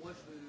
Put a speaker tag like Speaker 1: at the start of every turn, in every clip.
Speaker 1: Moi, je veux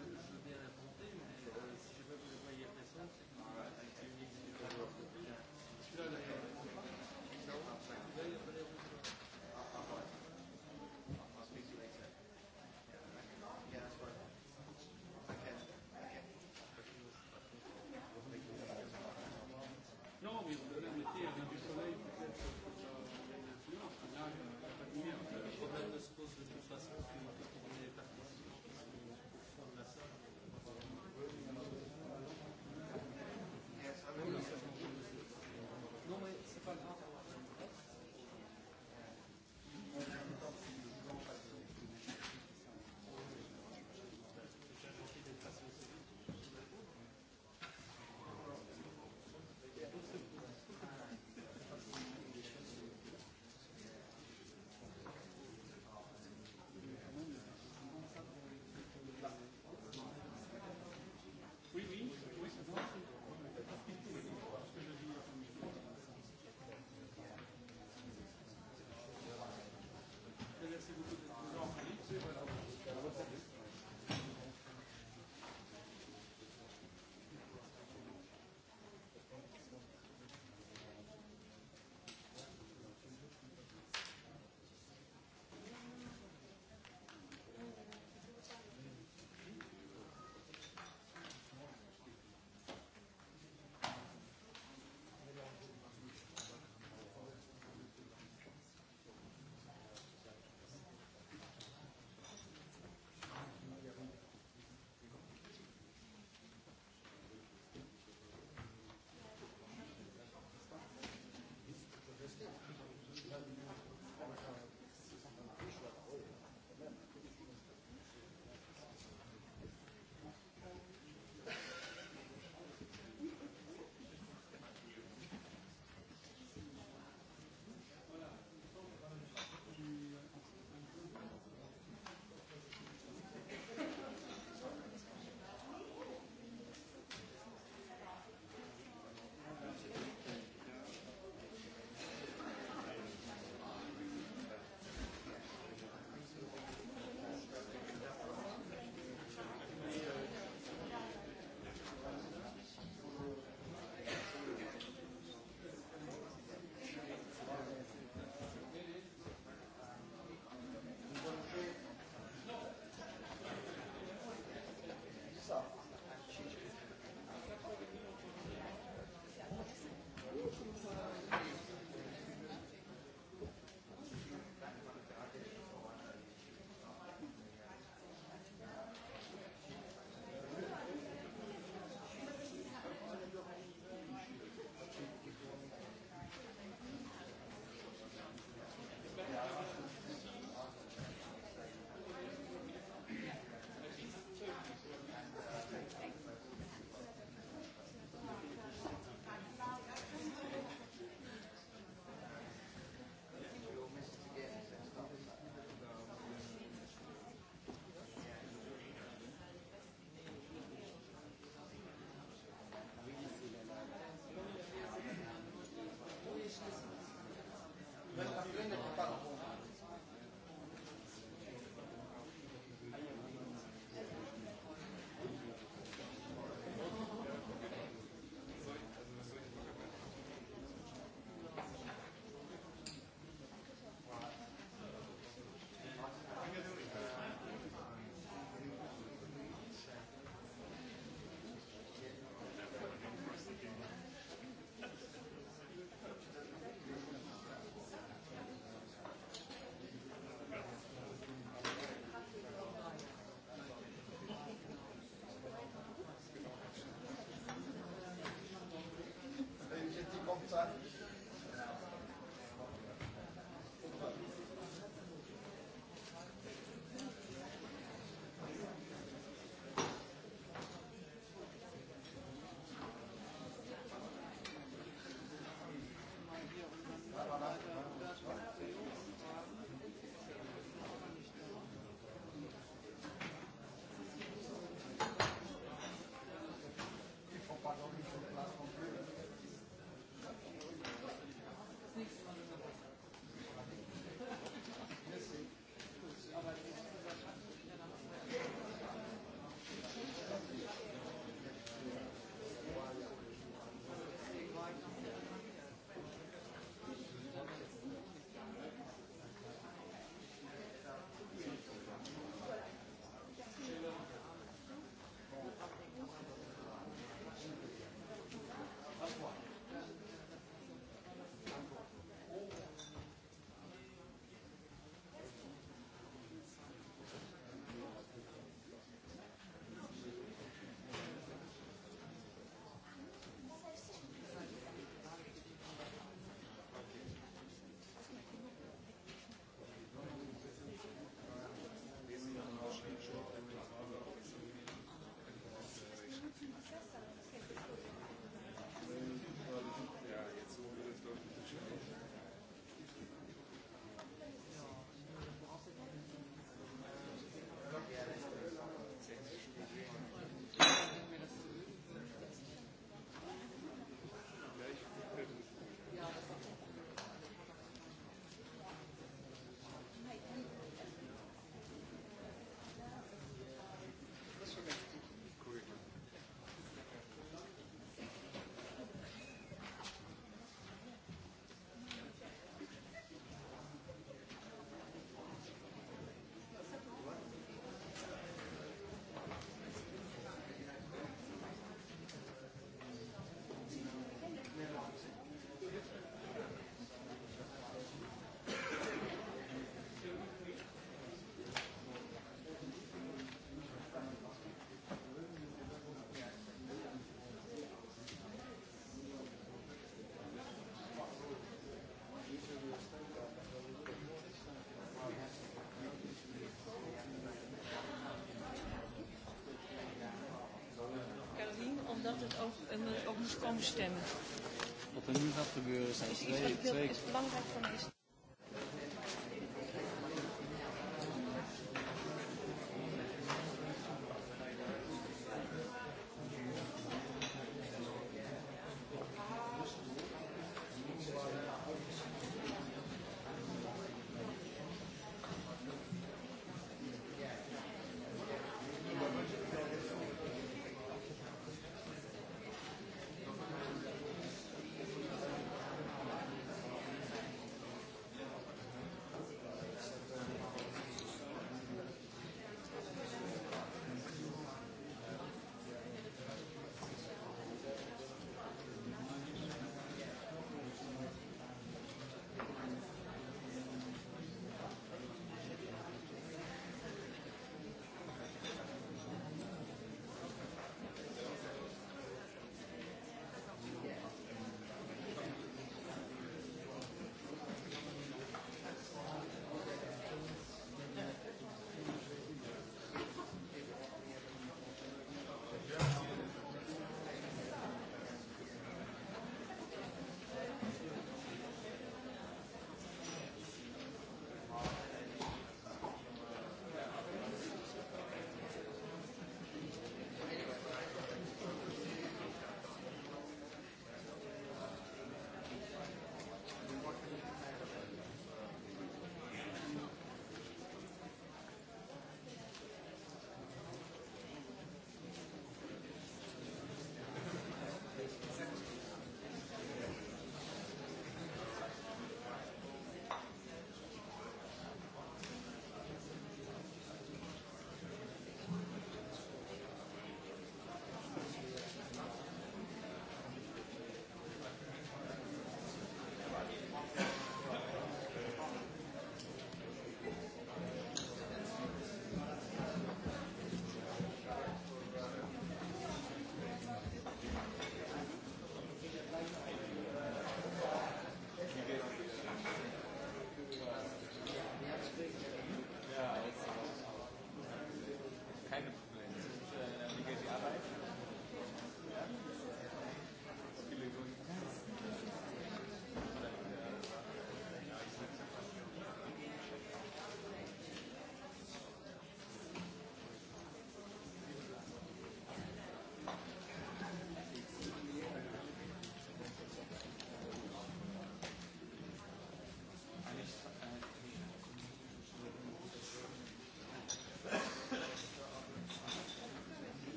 Speaker 2: țară
Speaker 3: omdat het ook, eh, ook moest komen stemmen.
Speaker 1: Wat er nu gaat gebeuren zijn twee... Het is belangrijk voor mij.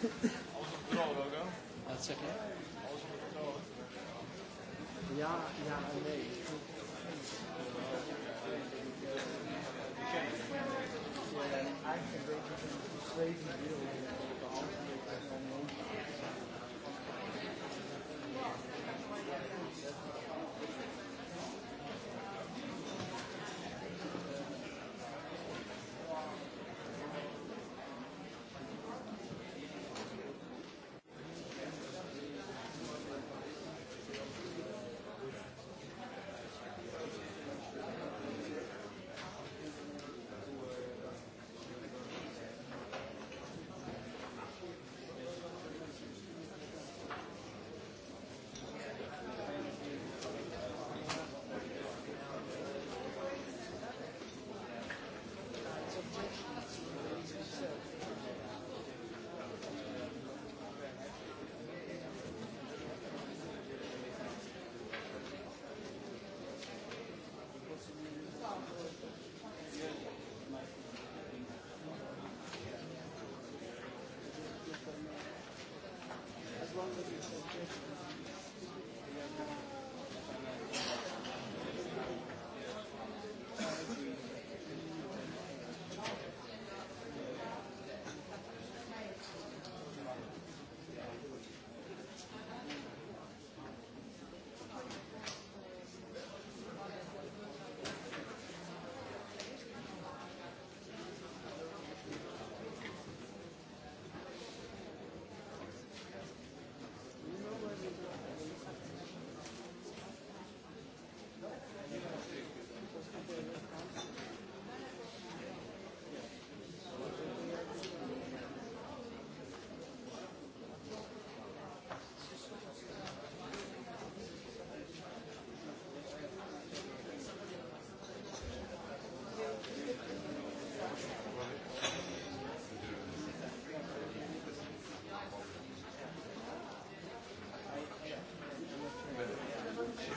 Speaker 1: That's okay.
Speaker 3: Ja, ja en nee. Ik ken het. Eigenlijk een beetje een geschreven wereld.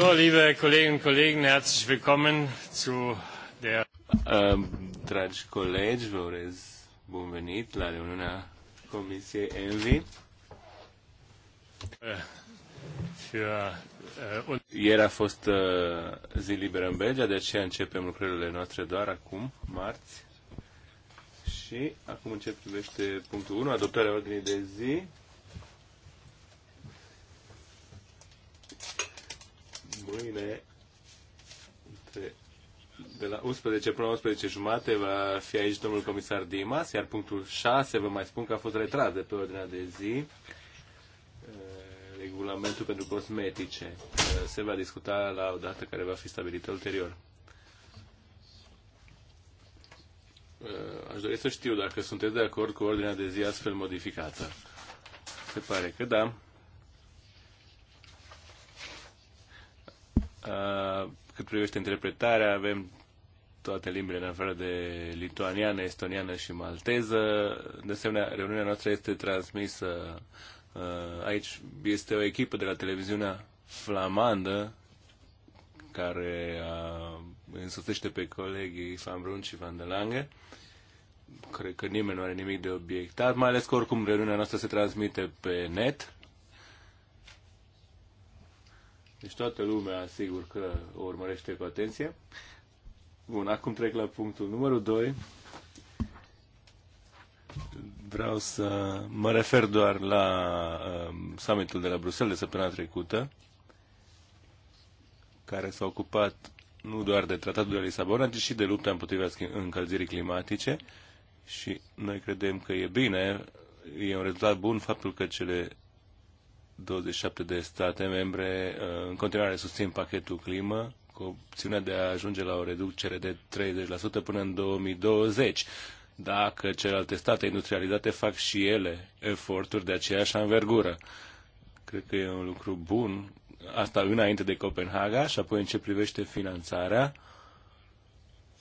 Speaker 4: So, liebe Kolleginnen und Kollegen, herzlich willkommen zu der... dragi colegi, vă urez bun venit la reuniunea Comisiei ENVI. Eh, eh, Ieri a fost eh, zi liberă în Belgia, de aceea începem lucrările noastre doar acum, marți. Și acum încep privește punctul 1, adoptarea ordinii de zi. mâine între de la 11 până la 11 jumate va fi aici domnul comisar Dimas, iar punctul 6, vă mai spun că a fost retras de pe ordinea de zi, eh, regulamentul pentru cosmetice. Eh, se va discuta la o dată care va fi stabilită ulterior. Eh, aș dori să știu dacă sunteți de acord cu ordinea de zi astfel modificată. Se pare că da. Cât privește interpretarea, avem toate limbile, în afară de lituaniană, estoniană și malteză. De asemenea, reuniunea noastră este transmisă aici. Este o echipă de la televiziunea flamandă care însuțește pe colegii Van Brun și Van de Lange. Cred că nimeni nu are nimic de obiectat, mai ales că oricum reuniunea noastră se transmite pe net deci toată lumea, sigur că o urmărește cu atenție. Bun, acum trec la punctul numărul 2. Vreau să mă refer doar la uh, summitul de la Bruxelles de săptămâna trecută, care s-a ocupat nu doar de tratatul de Lisabona, ci și de lupta împotriva încălzirii climatice și noi credem că e bine, e un rezultat bun faptul că cele 27 de state membre uh, în continuare susțin pachetul climă cu opțiunea de a ajunge la o reducere de 30% până în 2020 dacă celelalte state industrializate fac și ele eforturi de aceeași anvergură. Cred că e un lucru bun, asta înainte de Copenhaga și apoi în ce privește finanțarea,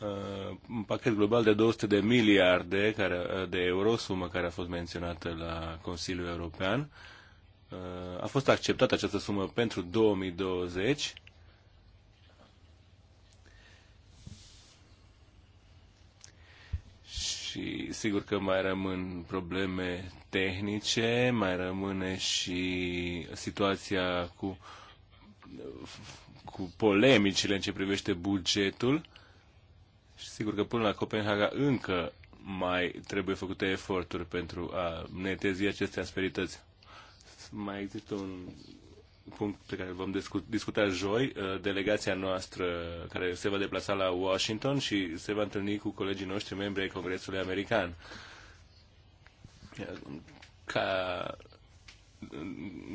Speaker 4: uh, un pachet global de 200 de miliarde uh, de euro, sumă care a fost menționată la Consiliul European, Uh, a fost acceptată această sumă pentru 2020 și sigur că mai rămân probleme tehnice, mai rămâne și situația cu, cu polemicile în ce privește bugetul și sigur că până la Copenhaga încă mai trebuie făcute eforturi pentru a netezi aceste asperități mai există un punct pe care îl vom discuta joi. Uh, delegația noastră care se va deplasa la Washington și se va întâlni cu colegii noștri membri ai Congresului American. Ca,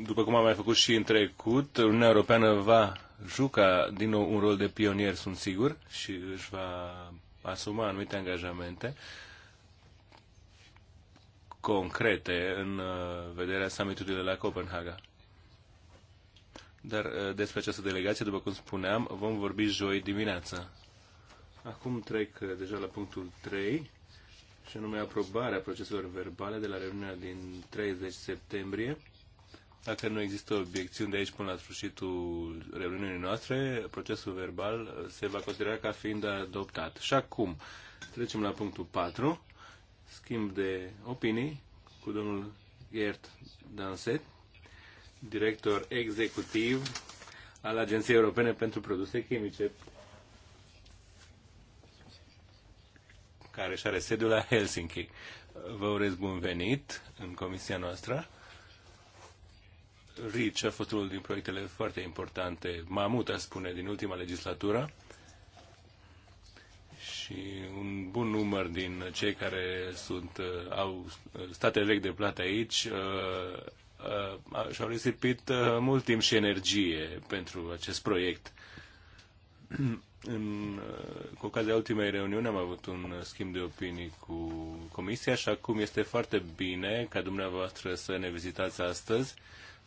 Speaker 4: după cum am mai făcut și în trecut, Uniunea Europeană va juca din nou un rol de pionier, sunt sigur, și își va asuma anumite angajamente. Uh, concrete în uh, vederea summitului de la Copenhaga. Dar uh, despre această delegație, după cum spuneam, vom vorbi joi dimineața. Acum trec uh, deja la punctul 3, și anume aprobarea proceselor verbale de la reuniunea din 30 septembrie. Dacă nu există obiecțiuni de aici până la sfârșitul reuniunii noastre, procesul verbal se va considera ca fiind adoptat. Și acum trecem la punctul 4 schimb de opinii cu domnul Gert Danset, director executiv al Agenției Europene pentru Produse Chimice, care și are sediul la Helsinki. Vă urez bun venit în comisia noastră. RICH a fost unul din proiectele foarte importante, mamut, a spune, din ultima legislatură și un bun număr din cei care sunt, uh, au statele vechi de plată aici uh, uh, și-au risipit mult timp și energie pentru acest proiect. În, cu ocazia ultimei reuniuni am avut un schimb de opinii cu Comisia și acum este foarte bine ca dumneavoastră să ne vizitați astăzi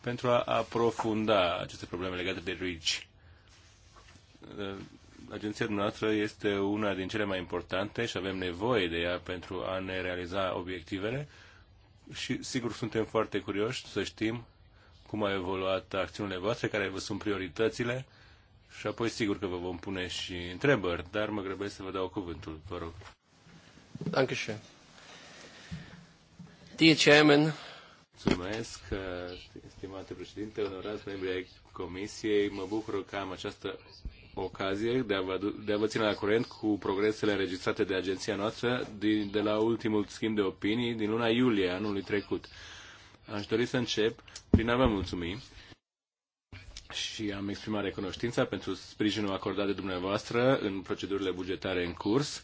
Speaker 4: pentru a aprofunda aceste probleme legate de RIGI agenția noastră este una din cele mai importante și avem nevoie de ea pentru a ne realiza obiectivele și sigur suntem foarte curioși să știm cum au evoluat acțiunile voastre, care vă sunt prioritățile și apoi sigur că vă vom pune și întrebări, dar mă grăbesc să vă dau cuvântul, vă rog.
Speaker 1: Dankeschön. Die Chairman,
Speaker 4: Mulțumesc, uh, stimate președinte, onorați membri ai Comisiei. Mă bucur că am această ocazie de a vă, de a vă ține la curent cu progresele înregistrate de agenția noastră din, de la ultimul schimb de opinii din luna iulie anului trecut. Aș dori să încep prin a vă mulțumi și am exprimat recunoștința pentru sprijinul acordat de dumneavoastră în procedurile bugetare în curs,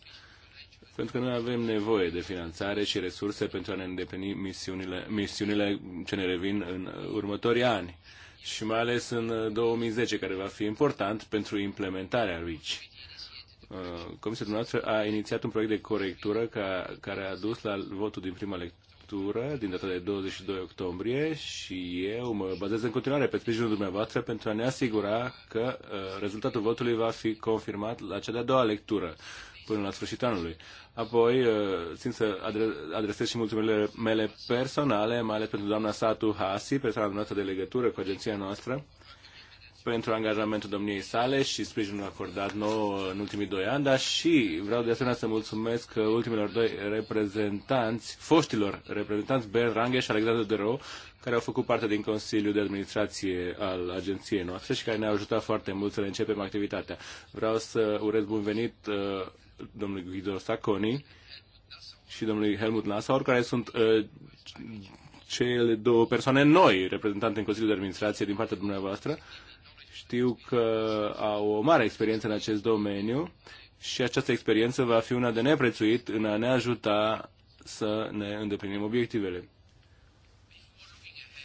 Speaker 4: pentru că noi avem nevoie de finanțare și resurse pentru a ne îndeplini misiunile, misiunile ce ne revin în următorii ani și mai ales în 2010, uh, care va fi important pentru implementarea REACH. Uh, Comisia dumneavoastră a inițiat un proiect de corectură ca, care a dus la votul din prima lectură din data de 22 octombrie și eu mă bazez în continuare pe sprijinul dumneavoastră pentru a ne asigura că uh, rezultatul votului va fi confirmat la cea de-a doua lectură până la sfârșitul anului. Apoi, uh, țin să adresez și mulțumirile mele personale, mai ales pentru doamna Satu Hasi, persoana noastră de legătură cu agenția noastră, pentru angajamentul domniei sale și sprijinul acordat nou în ultimii doi ani, dar și vreau de asemenea să mulțumesc ultimilor doi reprezentanți, foștilor reprezentanți, Ben Range și Alexandru Dero, care au făcut parte din Consiliul de Administrație al agenției noastre și care ne-au ajutat foarte mult să le începem activitatea. Vreau să urez bun venit uh, domnului Guido Sacconi și domnului Helmut Nassauer, care sunt uh, cele două persoane noi, reprezentante în Consiliul de Administrație din partea dumneavoastră. Știu că au o mare experiență în acest domeniu și această experiență va fi una de neprețuit în a ne ajuta să ne îndeplinim obiectivele.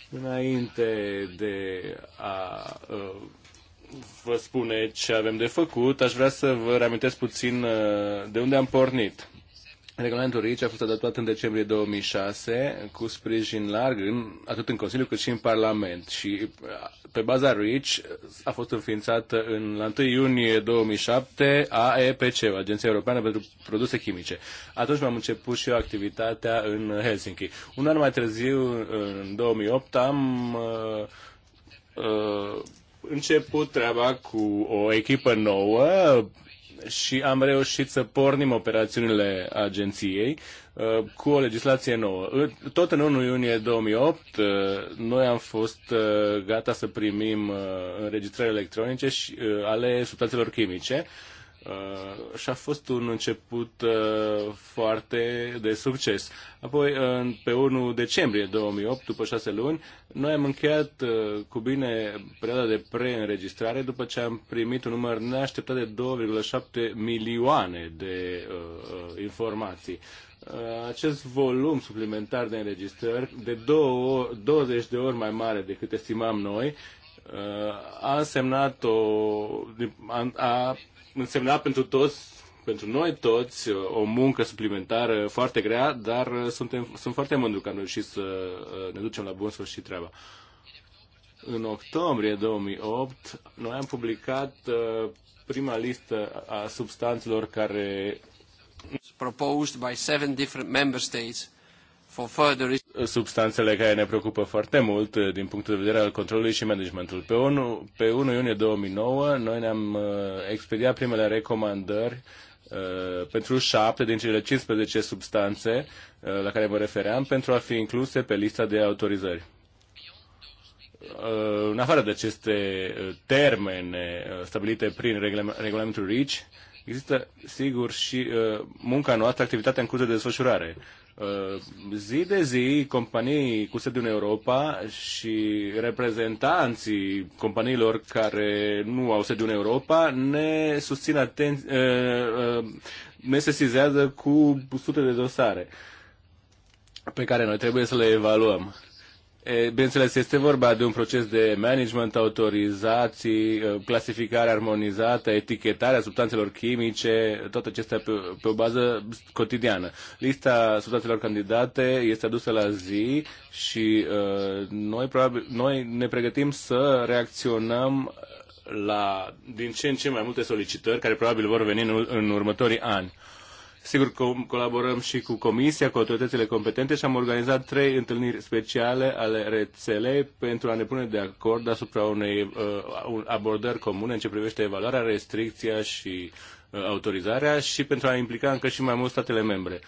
Speaker 4: Înainte de a uh, vă spune ce avem de făcut, aș vrea să vă reamintesc puțin uh, de unde am pornit. Regulamentul RICI a fost adoptat în decembrie 2006 cu sprijin larg în, atât în Consiliu cât și în Parlament și uh, pe baza RICI a fost înființată în, la 1 iunie 2007 AEPC, Agenția Europeană pentru Produse Chimice. Atunci am început și eu activitatea în Helsinki. Un an mai târziu, în 2008, am uh, uh, început treaba cu o echipă nouă și am reușit să pornim operațiunile agenției uh, cu o legislație nouă. Tot în 1 iunie 2008 uh, noi am fost uh, gata să primim înregistrări electronice și ale substanțelor chimice Uh, și a fost un început uh, foarte de succes. Apoi, uh, pe 1 decembrie 2008, după șase luni, noi am încheiat uh, cu bine perioada de preînregistrare după ce am primit un număr neașteptat de 2,7 milioane de uh, uh informații. Uh, acest volum suplimentar de înregistrări, de două, 20 de ori mai mare decât estimam noi, a însemnat o, a însemna pentru toți pentru noi toți o muncă suplimentară foarte grea, dar suntem, sunt foarte mândru că am reușit să uh, ne ducem la bun sfârșit treaba. În octombrie 2008, noi am publicat uh, prima listă a substanțelor care proposed by
Speaker 1: seven different member states
Speaker 4: Substanțele care ne preocupă foarte mult eh, din punctul de vedere al controlului și managementului Pe 1, pe 1 iunie 2009 noi ne-am eh, expediat primele recomandări uh, pentru șapte din cele 15 substanțe uh, la care mă refeream pentru a fi incluse pe lista de autorizări în afară de aceste termene stabilite prin regulamentul REACH, există, sigur, și munca noastră, activitatea în curs de desfășurare. Uh, zi de zi companii cu sediu în Europa și reprezentanții companiilor care nu au sediu în Europa ne susțin atenție, uh, uh, ne sesizează cu sute de dosare pe care noi trebuie să le evaluăm. Bineînțeles, este vorba de un proces de management, autorizații, clasificare armonizată, etichetarea substanțelor chimice, toate acestea pe, pe o bază cotidiană. Lista substanțelor candidate este adusă la zi și uh, noi, probabil, noi ne pregătim să reacționăm la din ce în ce mai multe solicitări care probabil vor veni în, în următorii ani. Uh, Sigur, colaborăm și cu Comisia, cu autoritățile competente și am organizat trei întâlniri speciale ale rețelei pentru a ne pune de acord asupra unei uh, abordări comune în ce privește evaluarea, restricția și uh, autorizarea și pentru a implica încă și mai mult statele membre.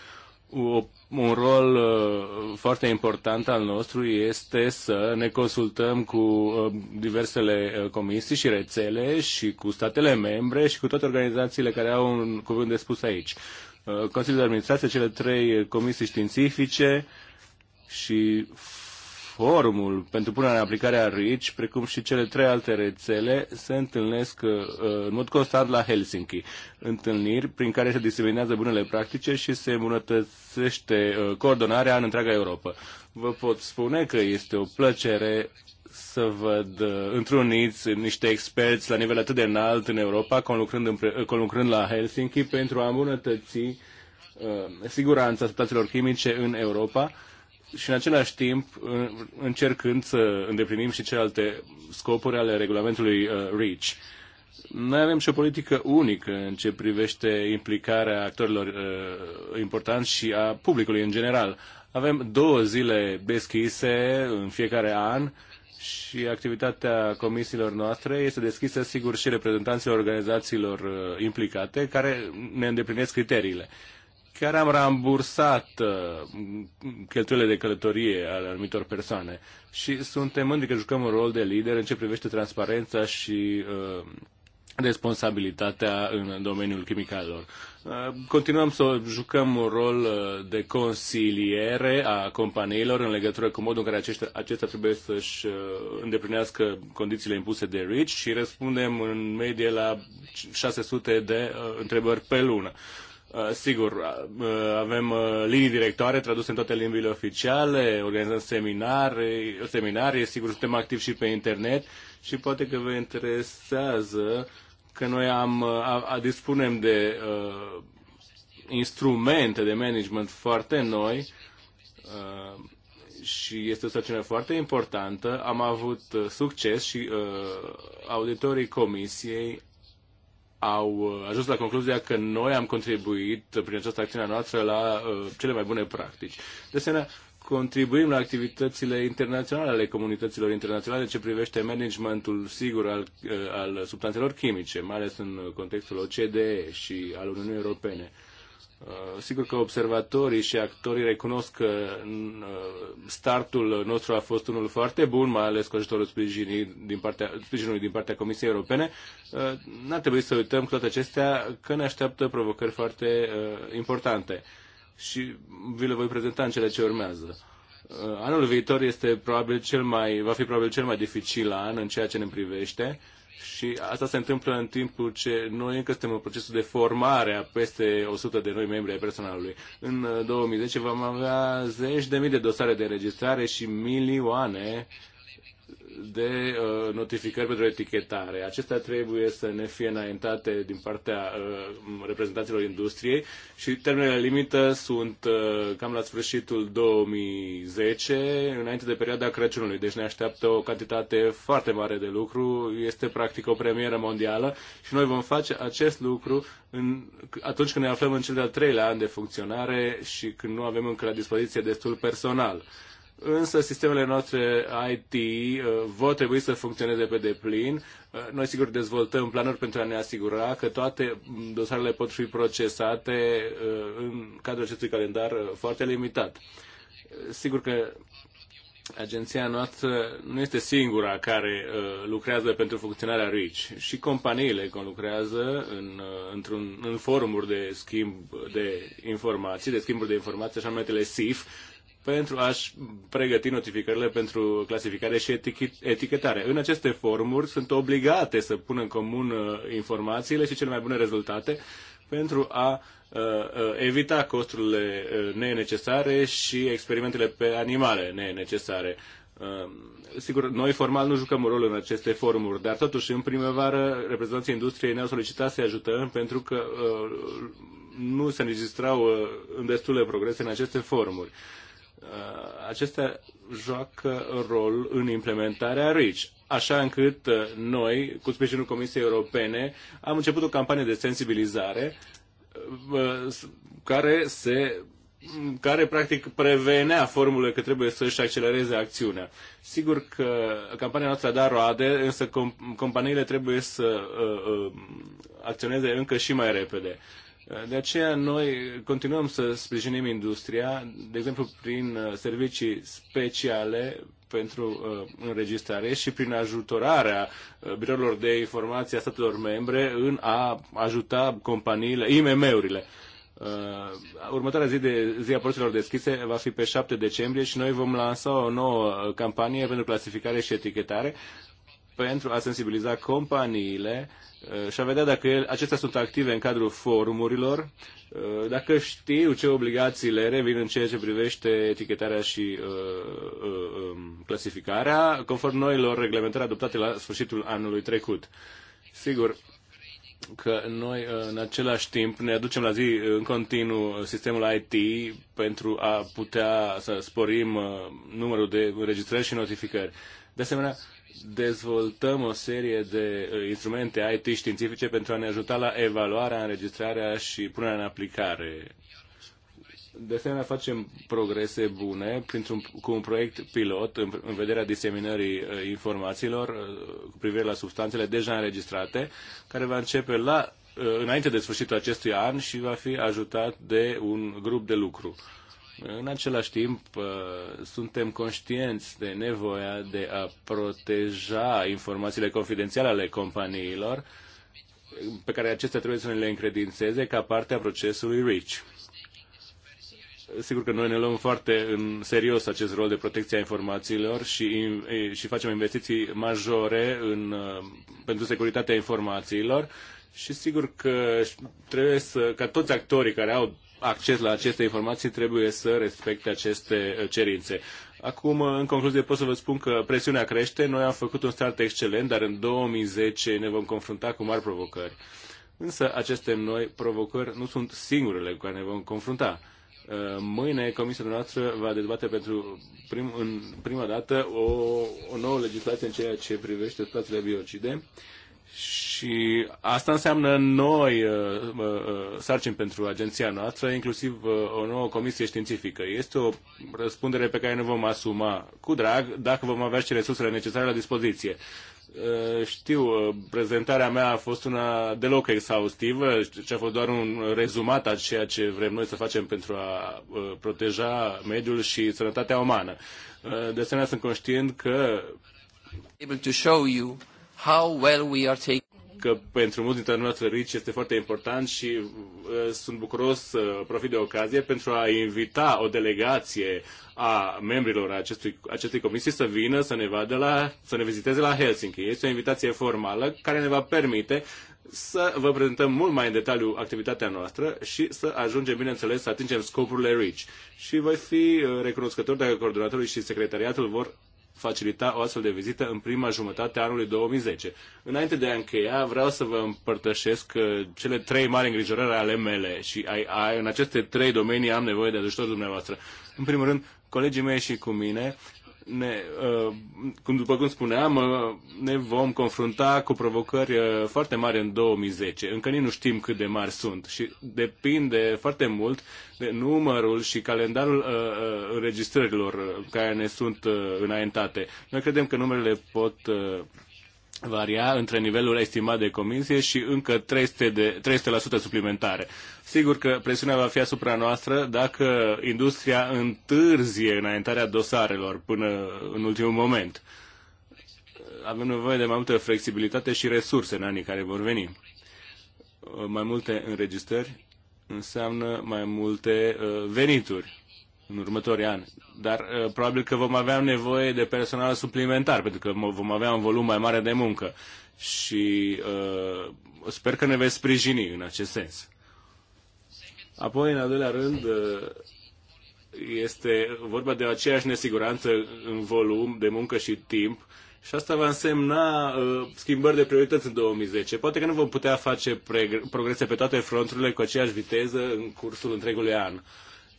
Speaker 4: O, un rol uh, foarte important al nostru este să ne consultăm cu uh, diversele uh, comisii și rețele și cu statele membre și cu toate organizațiile care au un cuvânt de spus aici. Uh, Consiliul de Administrație, cele trei comisii științifice și forumul pentru punerea în aplicare a RICI, precum și cele trei alte rețele, se întâlnesc uh, în mod constant la Helsinki. Întâlniri prin care se diseminează bunele practice și se îmbunătățește uh, coordonarea în întreaga Europa. Vă pot spune că este o plăcere să văd uh, întruniți niște experți la nivel atât de înalt în Europa, conlucrând, împre- conlucrând la Helsinki, pentru a îmbunătăți uh, siguranța substanțelor chimice în Europa și în același timp încercând să îndeplinim și celelalte scopuri ale regulamentului uh, REACH. Noi avem și o politică unică în ce privește implicarea actorilor uh, importanți și a publicului în general. Avem două zile deschise în fiecare an uh, și activitatea comisiilor noastre este deschisă, sigur, și reprezentanților organizațiilor uh, implicate care ne îndeplinesc criteriile. Chiar am rambursat uh, cheltuielile de călătorie ale anumitor persoane și suntem mândri că jucăm un rol de lider în ce privește transparența și uh, responsabilitatea în domeniul chimicalelor. Uh, continuăm să jucăm un rol uh, de consiliere a companiilor în legătură cu modul în care acestea, acestea trebuie să-și uh, îndeplinească condițiile impuse de RICH și răspundem în medie la 600 de întrebări pe lună. Sigur, avem linii directoare traduse în toate limbile oficiale, organizăm seminarii, seminarii, sigur suntem activi și pe internet și poate că vă interesează că noi am, uh, a, a dispunem de uh, instrumente de management foarte noi uh, și este o sarcină foarte importantă. Am avut uh, succes și uh, auditorii comisiei au uh, ajuns la concluzia că noi am contribuit prin această acțiune noastră la uh, cele mai bune practici. De asemenea, contribuim la activitățile internaționale ale comunităților internaționale ce privește managementul sigur al, eh, al substanțelor chimice, mai ales în contextul OCDE și al Uniunii Europene. Eh, sigur că observatorii și actorii recunosc că eh, startul nostru a fost unul foarte bun, mai ales cu ajutorul sprijinului din partea, sprijinului din partea Comisiei Europene. N-ar trebui să uităm cu toate acestea că ne așteaptă provocări foarte importante și vi le voi prezenta în cele ce urmează. Uh, anul viitor este probabil cel mai, va fi probabil cel mai dificil an în ceea ce ne privește și asta se întâmplă în timpul ce noi încă suntem în procesul de formare a peste 100 de noi membri ai personalului. În 2010 uh, vom avea zeci de mii de dosare de înregistrare și milioane uh, de uh, notificări pentru etichetare. Acestea trebuie să ne fie înaintate din partea uh, reprezentanților industriei și termenele limită sunt uh, cam la sfârșitul 2010, înainte de perioada Crăciunului. Deci ne așteaptă o cantitate foarte mare de lucru. Este practic o premieră mondială și noi vom face acest lucru în, atunci când ne aflăm în cel de-al treilea an de funcționare și când nu avem încă la dispoziție destul personal. Însă sistemele noastre IT uh, vor trebui să funcționeze pe deplin. Uh, noi sigur dezvoltăm planuri pentru a ne asigura că toate dosarele pot fi procesate uh, în cadrul acestui calendar foarte limitat. Sigur că agenția noastră nu este singura care lucrează pentru funcționarea RICI. Și companiile conlucrează în, într-un, în forumuri de schimb de informații, de schimburi de informații, așa numitele SIF, pentru a-și pregăti notificările pentru clasificare și etichetare. În aceste formuri sunt obligate să pună în comun uh, informațiile și cele mai bune rezultate pentru a uh, uh, evita costurile nenecesare și experimentele pe animale nenecesare. Um, sigur, noi formal nu jucăm un rol în aceste forumuri, dar totuși în primăvară reprezentanții industriei ne-au solicitat să ajutăm pentru că uh, nu se înregistrau uh, în destule progrese în aceste forumuri. Uh, acestea joacă rol în implementarea RICH, așa încât uh, noi, cu sprijinul Comisiei Europene, am început o campanie de sensibilizare uh, care se care practic prevenea formule că trebuie să își accelereze acțiunea. Sigur că campania noastră a dat roade, însă companiile trebuie să uh, uh, acționeze încă și mai repede. Uh, de aceea noi continuăm să sprijinim industria, de exemplu prin uh, servicii speciale pentru uh, înregistrare și prin ajutorarea uh, birourilor de informație a statelor membre în a ajuta companiile, IMM-urile. Uh, următoarea zi, de, zi a porților deschise va fi pe 7 decembrie și noi vom lansa o nouă uh, campanie pentru clasificare și etichetare pentru a sensibiliza companiile uh, și a vedea dacă el, acestea sunt active în cadrul forumurilor, uh, dacă știu ce obligații le revin în ceea ce privește etichetarea și uh, uh, um, clasificarea, conform noilor reglementări adoptate la sfârșitul anului trecut. Sigur, că noi uh, în același timp ne aducem la zi în continuu sistemul IT pentru a putea să sporim numărul de înregistrări și notificări. De asemenea, dezvoltăm o serie de uh, instrumente IT științifice pentru a ne ajuta la evaluarea, înregistrarea și punerea în aplicare. De asemenea, facem progrese bune printr-un, cu un proiect pilot în, în vederea diseminării uh, informațiilor uh, cu privire la substanțele deja înregistrate, care va începe la, înainte de sfârșitul acestui an și va fi ajutat de un grup de lucru în același timp, uh, suntem conștienți de nevoia de a proteja informațiile confidențiale ale companiilor pe care acestea trebuie să ne le încredințeze ca parte a procesului REACH. Sigur că noi ne luăm foarte în serios acest rol de protecție a informațiilor și, și facem investiții majore în, uh, pentru securitatea informațiilor și sigur că trebuie să, ca toți actorii care au acces la aceste informații trebuie să respecte aceste uh, cerințe. Acum, uh, în concluzie, pot să vă spun că presiunea crește. Noi am făcut un start excelent, dar în 2010 ne vom confrunta cu mari provocări. Însă aceste noi provocări nu sunt singurele cu care ne vom confrunta. Uh, mâine comisia noastră va dezbate pentru prim, în prima dată o, o nouă legislație în ceea ce privește spațiile biocide. Uh, și asta înseamnă noi uh, uh, uh, sarcini pentru agenția noastră, inclusiv o nouă comisie științifică. Este o răspundere pe care ne vom asuma cu drag dacă vom avea și resursele necesare la dispoziție. Știu, prezentarea mea a fost una deloc exhaustivă, ce a fost doar un rezumat a ceea ce vrem noi să facem pentru a proteja mediul și sănătatea umană. De asemenea, sunt conștient că able to show you how well we are taking că pentru mulți dintre noastre RICI este foarte important și uh, sunt bucuros să uh, profit de ocazie pentru a invita o delegație a membrilor acestui, acestei comisii să vină să ne, vadă la, să ne viziteze la Helsinki. Este o invitație formală care ne va permite să vă prezentăm mult mai în detaliu activitatea noastră și să ajungem, bineînțeles, să atingem scopurile RICI. Și voi fi uh, recunoscător dacă coordonatorul și secretariatul vor facilita o astfel de vizită în prima jumătate a anului 2010. Înainte de a încheia, vreau să vă împărtășesc uh, cele trei mari îngrijorări ale mele și ai, ai, în aceste trei domenii am nevoie de ajutorul dumneavoastră. În primul rând, colegii mei și cu mine ne, uh, cum după cum spuneam, uh, ne vom confrunta cu provocări uh, foarte mari în 2010. Încă nici nu știm cât de mari sunt și depinde foarte mult de numărul și calendarul înregistrărilor care ne sunt înaintate. Noi credem că numerele pot varia între nivelul estimat de comisie și încă 300%, de, 300% suplimentare. Sigur că presiunea va fi asupra noastră dacă industria întârzie înaintarea dosarelor până în ultimul moment. Avem nevoie de mai multă flexibilitate și resurse în anii care vor veni. Mai multe înregistrări înseamnă mai multe uh, venituri în următorii ani. Dar uh, probabil că vom avea nevoie de personal suplimentar, pentru că vom avea un volum mai mare de muncă. Și uh, sper că ne veți sprijini în acest sens. Apoi, în al doilea rând, uh, este vorba de aceeași nesiguranță în volum de muncă și timp și asta va însemna uh, schimbări de priorități în 2010. Poate că nu vom putea face progrese pe toate fronturile cu aceeași viteză în cursul întregului an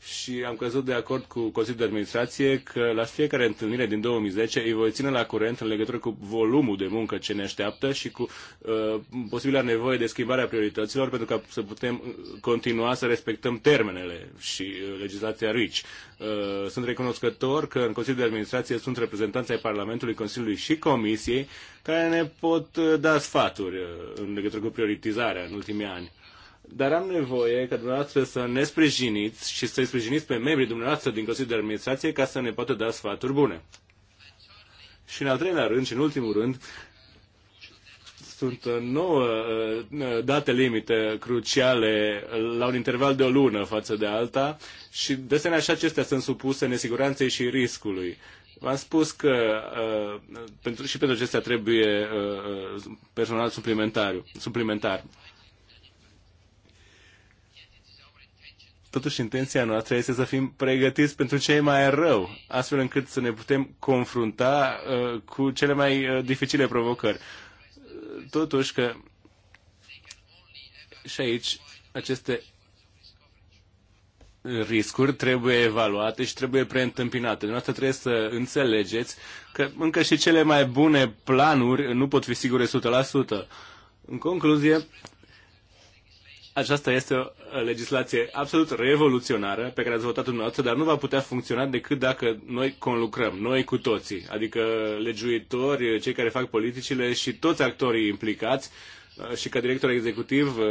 Speaker 4: și am căzut de acord cu Consiliul de Administrație că la fiecare întâlnire din 2010 îi voi ține la curent în legătură cu volumul de muncă ce ne așteaptă și cu uh, posibilă nevoie de schimbarea priorităților pentru ca să putem uh, continua să respectăm termenele și uh, legislația RICI. Uh, sunt recunoscător că în Consiliul de Administrație sunt reprezentanții ai Parlamentului, Consiliului și Comisiei care ne pot uh, da sfaturi în legătură cu prioritizarea în ultimii ani dar am nevoie ca dumneavoastră să ne sprijiniți și să-i sprijiniți pe membrii dumneavoastră din Consiliul de Administrație ca să ne poată da sfaturi bune. Și în al treilea rând și în ultimul rând, sunt uh, nouă uh, date limite cruciale la un interval de o lună față de alta și deseori așa acestea sunt supuse nesiguranței și riscului. V-am spus că uh, pentru, și pentru acestea trebuie uh, uh personal suplimentar. suplimentar. totuși intenția noastră este să fim pregătiți pentru ce e mai rău, astfel încât să ne putem confrunta uh, cu cele mai uh, dificile provocări. Totuși că și aici aceste riscuri trebuie evaluate și trebuie preîntâmpinate. Noastră trebuie să înțelegeți că încă și cele mai bune planuri nu pot fi sigure 100%. În concluzie, aceasta este o legislație absolut revoluționară pe care ați votat dumneavoastră, dar nu va putea funcționa decât dacă noi conlucrăm, noi cu toții, adică legiuitori, cei care fac politicile și toți actorii implicați, și ca director executiv uh,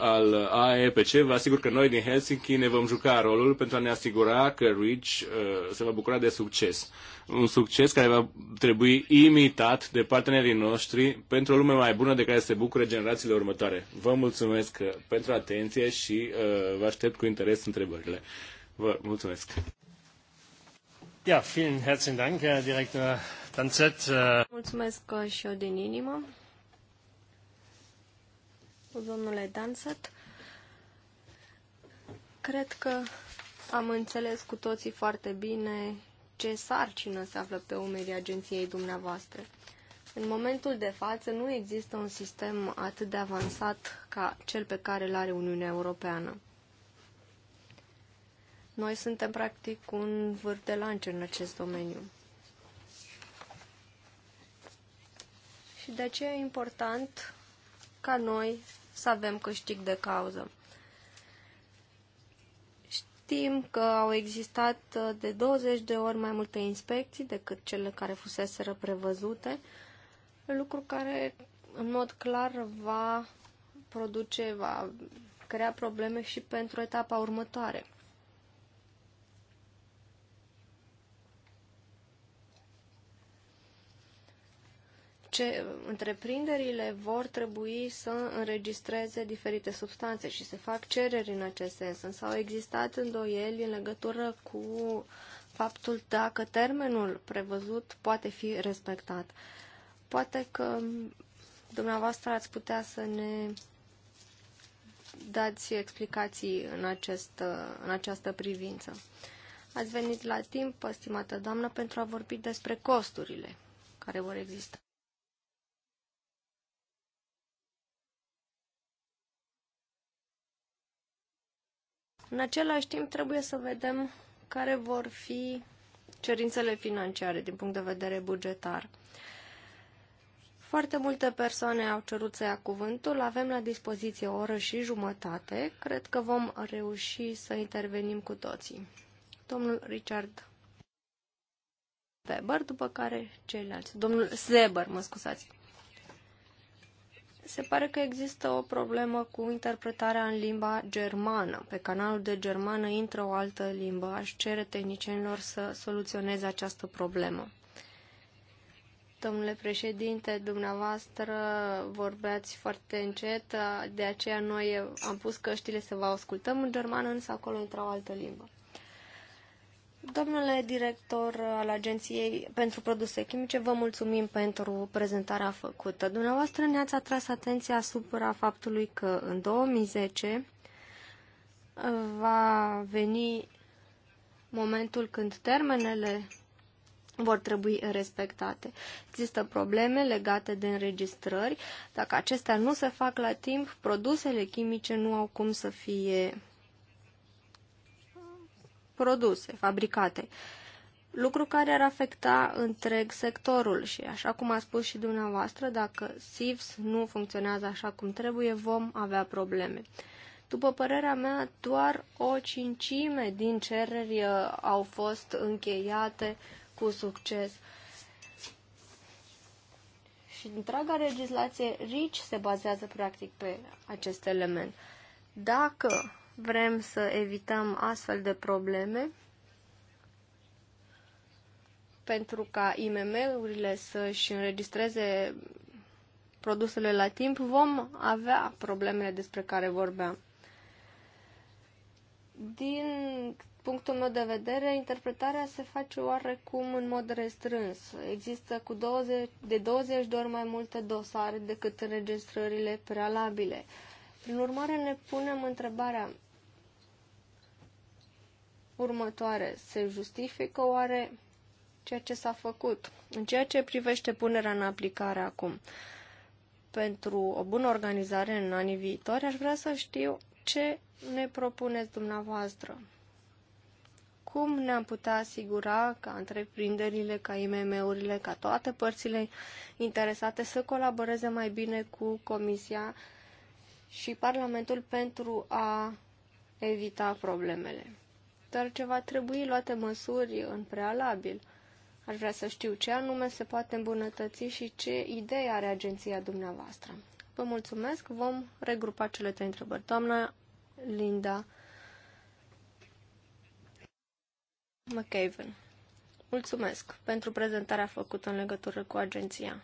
Speaker 4: al AEPC, vă asigur că noi din Helsinki ne vom juca rolul pentru a ne asigura că Rich uh, se va bucura de succes. Un succes care va trebui imitat de partenerii noștri pentru o lume mai bună de care se bucură generațiile următoare. Vă mulțumesc uh, pentru atenție și vă aștept cu interes întrebările. Vă mulțumesc!
Speaker 1: Ja, vielen herzlichen Dank, Herr Direktor Danzet.
Speaker 2: Mulțumesc și eu din inimă domnule Dansat. Cred că am înțeles cu toții foarte bine ce sarcină se află pe umerii agenției dumneavoastră. În momentul de față nu există un sistem atât de avansat ca cel pe care îl are Uniunea Europeană. Noi suntem practic un vârf de lance în acest domeniu. Și de aceea e important ca noi să avem câștig de cauză. Știm că au existat uh, de 20 de ori mai multe inspecții decât cele care fuseseră prevăzute, lucru care în mod clar va produce, va crea probleme și pentru etapa următoare. ce întreprinderile vor trebui să înregistreze diferite substanțe și se fac cereri în acest sens, însă au existat îndoieli în legătură cu faptul dacă termenul prevăzut poate fi respectat. Poate că dumneavoastră ați putea să ne dați explicații în, acest, în această privință. Ați venit la timp, stimată doamnă, pentru a vorbi despre costurile care vor exista. În același timp trebuie să vedem care vor fi cerințele financiare din punct de vedere bugetar. Foarte multe persoane au cerut să ia cuvântul, avem la dispoziție o oră și jumătate, cred că vom reuși să intervenim cu toții. Domnul Richard Weber, după care ceilalți. Domnul Zeber, mă scuzați se pare că există o problemă cu interpretarea în limba germană. Pe canalul de germană intră o altă limbă. Aș cere tehnicienilor să soluționeze această problemă. Domnule președinte, dumneavoastră vorbeați foarte încet, de aceea noi am pus căștile să vă ascultăm în germană, însă acolo intră o altă limbă. Domnule director al Agenției pentru Produse Chimice, vă mulțumim pentru prezentarea făcută. Dumneavoastră ne-ați atras atenția asupra faptului că în 2010 va veni momentul când termenele vor trebui respectate. Există probleme legate de înregistrări. Dacă acestea nu se fac la timp, produsele chimice nu au cum să fie produse fabricate, lucru care ar afecta întreg sectorul și, așa cum a spus și dumneavoastră, dacă SIVS nu funcționează așa cum trebuie, vom avea probleme. După părerea mea, doar o cincime din cereri uh, au fost încheiate cu succes. Și întreaga legislație RICI se bazează practic pe acest element. Dacă Vrem să evităm astfel de probleme pentru ca IMM-urile să-și înregistreze produsele la timp, vom avea problemele despre care vorbeam. Din punctul meu de vedere, interpretarea se face oarecum în mod restrâns. Există cu 20, de 20 de ori mai multe dosare decât înregistrările prealabile. Prin urmare, ne punem întrebarea, următoare. Se justifică oare ceea ce s-a făcut în ceea ce privește punerea în aplicare acum? Pentru o bună organizare în anii viitori, aș vrea să știu ce ne propuneți dumneavoastră. Cum ne-am putea asigura ca întreprinderile, ca IMM-urile, ca toate părțile interesate să colaboreze mai bine cu Comisia și Parlamentul pentru a evita problemele? deoarece va trebui luate măsuri în prealabil. Ar vrea să știu ce anume se poate îmbunătăți și ce idei are agenția dumneavoastră. Vă mulțumesc, vom regrupa cele trei întrebări. Doamna Linda McAven, mulțumesc pentru prezentarea făcută în legătură cu agenția.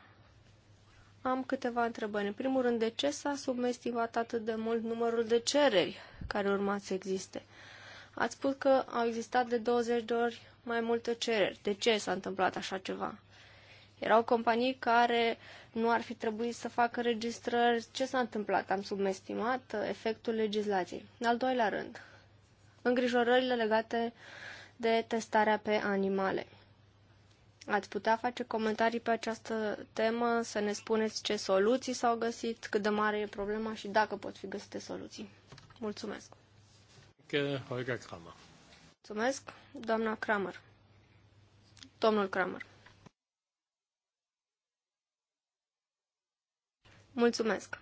Speaker 2: Am câteva întrebări. În primul rând, de ce s-a subestimat atât de mult numărul de cereri care urma să existe? Ați spus că au existat de 20 de ori mai multe cereri. De ce s-a întâmplat așa ceva? Erau companii care nu ar fi trebuit să facă registrări. Ce s-a întâmplat? Am subestimat uh, efectul legislației. În al doilea rând, îngrijorările legate de testarea pe animale. Ați putea face comentarii pe această temă, să ne spuneți ce soluții s-au găsit, cât de mare e problema și dacă pot fi găsite soluții. Mulțumesc!
Speaker 1: Holger Kramer.
Speaker 2: Mulțumesc, doamna Kramer. Domnul Kramer. Mulțumesc.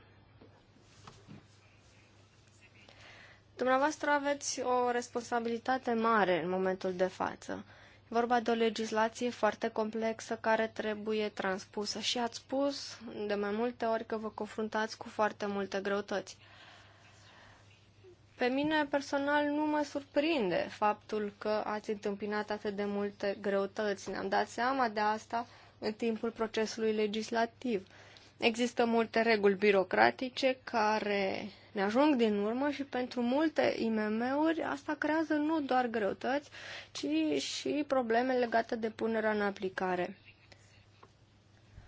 Speaker 2: Dumneavoastră aveți o responsabilitate mare în momentul de față. E vorba de o legislație foarte complexă care trebuie transpusă și ați spus de mai multe ori că vă confruntați cu foarte multe greutăți. Pe mine personal nu mă surprinde faptul că ați întâmpinat atât de multe greutăți. Ne-am dat seama de asta în timpul procesului legislativ. Există multe reguli birocratice care ne ajung din urmă și pentru multe IMM-uri asta creează nu doar greutăți, ci și probleme legate de punerea în aplicare.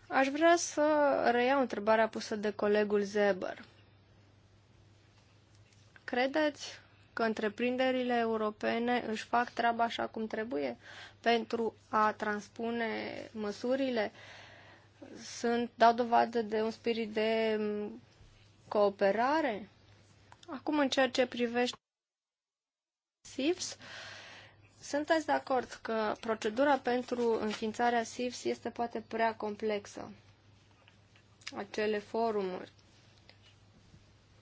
Speaker 2: Aș vrea să reiau întrebarea pusă de colegul Zeber. Credeți că întreprinderile europene își fac treaba așa cum trebuie pentru a transpune măsurile? Sunt, dau dovadă de un spirit de mm, cooperare? Acum, în ceea ce privește SIFS, sunteți de acord că procedura pentru înființarea SIFS este poate prea complexă? Acele forumuri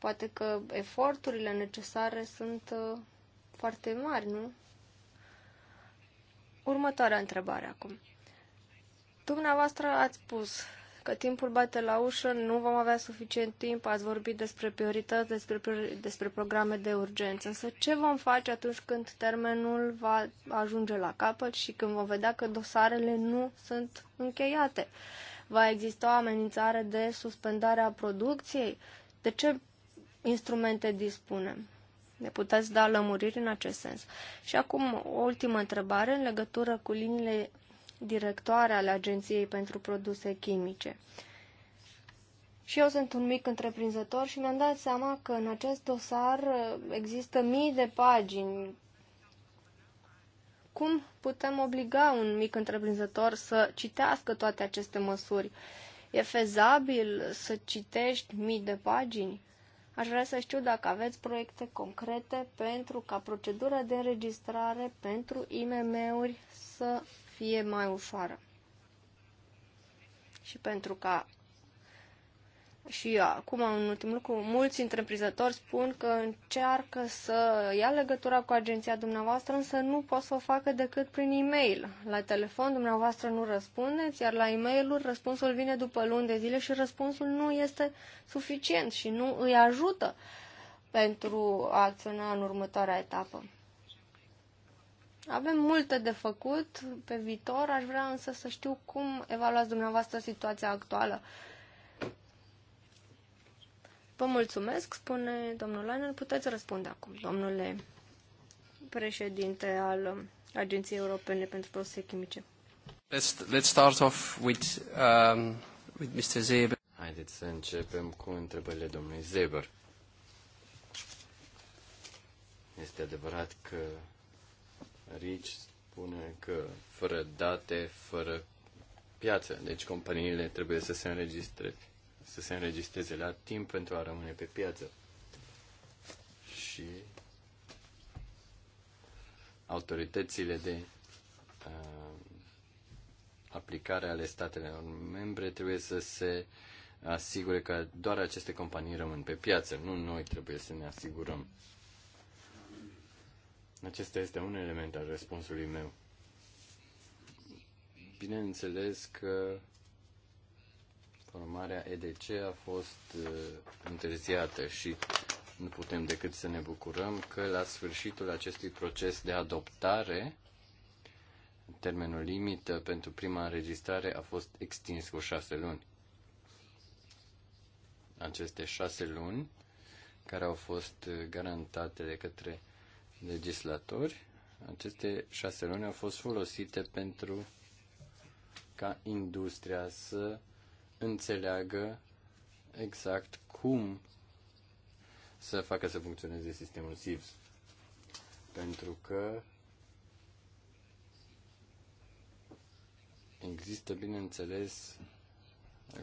Speaker 2: Poate că eforturile necesare sunt uh, foarte mari, nu? Următoarea întrebare acum. Dumneavoastră ați spus că timpul bate la ușă, nu vom avea suficient timp, ați vorbit despre priorități, despre, despre programe de urgență. Însă ce vom face atunci când termenul va ajunge la capăt și când vom vedea că dosarele nu sunt încheiate? Va exista o amenințare de suspendare a producției? De ce instrumente dispunem. Ne puteți da lămuriri în acest sens. Și acum o ultimă întrebare în legătură cu liniile directoare ale Agenției pentru Produse Chimice. Și eu sunt un mic întreprinzător și mi-am dat seama că în acest dosar uh, există mii de pagini. Cum putem obliga un mic întreprinzător să citească toate aceste măsuri? E fezabil să citești mii de pagini? Aș vrea să știu dacă aveți proiecte concrete pentru ca procedura de înregistrare pentru IMM-uri să fie mai ușoară. Și pentru ca și acum, un ultim lucru, mulți întreprinzători spun că încearcă să ia legătura cu agenția dumneavoastră, însă nu pot să o facă decât prin e-mail. La telefon dumneavoastră nu răspundeți, iar la e mail răspunsul vine după luni de zile și răspunsul nu este suficient și nu îi ajută pentru a acționa în următoarea etapă. Avem multe de făcut pe viitor, aș vrea însă să știu cum evaluați dumneavoastră situația actuală Vă mulțumesc, spune domnul Leinen. Puteți răspunde acum, domnule președinte al um, Agenției Europene pentru Produse Chimice.
Speaker 1: Let's, let's start off with, um, with Mr. Zeber. Haideți să începem cu întrebările domnului Zeber. Este adevărat că Rich spune că fără date, fără piață, deci companiile trebuie să se înregistreze să se înregistreze la timp pentru a rămâne pe piață. Și autoritățile de uh, aplicare ale statelor membre trebuie să se asigure că doar aceste companii rămân pe piață. Nu noi trebuie să ne asigurăm. Acesta este un element al răspunsului meu. Bineînțeles că formarea EDC a fost uh, întârziată și nu putem decât să ne bucurăm că la sfârșitul acestui proces de adoptare, termenul limită pentru prima înregistrare a fost extins cu șase luni. Aceste șase luni care au fost uh, garantate de către legislatori, aceste șase luni au fost folosite pentru ca industria să înțeleagă exact cum să facă să funcționeze sistemul SIVS. Pentru că există, bineînțeles,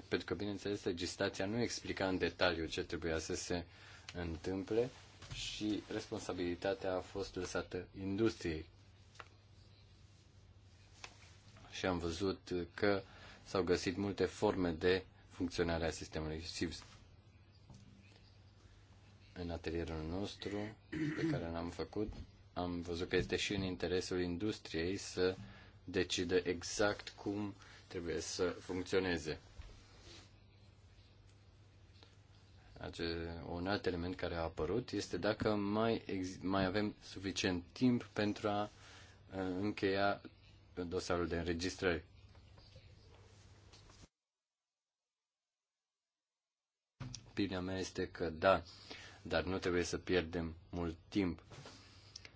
Speaker 1: pentru că, bineînțeles, legislația nu explica în detaliu ce trebuia să se întâmple și responsabilitatea a fost lăsată industriei. Și am văzut că uh, s-au găsit multe forme de funcționare a sistemului SIVS. În atelierul nostru pe care l-am făcut, am văzut că este și în interesul industriei să decidă exact cum trebuie să funcționeze. Un alt element care a apărut este dacă mai, mai avem suficient timp pentru a uh, încheia dosarul de înregistrări. Opinia mea este că da, dar nu trebuie să pierdem mult timp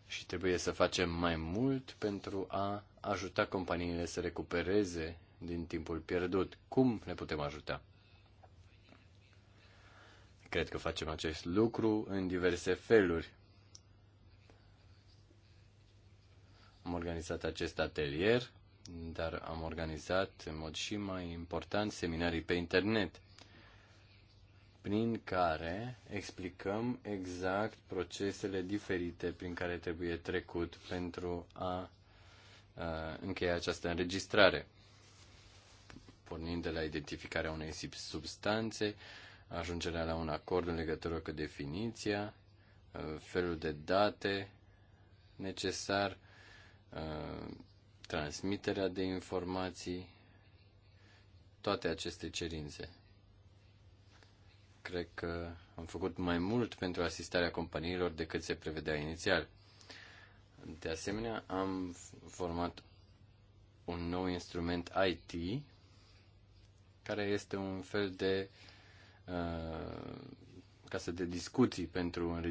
Speaker 1: și trebuie să facem mai mult pentru a ajuta companiile să recupereze din timpul pierdut. Cum le putem ajuta? Cred că facem acest lucru în diverse feluri. Am organizat acest atelier, dar am organizat în mod și mai important seminarii pe internet prin care explicăm exact procesele diferite prin care trebuie trecut pentru a încheia această înregistrare. Pornind de la identificarea unei substanțe, ajungerea la un acord în legătură cu definiția, felul de date necesar, transmiterea de informații, toate aceste cerințe. Cred că am făcut mai mult pentru asistarea companiilor decât se prevedea inițial. De asemenea, am format un nou instrument IT, care este un fel de uh, casă de discuții pentru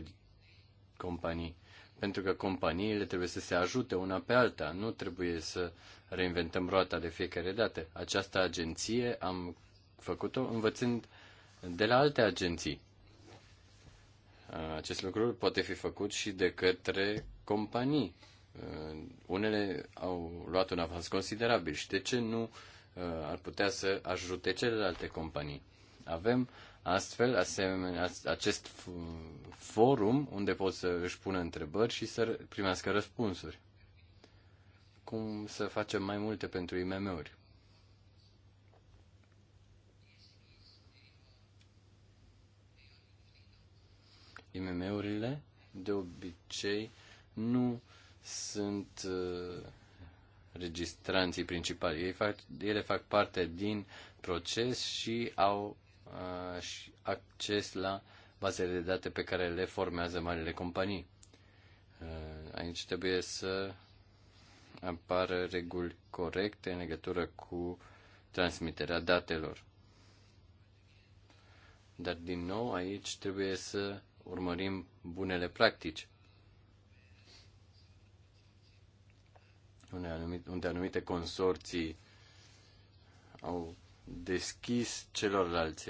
Speaker 1: companii. Pentru că companiile trebuie să se ajute una pe alta, nu trebuie să reinventăm roata de fiecare dată. Această agenție am făcut-o învățând de la alte agenții. Acest lucru poate fi făcut și de către companii. Unele au luat un avans considerabil și de ce nu ar putea să ajute celelalte companii. Avem astfel asemenea, acest forum unde pot să își pună întrebări și să primească răspunsuri. Cum să facem mai multe pentru IMM-uri? IMM-urile de obicei nu sunt uh, registranții principali. Ei fac, ele fac parte din proces și au uh, și acces la bazele de date pe care le formează marile companii. Uh, aici trebuie să apară reguli corecte în legătură cu transmiterea datelor. Dar din nou aici trebuie să urmărim bunele practici. Unde anumite, consorții au deschis celorlalți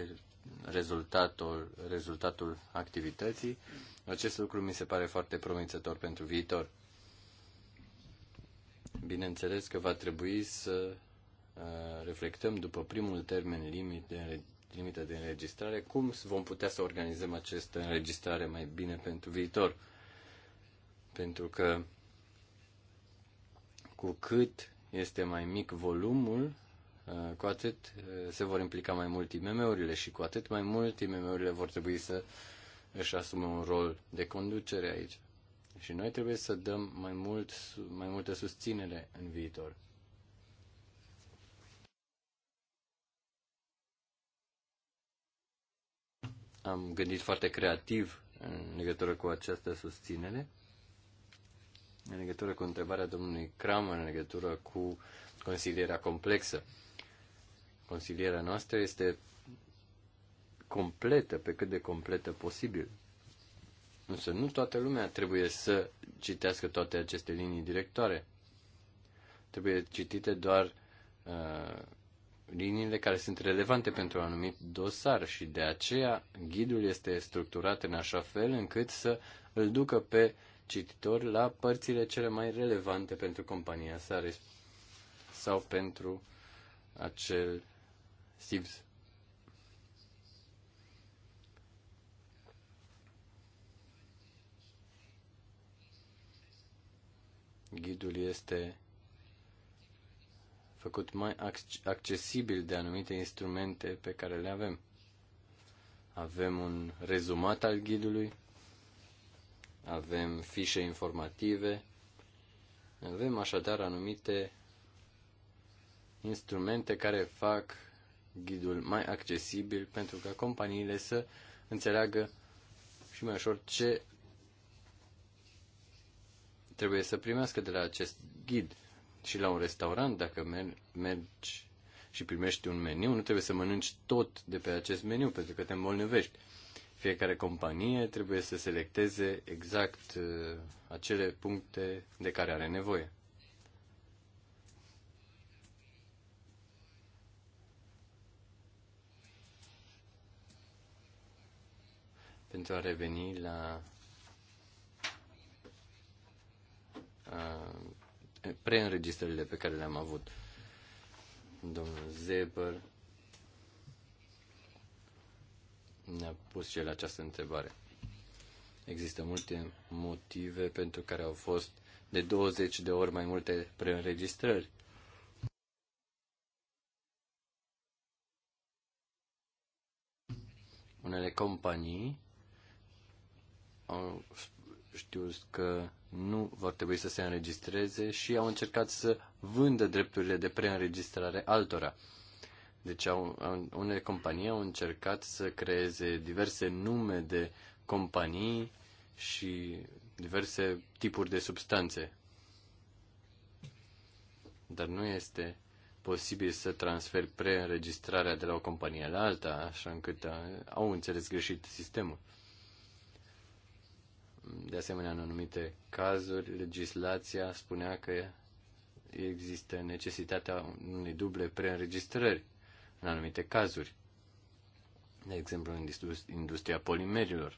Speaker 1: rezultatul, rezultatul activității. Acest lucru mi se pare foarte promițător pentru viitor. Bineînțeles că va trebui să uh, reflectăm după primul termen limit de limită de înregistrare, cum vom putea să organizăm această înregistrare mai bine pentru viitor? Pentru că cu cât este mai mic volumul, uh, cu atât uh, se vor implica mai mult IMM-urile și cu atât mai mult IMM-urile vor trebui să își asume un rol de conducere aici. Și noi trebuie să dăm mai, mult, mai multă susținere în viitor. am gândit foarte creativ în legătură cu această susținere, în legătură cu întrebarea domnului Cram, în legătură cu consilierea complexă. Consilierea noastră este completă, pe cât de completă posibil. Însă nu toată lumea trebuie să citească toate aceste linii directoare. Trebuie citite doar uh, liniile care sunt relevante pentru un anumit dosar și de aceea ghidul este structurat în așa fel încât să îl ducă pe cititor la părțile cele mai relevante pentru compania sa sau pentru acel SIVS. Ghidul este făcut mai accesibil de anumite instrumente pe care le avem. Avem un rezumat al ghidului, avem fișe informative, avem așadar anumite instrumente care fac ghidul mai accesibil pentru ca companiile să înțeleagă și mai ușor ce trebuie să primească de la acest ghid și la un restaurant, dacă mergi și primești un meniu, nu trebuie să mănânci tot de pe acest meniu, pentru că te îmbolnăvești. Fiecare companie trebuie să selecteze exact uh, acele puncte de care are nevoie. pentru a reveni la uh, preînregistrările pe care le-am avut. Domnul Zeper, ne-a pus și el această întrebare. Există multe motive pentru care au fost de 20 de ori mai multe preînregistrări. Unele companii au știu că nu vor trebui să se înregistreze și au încercat să vândă drepturile de preînregistrare altora. Deci au, unele companii au încercat să creeze diverse nume de companii și diverse tipuri de substanțe. Dar nu este posibil să transferi preînregistrarea de la o companie la alta, așa încât au înțeles greșit sistemul. De asemenea, în anumite cazuri, legislația spunea că există necesitatea unei duble preînregistrări în anumite cazuri. De exemplu, în industria polimerilor.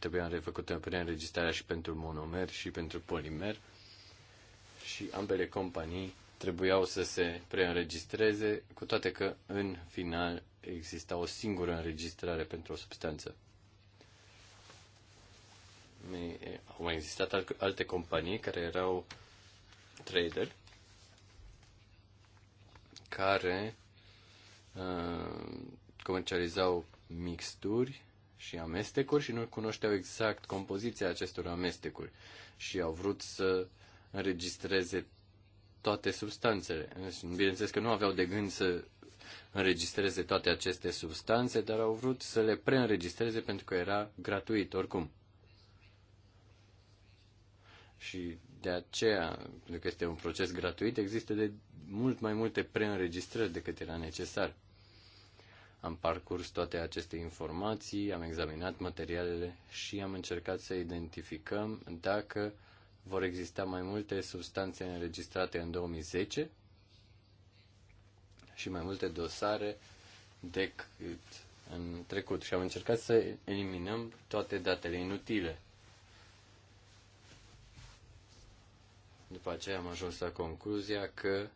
Speaker 1: Trebuia refăcută preînregistrarea și pentru monomer și pentru polimer și ambele companii trebuiau să se preînregistreze, cu toate că în final exista o singură înregistrare pentru o substanță au mai existat alte companii care erau trader care uh, comercializau mixturi și amestecuri și nu cunoșteau exact compoziția acestor amestecuri și au vrut să înregistreze toate substanțele. Bineînțeles că nu aveau de gând să înregistreze toate aceste substanțe, dar au vrut să le preînregistreze pentru că era gratuit oricum. Și de aceea, pentru că este un proces gratuit, există de mult mai multe preînregistrări decât era necesar. Am parcurs toate aceste informații, am examinat materialele și am încercat să identificăm dacă vor exista mai multe substanțe înregistrate în 2010 și mai multe dosare decât în trecut. Și am încercat să eliminăm toate datele inutile După aceea am ajuns la concluzia că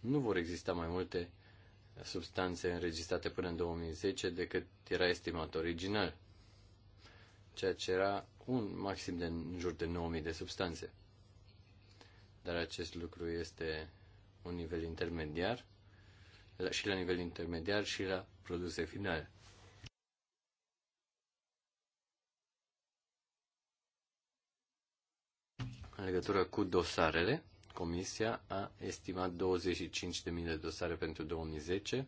Speaker 1: nu vor exista mai multe substanțe înregistrate până în 2010 decât era estimat original, ceea ce era un maxim de în jur de 9000 de substanțe. Dar acest lucru este un nivel intermediar și la nivel intermediar și la produse finale. În legătură cu dosarele, Comisia a estimat 25.000 de dosare pentru 2010.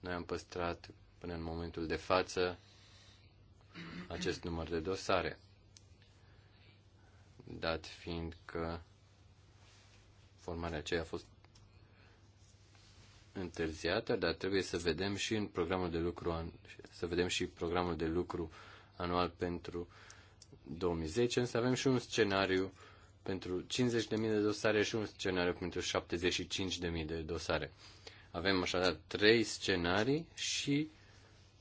Speaker 1: Noi am păstrat până în momentul de față acest număr de dosare, dat fiind că formarea aceea a fost întârziată, dar trebuie să vedem și în programul de lucru să vedem și programul de lucru anual pentru 2010, însă avem și un scenariu pentru 50.000 de dosare și un scenariu pentru 75.000 de dosare. Avem așadar trei scenarii și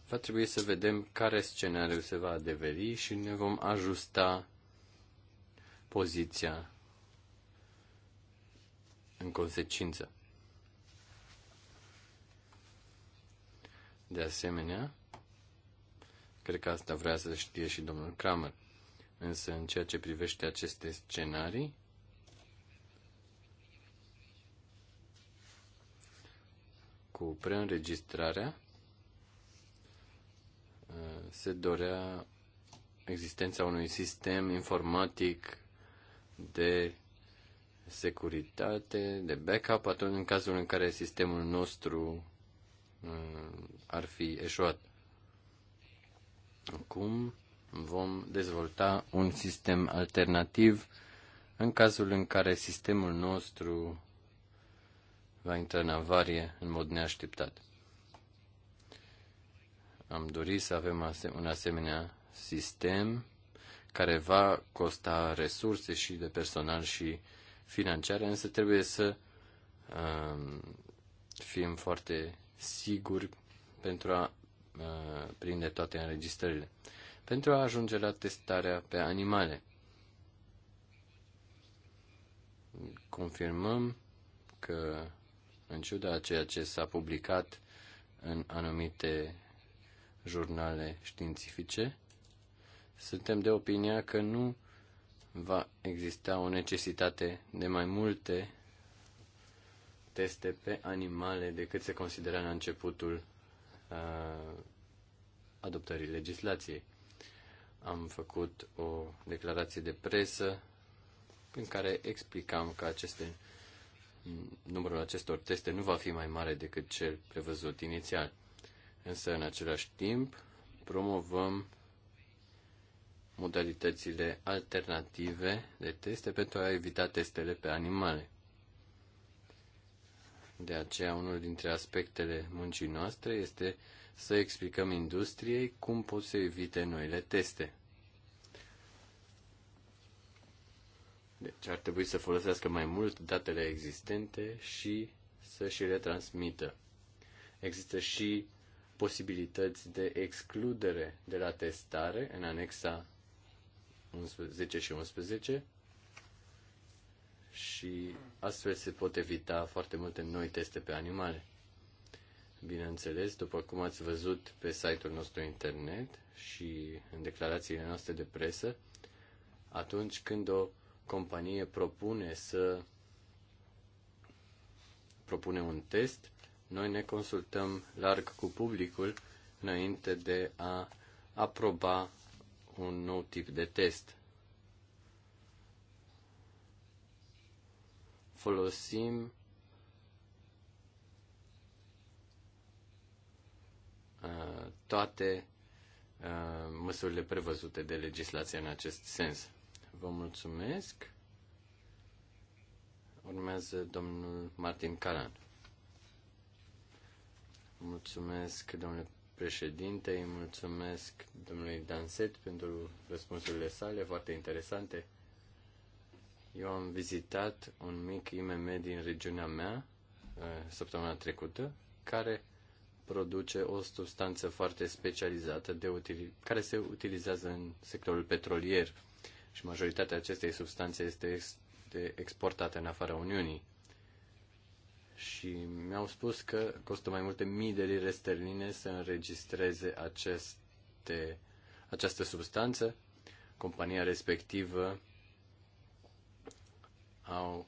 Speaker 1: va trebui să vedem care scenariu se va adeveri și ne vom ajusta poziția în consecință. De asemenea, cred că asta vrea să știe și domnul Kramer. Însă, în ceea ce privește aceste scenarii, cu preînregistrarea uh, se dorea existența unui sistem informatic de securitate, de backup, atunci în cazul în care sistemul nostru uh, ar fi eșuat. Acum vom dezvolta un sistem alternativ în cazul în care sistemul nostru va intra în avarie în mod neașteptat. Am dorit să avem un asemenea sistem care va costa resurse și de personal și financiare, însă trebuie să uh, fim foarte siguri pentru a uh, prinde toate înregistrările pentru a ajunge la testarea pe animale. Confirmăm că, în ciuda a ceea ce s-a publicat în anumite jurnale științifice, suntem de opinia că nu va exista o necesitate de mai multe teste pe animale decât se considera la în începutul uh, adoptării legislației am făcut o declarație de presă în care explicam că aceste, numărul acestor teste nu va fi mai mare decât cel prevăzut inițial. Însă, în același timp, promovăm modalitățile alternative de teste pentru a evita testele pe animale. De aceea, unul dintre aspectele muncii noastre este să explicăm industriei cum pot să evite noile teste. Deci ar trebui să folosească mai mult datele existente și să și le transmită. Există și posibilități de excludere de la testare în anexa 10 și 11 și astfel se pot evita foarte multe noi teste pe animale. Bineînțeles, după cum ați văzut pe site-ul nostru internet și în declarațiile noastre de presă, atunci când o companie propune să propune un test, noi ne consultăm larg cu publicul înainte de a aproba un nou tip de test. Folosim Uh, toate uh, măsurile prevăzute de legislație în acest sens. Vă mulțumesc. Urmează domnul Martin Calan. Mulțumesc, domnule președinte, îi mulțumesc domnului Danset pentru răspunsurile sale foarte interesante. Eu am vizitat un mic IMM din regiunea mea uh, săptămâna trecută, care produce o substanță foarte specializată de care se utilizează în sectorul petrolier și majoritatea acestei substanțe este ex- de exportată în afara Uniunii. Și mi-au spus că costă mai multe mii de lire sterline să înregistreze aceste, această substanță. Compania respectivă au,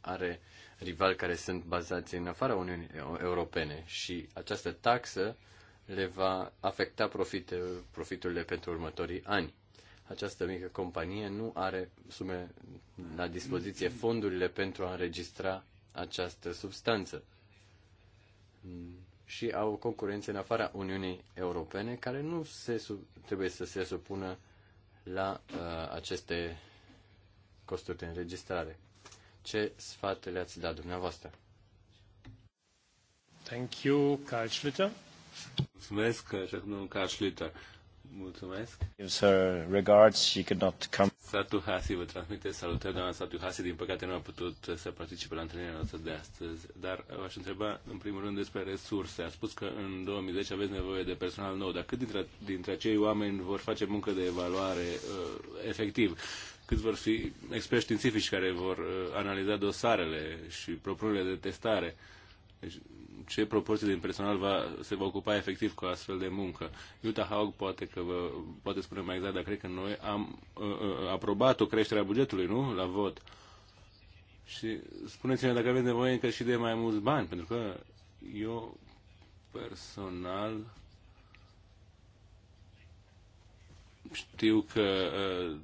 Speaker 1: are rivali care sunt bazați în afara Uniunii Europene și această taxă le va afecta profite, profiturile pentru următorii ani. Această mică companie nu are sume la dispoziție fondurile pentru a înregistra această substanță și au concurențe în afara Uniunii Europene care nu se trebuie să se supună la uh, aceste costuri de înregistrare ce sfat le-ați dat dumneavoastră?
Speaker 4: Thank you, Carl Schlitter.
Speaker 1: Mulțumesc, uh, și acum domnul Carl Schlitter.
Speaker 4: Mulțumesc. Gives her regards, she could not come. Satu Hasi vă transmite salutări, doamna Satu Hasi, din păcate nu a putut uh, să participe la întâlnirea noastră de astăzi, dar uh, v-aș întreba în primul rând despre resurse. A spus că în 2010 aveți nevoie de personal nou, dar cât dintre, dintre acei oameni vor face muncă de evaluare uh, efectiv? cât vor fi experți științifici care vor uh, analiza dosarele și propunerile de testare. Deci, ce proporție din personal va, se va ocupa efectiv cu astfel de muncă. Utah Haug poate că vă, poate spune mai exact, dar cred că noi am uh, uh, aprobat o creștere a bugetului, nu? La vot. Și spuneți-ne dacă aveți nevoie încă și de mai mulți bani, pentru că eu personal știu că uh,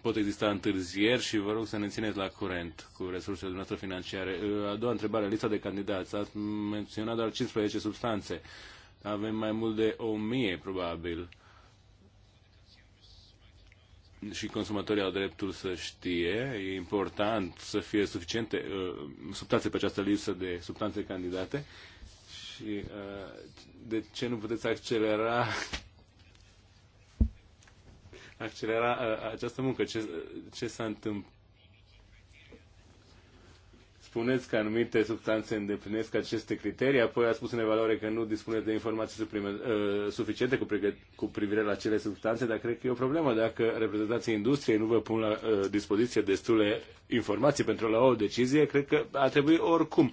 Speaker 4: pot exista întârzieri și vă rog să ne țineți la curent cu resursele dumneavoastră financiare. Ă, a doua întrebare, lista de candidați. Ați menționat doar 15 substanțe. Avem mai mult de 1000, probabil. Și consumatorii au dreptul să știe. E important să fie suficiente ă, substanțe pe această listă de substanțe candidate. Și ă, de ce nu puteți accelera accelera această muncă. Ce, ce s-a întâmplat? Spuneți că anumite substanțe îndeplinesc aceste criterii, apoi a spus în evaluare că nu dispuneți de informații suprime, uh, suficiente cu, pregăt- cu privire la cele substanțe, dar cred că e o problemă dacă reprezentanții industriei nu vă pun la uh, dispoziție destule informații pentru a lua o decizie, cred că ar trebui oricum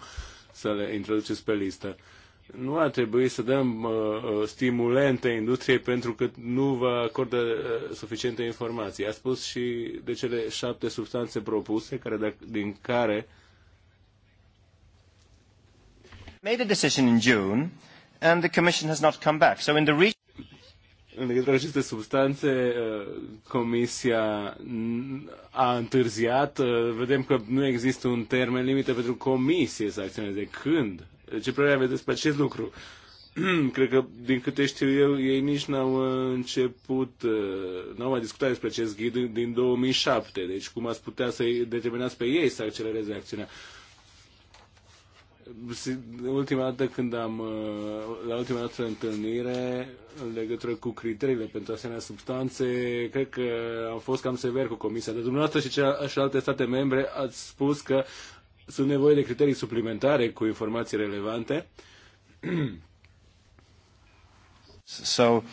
Speaker 4: să le introduceți pe listă. Uh, nu ar trebui să dăm uh, uh, stimulente industriei pentru că nu vă acordă uh, suficiente informații. A spus și de cele șapte substanțe propuse, care, din care made a decision in June and the Commission has not come back. So in the în legătură cu aceste substanțe, uh, Comisia a întârziat. Uh, vedem că nu există un termen limită pentru Comisie să acționeze. Când ce părere aveți despre acest lucru? Cred că, din câte știu eu, ei nici n-au uh, început, uh, n-au mai discutat despre acest ghid din 2007, deci cum ați putea să-i determinați pe ei să accelereze acțiunea? ultima dată când am, uh, la ultima noastră întâlnire, în legătură cu criteriile pentru asemenea substanțe, cred că am fost cam sever cu Comisia. Dar dumneavoastră și, cea, și alte state membre ați spus că sunt nevoie de criterii suplimentare cu informații relevante.
Speaker 2: So,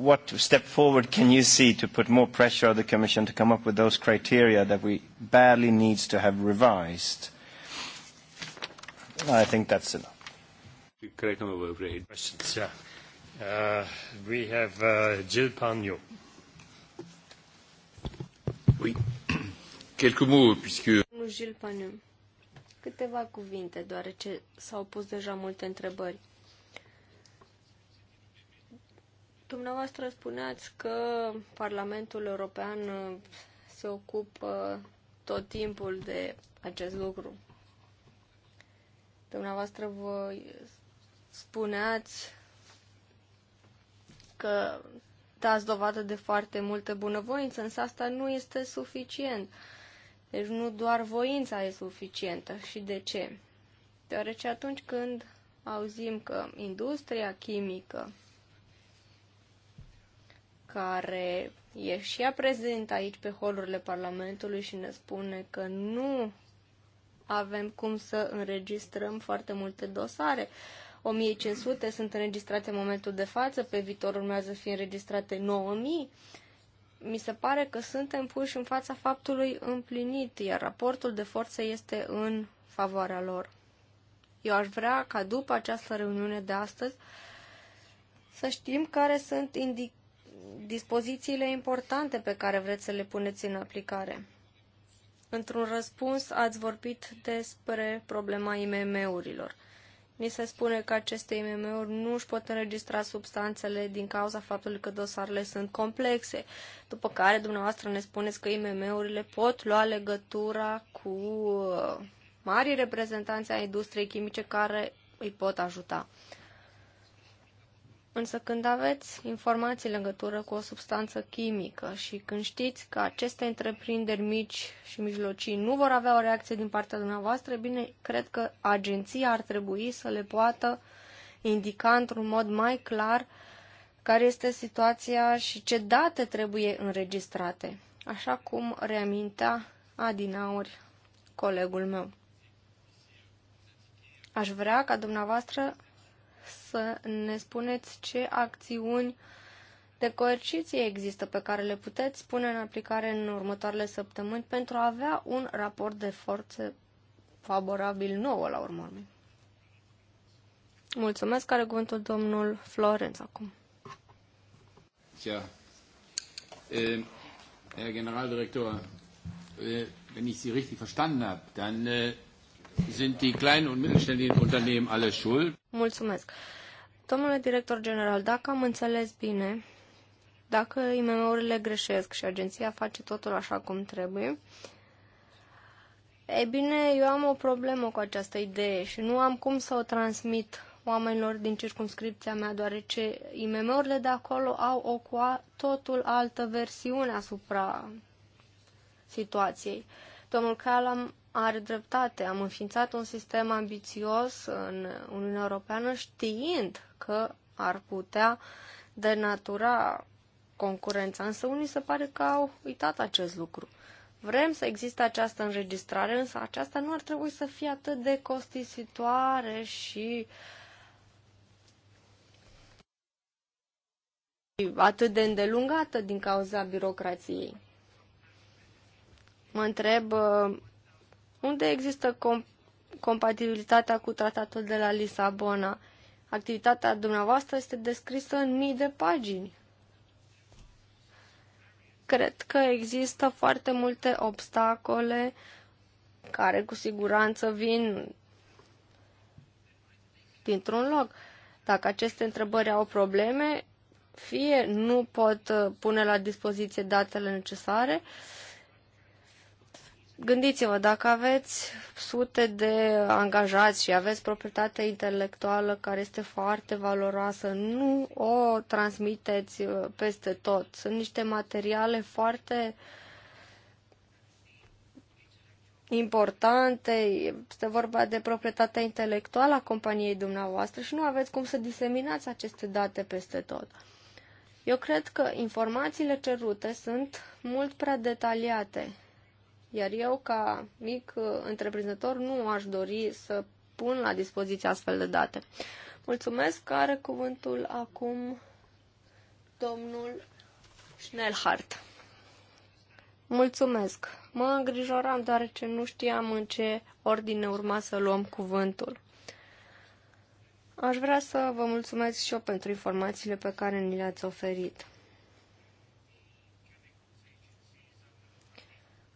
Speaker 2: what step forward can you see to put more pressure on the Commission to come up with those criteria that we badly needs to have revised?
Speaker 1: I think that's enough.
Speaker 4: Cred că mă voi opri. Questions, yeah. Uh,
Speaker 1: we have uh, Jill Pagno. Oui. Quelques mots, puisque
Speaker 2: domnul Panu. Câteva cuvinte, deoarece s-au pus deja multe întrebări. Dumneavoastră spuneați că Parlamentul European uh, se ocupă tot timpul de acest lucru. Dumneavoastră vă spuneați că dați dovadă de foarte multă bunăvoință, însă asta nu este suficient. Uh, deci nu doar voința e suficientă. Și de ce? Deoarece atunci când auzim că industria chimică care e și ea prezentă aici pe holurile Parlamentului și ne spune că nu avem cum să înregistrăm foarte multe dosare. 1500 sunt înregistrate în momentul de față, pe viitor urmează să fie înregistrate 9000 mi se pare că suntem puși în fața faptului împlinit, iar raportul de forțe este în favoarea lor. Eu aș vrea ca după această reuniune de astăzi să știm care sunt indic- dispozițiile importante pe care vreți să le puneți în aplicare. Într-un răspuns ați vorbit despre problema IMM-urilor. Mi se spune că aceste IMM-uri nu își pot înregistra substanțele din cauza faptului că dosarele sunt complexe. După care dumneavoastră ne spuneți că IMM-urile pot lua legătura cu uh, mari reprezentanți ai industriei chimice care îi pot ajuta. Însă când aveți informații în legătură cu o substanță chimică și când știți că aceste întreprinderi mici și mijlocii nu vor avea o reacție din partea dumneavoastră, bine, cred că agenția ar trebui să le poată indica într-un mod mai clar care este situația și ce date trebuie înregistrate, așa cum reamintea Adinauri, colegul meu. Aș vrea ca dumneavoastră să ne spuneți ce acțiuni de coerciție există pe care le puteți pune în aplicare în următoarele săptămâni pentru a avea un raport de forțe favorabil nouă la urmă. Mulțumesc, care cuvântul domnul Florenț acum.
Speaker 1: Ja. Eh, Herr Generaldirektor, eh, wenn ich Sie richtig verstanden habe, dann eh, Sind die kleinen und mittelständischen Unternehmen alle schuld?
Speaker 2: Mulțumesc. Domnule director general, dacă am înțeles bine, dacă IMM-urile greșesc și agenția face totul așa cum trebuie, e bine, eu am o problemă cu această idee și nu am cum să o transmit oamenilor din circumscripția mea, deoarece IMM-urile de acolo au o cu totul altă versiune asupra situației. Domnul Calam are dreptate. Am înființat un sistem ambițios în Uniunea Europeană știind că ar putea denatura concurența, însă unii se pare că au uitat acest lucru. Vrem să existe această înregistrare, însă aceasta nu ar trebui să fie atât de costisitoare și atât de îndelungată din cauza birocrației. Mă întreb uh, unde există comp- compatibilitatea cu tratatul de la Lisabona? Activitatea dumneavoastră este descrisă în mii de pagini. Cred că există foarte multe obstacole care cu siguranță vin dintr-un loc. Dacă aceste întrebări au probleme, fie nu pot uh, pune la dispoziție datele necesare, uh, Gândiți-vă, dacă aveți sute de angajați și aveți proprietate intelectuală care este foarte valoroasă, nu o transmiteți uh, peste tot. Sunt niște materiale foarte importante, este vorba de proprietatea intelectuală a companiei dumneavoastră și nu aveți cum să diseminați aceste date peste tot. Eu cred că informațiile cerute sunt mult prea detaliate iar eu, ca mic uh, întreprinzător, nu aș dori să pun la dispoziție astfel de date. Mulțumesc. Are cuvântul acum domnul Schnellhardt. Mulțumesc. Mă îngrijoram deoarece nu știam în ce ordine urma să luăm cuvântul. Aș vrea să vă mulțumesc și eu pentru informațiile pe care ni le-ați oferit.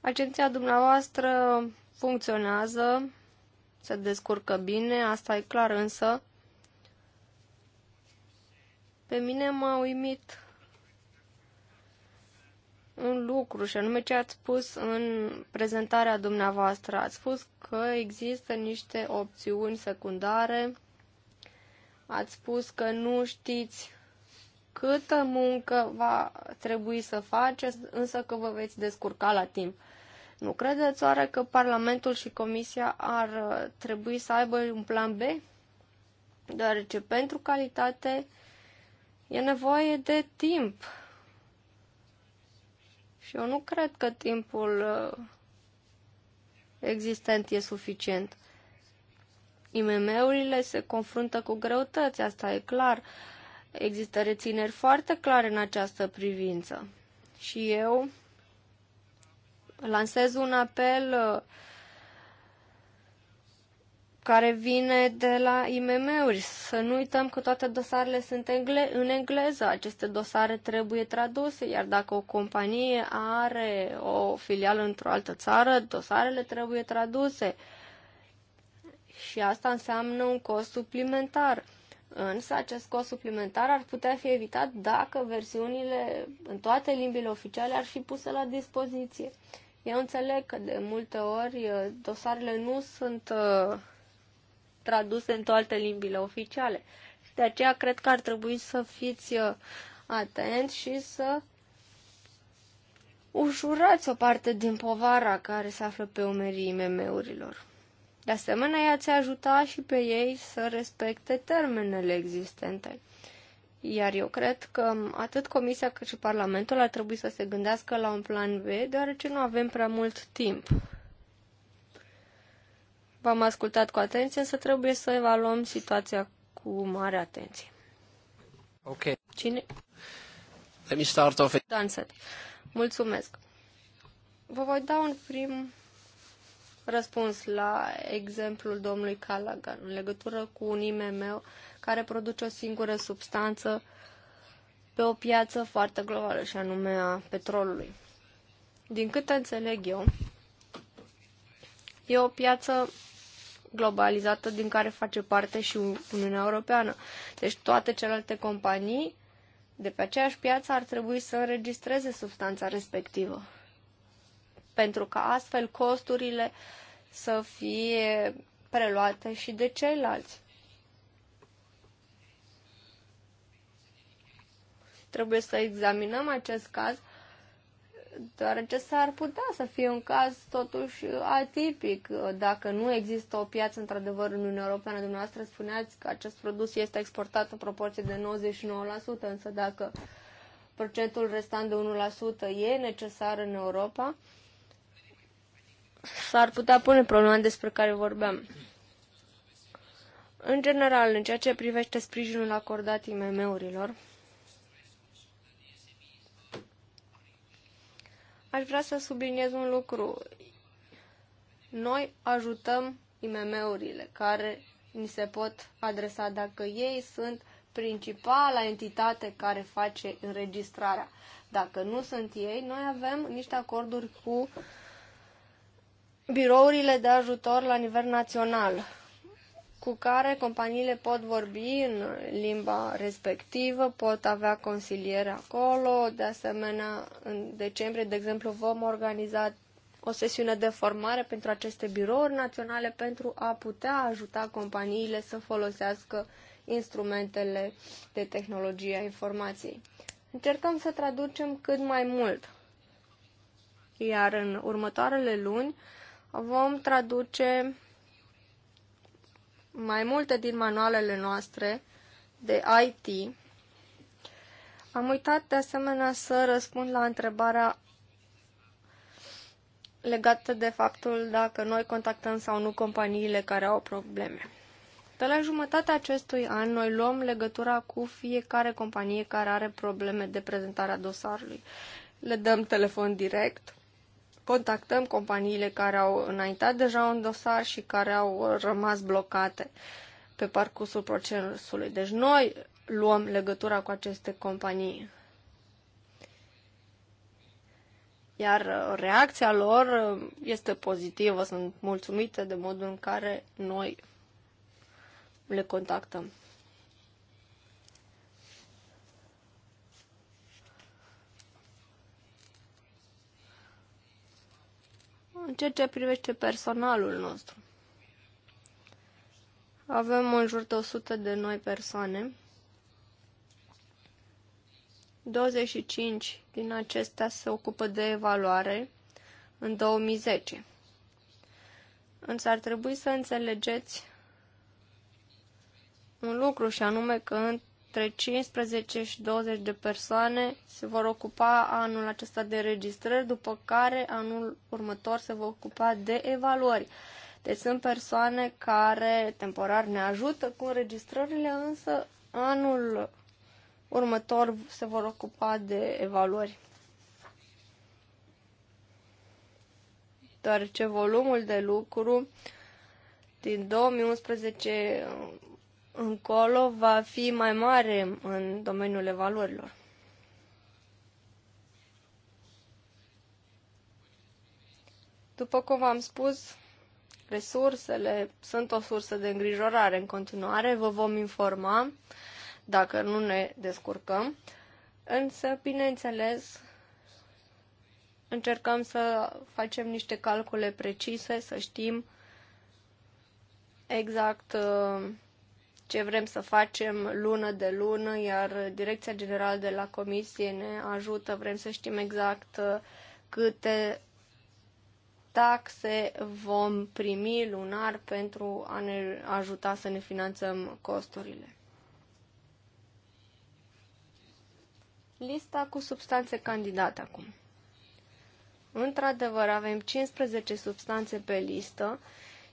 Speaker 2: Agenția dumneavoastră funcționează, se descurcă bine, asta e clar, însă pe mine m-a uimit un lucru și anume ce ați spus în prezentarea dumneavoastră. Ați spus că există niște opțiuni secundare, ați spus că nu știți câtă muncă va trebui să faceți, însă că vă veți descurca la timp. Nu credeți oare că Parlamentul și Comisia ar uh, trebui să aibă un plan B? Deoarece pentru calitate e nevoie de timp. Și eu nu cred că timpul uh, existent e suficient. IMM-urile se confruntă cu greutăți, asta e clar. Există rețineri foarte clare în această privință. Și eu lansez un apel uh, care vine de la IMM-uri. Să nu uităm că toate dosarele sunt în engleză. Aceste dosare trebuie traduse, iar dacă o companie are o filială într-o altă țară, dosarele trebuie traduse. Și asta înseamnă un cost suplimentar. Însă acest cost suplimentar ar putea fi evitat dacă versiunile în toate limbile oficiale ar fi puse la dispoziție. Eu înțeleg că de multe ori uh, dosarele nu sunt uh, traduse în toate limbile oficiale și de aceea cred că ar trebui să fiți uh, atent și să ușurați o parte din povara care se află pe umerii IMM-urilor. De asemenea, i-ați ajuta și pe ei să respecte termenele existente. Iar eu cred că atât Comisia cât și Parlamentul ar trebui să se gândească la un plan B, deoarece nu avem prea mult timp. V-am ascultat cu atenție, însă trebuie să evaluăm situația cu mare atenție. Ok. Cine? Let me start off. Danset. Mulțumesc. Vă voi da un prim răspuns la exemplul domnului Callaghan în legătură cu un IMM care produce o singură substanță pe o piață foarte globală, și anume a petrolului. Din câte înțeleg eu, e o piață globalizată din care face parte și Uniunea Europeană. Deci toate celelalte companii de pe aceeași piață ar trebui să înregistreze substanța respectivă. Pentru ca astfel costurile să fie preluate și de ceilalți. Trebuie să examinăm acest caz, deoarece s-ar putea să fie un caz totuși atipic. Dacă nu există o piață într-adevăr în Uniunea Europeană, dumneavoastră spuneați că acest produs este exportat în proporție de 99%, însă dacă procentul restant de 1% e necesar în Europa, s-ar putea pune problema despre care vorbeam. În general, în ceea ce privește sprijinul acordat IMM-urilor, Aș vrea să subliniez un lucru. Noi ajutăm IMM-urile care ni se pot adresa dacă ei sunt principala entitate care face înregistrarea. Dacă nu sunt ei, noi avem niște acorduri cu birourile de ajutor la nivel național cu care companiile pot vorbi în limba respectivă, pot avea consiliere acolo. De asemenea, în decembrie, de exemplu, vom organiza o sesiune de formare pentru aceste birouri naționale pentru a putea ajuta companiile să folosească instrumentele de tehnologie a informației. Încercăm să traducem cât mai mult, iar în următoarele luni vom traduce mai multe din manualele noastre de IT. Am uitat de asemenea să răspund la întrebarea legată de faptul dacă noi contactăm sau nu companiile care au probleme. De la jumătatea acestui an, noi luăm legătura cu fiecare companie care are probleme de prezentarea dosarului. Le dăm telefon direct contactăm companiile care au înaintat deja un dosar și care au rămas blocate pe parcursul procesului. Deci noi luăm legătura cu aceste companii. Iar uh, reacția lor uh, este pozitivă, sunt mulțumite de modul în care noi le contactăm. în ceea ce privește personalul nostru. Avem în jur de 100 de noi persoane. 25 din acestea se ocupă de evaluare în 2010. Însă ar trebui să înțelegeți un lucru și anume că între 15 și 20 de persoane se vor ocupa anul acesta de registrări, după care anul următor se vor ocupa de evaluări. Deci sunt persoane care temporar ne ajută cu înregistrările, însă anul următor se vor ocupa de evaluări. Deoarece volumul de lucru din 2011 încolo va fi mai mare în domeniul evaluărilor. După cum v-am spus, resursele sunt o sursă de îngrijorare în continuare, vă vom informa dacă nu ne descurcăm, însă, bineînțeles, încercăm să facem niște calcule precise, să știm exact uh, ce vrem să facem lună de lună, iar Direcția Generală de la Comisie ne ajută, vrem să știm exact uh, câte taxe vom primi lunar pentru a ne ajuta să ne finanțăm costurile. Lista cu substanțe candidate acum. Într-adevăr, avem 15 substanțe pe listă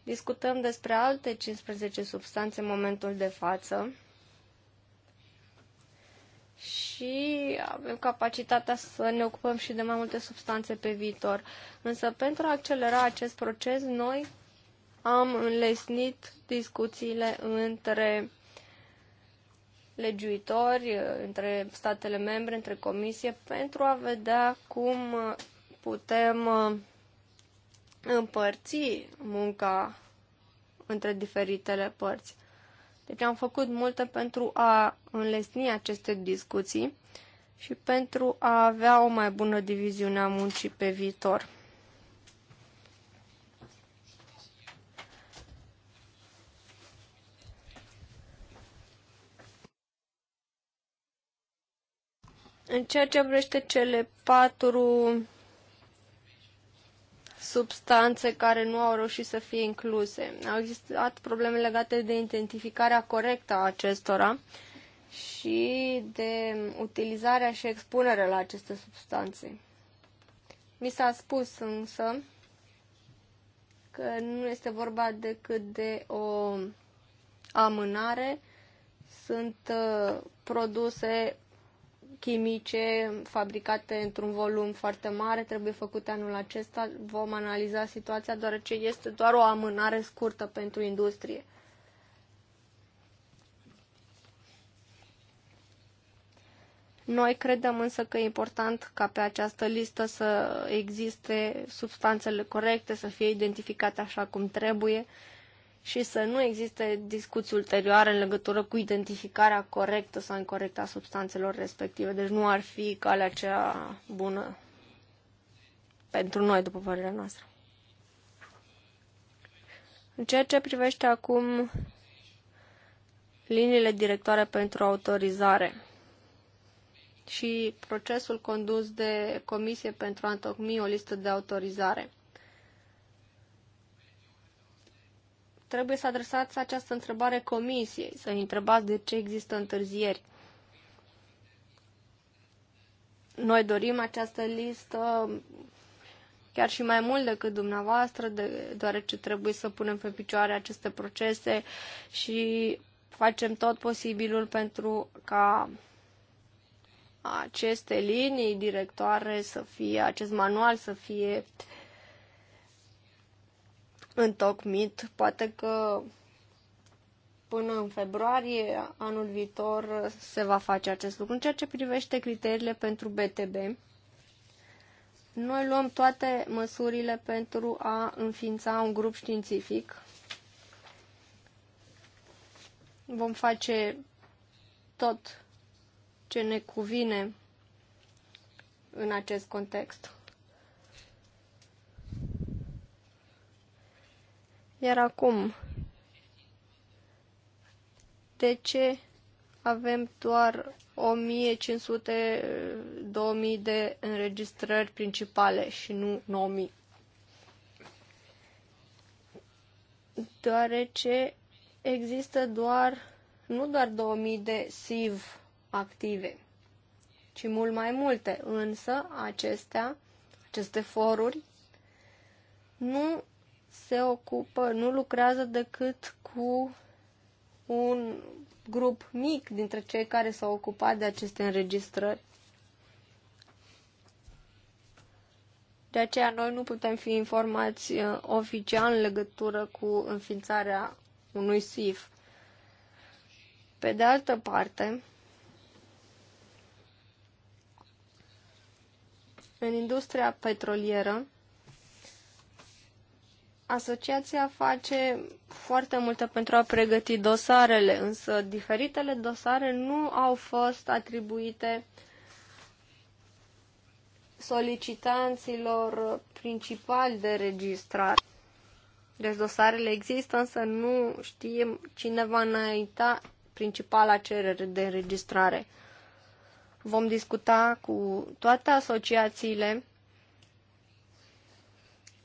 Speaker 2: Discutăm despre alte 15 substanțe în momentul de față și avem capacitatea să ne ocupăm și de mai multe substanțe pe viitor. Însă pentru a accelera acest proces, noi am înlesnit discuțiile între legiuitori, între statele membre, între comisie, pentru a vedea cum putem împărți munca între diferitele părți. Deci am făcut multe pentru a înlesni aceste discuții și pentru a avea o mai bună diviziune a muncii pe viitor. În ceea ce vrește cele patru substanțe care nu au reușit să fie incluse. Au existat probleme legate de identificarea corectă a acestora și de utilizarea și expunerea la aceste substanțe. Mi s-a spus însă că nu este vorba decât de o amânare, sunt uh, produse chimice fabricate într-un volum foarte mare, trebuie făcute anul acesta. Vom analiza situația, deoarece este doar o amânare scurtă pentru industrie. Noi credem însă că e important ca pe această listă să existe substanțele corecte, să fie identificate așa cum trebuie și să nu existe discuții ulterioare în legătură cu identificarea corectă sau incorrectă a substanțelor respective. Deci nu ar fi calea cea bună pentru noi, după părerea noastră. În ceea ce privește acum liniile directoare pentru autorizare și procesul condus de Comisie pentru a întocmi o listă de autorizare – trebuie să adresați această întrebare comisiei, să întrebați de ce există întârzieri. Noi dorim această listă chiar și mai mult decât dumneavoastră, de, deoarece trebuie să punem pe picioare aceste procese și facem tot posibilul pentru ca aceste linii directoare să fie, acest manual să fie uh, întocmit. Poate că până în februarie anul viitor se va face acest lucru. În ceea ce privește criteriile pentru BTB, noi luăm toate măsurile pentru a înființa un grup științific. Vom face tot ce ne cuvine în acest context. Iar acum, de ce avem doar 1500-2000 de înregistrări principale și nu 9000? Deoarece există doar, nu doar 2000 de SIV active, ci mult mai multe. Însă, acestea, aceste foruri, nu se ocupă, nu lucrează decât cu un grup mic dintre cei care s-au ocupat de aceste înregistrări. De aceea noi nu putem fi informați uh, oficial în legătură cu înființarea unui SIF. Pe de altă parte, în industria petrolieră, Asociația face foarte multe pentru a pregăti dosarele, însă diferitele dosare nu au fost atribuite solicitanților principali de registrare. Deci dosarele există, însă nu știm cine va înainta principala cerere de înregistrare. Vom discuta cu toate asociațiile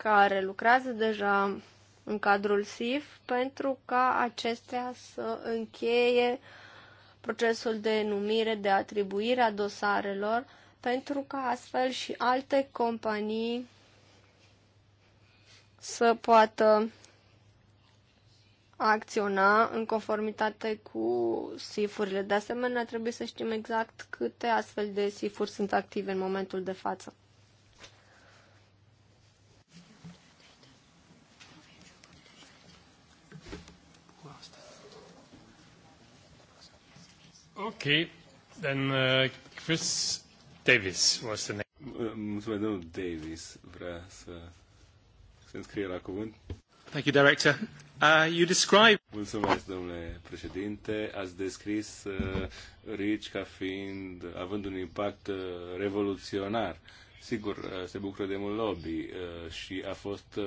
Speaker 2: care lucrează deja în cadrul SIF pentru ca acestea să încheie procesul de numire, de atribuire a dosarelor, pentru ca astfel și alte companii să poată acționa în conformitate cu SIF-urile. De asemenea, trebuie să știm exact câte astfel de SIF-uri sunt active în momentul de față.
Speaker 1: Okay, then uh, Chris
Speaker 4: Davis was the name. Uh, mulțumesc, domnul Davis vrea să se înscrie la cuvânt. Thank you, Director. Uh, you describe... Mulțumesc, domnule președinte. Ați descris uh, RICI ca fiind, având un impact uh, revoluționar. Sigur, uh, se bucură de mult lobby uh, și a fost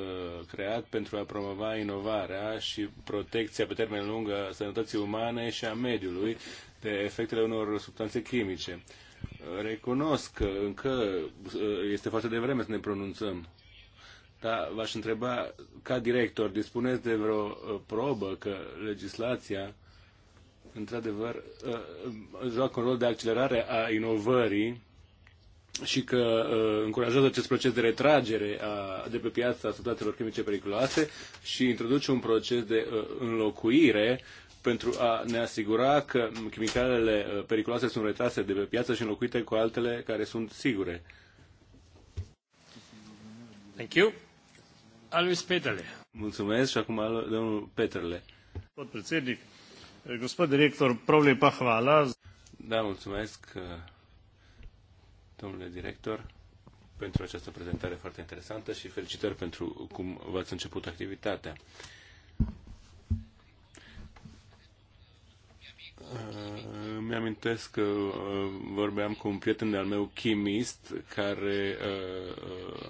Speaker 4: creat pentru a promova inovarea și protecția pe termen lung a sănătății umane și a mediului de efectele unor substanțe chimice. Recunosc că încă uh, este foarte devreme să ne pronunțăm, dar v-aș întreba, ca director, dispuneți de vreo uh, probă că legislația, într-adevăr, uh, joacă un rol de accelerare a inovării și că uh, încurajează acest proces de retragere a, de pe piața substanțelor chimice periculoase și introduce un proces de uh, înlocuire pentru a ne asigura că chimicalele uh, periculoase sunt retrase de pe piață și înlocuite cu altele care sunt sigure. Thank you. Alois Petrele. Mulțumesc și acum domnul Petrele. Pot predsednic, eh, gospod director, probleme pahvala. Da, mulțumesc, eh, domnule director, pentru această prezentare foarte interesantă și felicitări pentru cum v-ați început activitatea. Uh, îmi amintesc că uh, vorbeam cu un prieten de-al meu chimist care uh,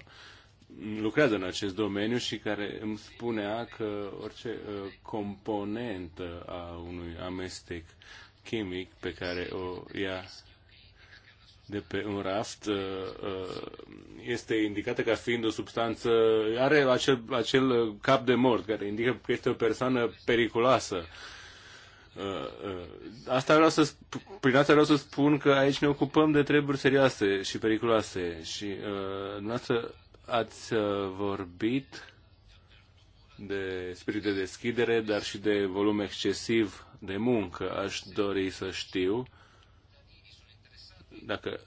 Speaker 4: lucrează în acest domeniu și care îmi spunea că orice componentă a unui amestec chimic pe care o ia de pe un raft este indicată ca fiind o substanță, are acel, acel cap de mort care indică că este o persoană periculoasă Uh, uh, asta vreau să, prin asta vreau să spun că aici ne ocupăm de treburi serioase și periculoase și uh, noastră ați uh, vorbit de spirit de deschidere, dar și de volum excesiv de muncă. Aș dori să știu dacă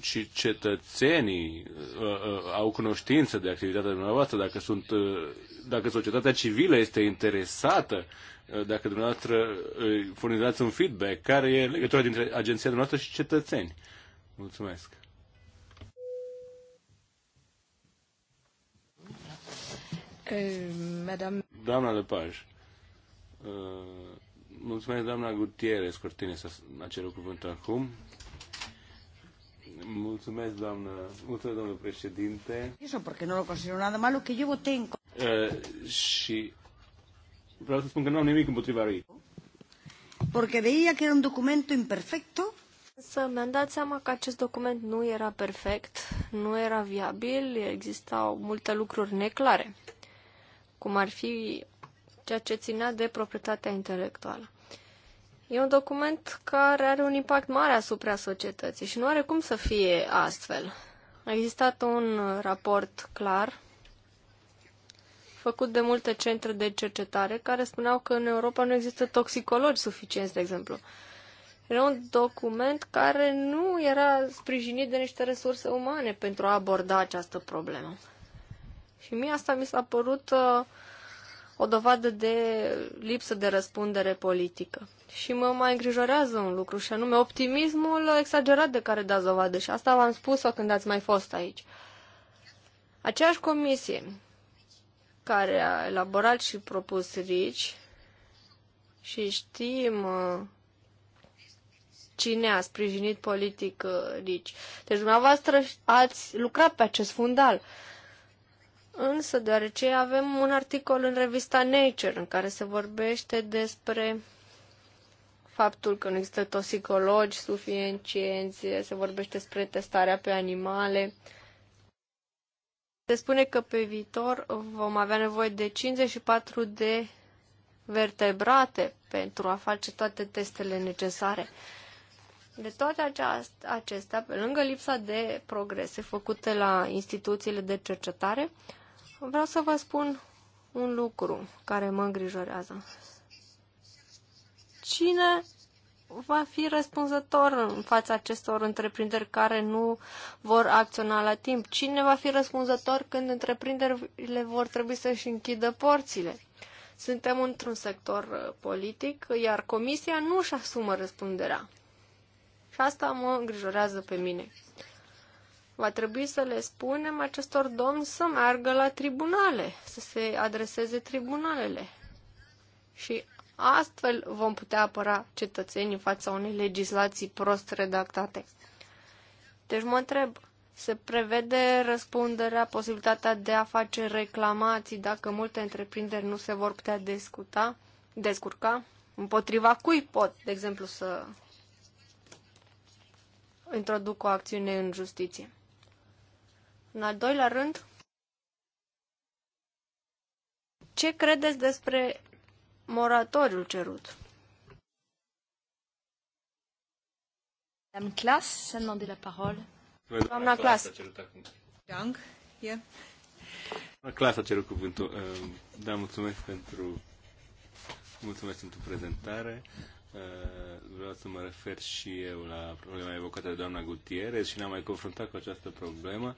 Speaker 4: și cetățenii uh, uh, au cunoștință de activitatea dumneavoastră, dacă, sunt, uh, dacă societatea civilă este interesată Eh, dacă dumneavoastră eh, furnizați un feedback, care e legătura dintre agenția dumneavoastră și cetățeni. Mulțumesc!
Speaker 3: Eh, madame...
Speaker 4: Doamna Lepaj, mulțumesc doamna Gutierrez Cortines, a cerut cuvântul acum. Mulțumesc, doamnă. Mulțumesc, domnule președinte.
Speaker 1: Eso porque no lo considero nada malo que yo voté
Speaker 2: en...
Speaker 4: Uh, și vreau să spun că nu am nimic împotriva lui.
Speaker 2: Porque veía que era un documento imperfecto. Să mi-am dat seama că acest document nu era perfect, nu era viabil, existau multe lucruri neclare, cum ar fi ceea ce ținea de proprietatea intelectuală. E un document care are un impact mare asupra societății și nu are cum să fie astfel. A existat un raport clar făcut de multe centre de cercetare care spuneau că în Europa nu există toxicologi suficienți, de exemplu. Era un document care nu era sprijinit de niște resurse umane pentru a aborda această problemă. Și mie asta mi s-a părut uh, o dovadă de lipsă de răspundere politică. Și mă mai îngrijorează un lucru, și anume optimismul exagerat de care dați dovadă. Și asta v-am spus-o când ați mai fost aici. Aceeași comisie care a elaborat și propus RICI și știm uh, cine a sprijinit politic uh, RICI. Deci dumneavoastră ați lucrat pe acest fundal. Însă, deoarece avem un articol în revista Nature în care se vorbește despre faptul că nu există toxicologi suficienți, se vorbește despre testarea pe animale, uh, se spune că pe viitor vom avea nevoie de 54 de vertebrate pentru a face toate testele necesare. De toate acestea, pe lângă lipsa de progrese făcute la instituțiile de cercetare, vreau să vă spun un lucru care mă îngrijorează. Cine va fi răspunzător în fața acestor întreprinderi care nu vor acționa la timp? Cine va fi răspunzător când întreprinderile vor trebui să-și închidă porțile? Suntem într-un sector uh, politic, iar Comisia nu își asumă răspunderea. Și asta mă îngrijorează pe mine. Va trebui să le spunem acestor domni să meargă la tribunale, să se adreseze tribunalele. Și Astfel vom putea apăra cetățenii în fața unei legislații prost redactate. Deci mă întreb, se prevede răspunderea, posibilitatea de a face reclamații dacă multe întreprinderi nu se vor putea discuta, descurca? Împotriva cui pot, de exemplu, să introduc o acțiune în justiție? În al doilea rând, ce credeți despre moratoriul cerut. Doamna Clas, s-a de la parole. Doamna Clas.
Speaker 4: Doamna Clas a cerut cuvântul. Ehm, da, mulțumesc pentru, mulțumesc pentru prezentare. Ehm, vreau să mă refer și eu la problema evocată de doamna Gutierrez și ne-am mai confruntat cu această problemă.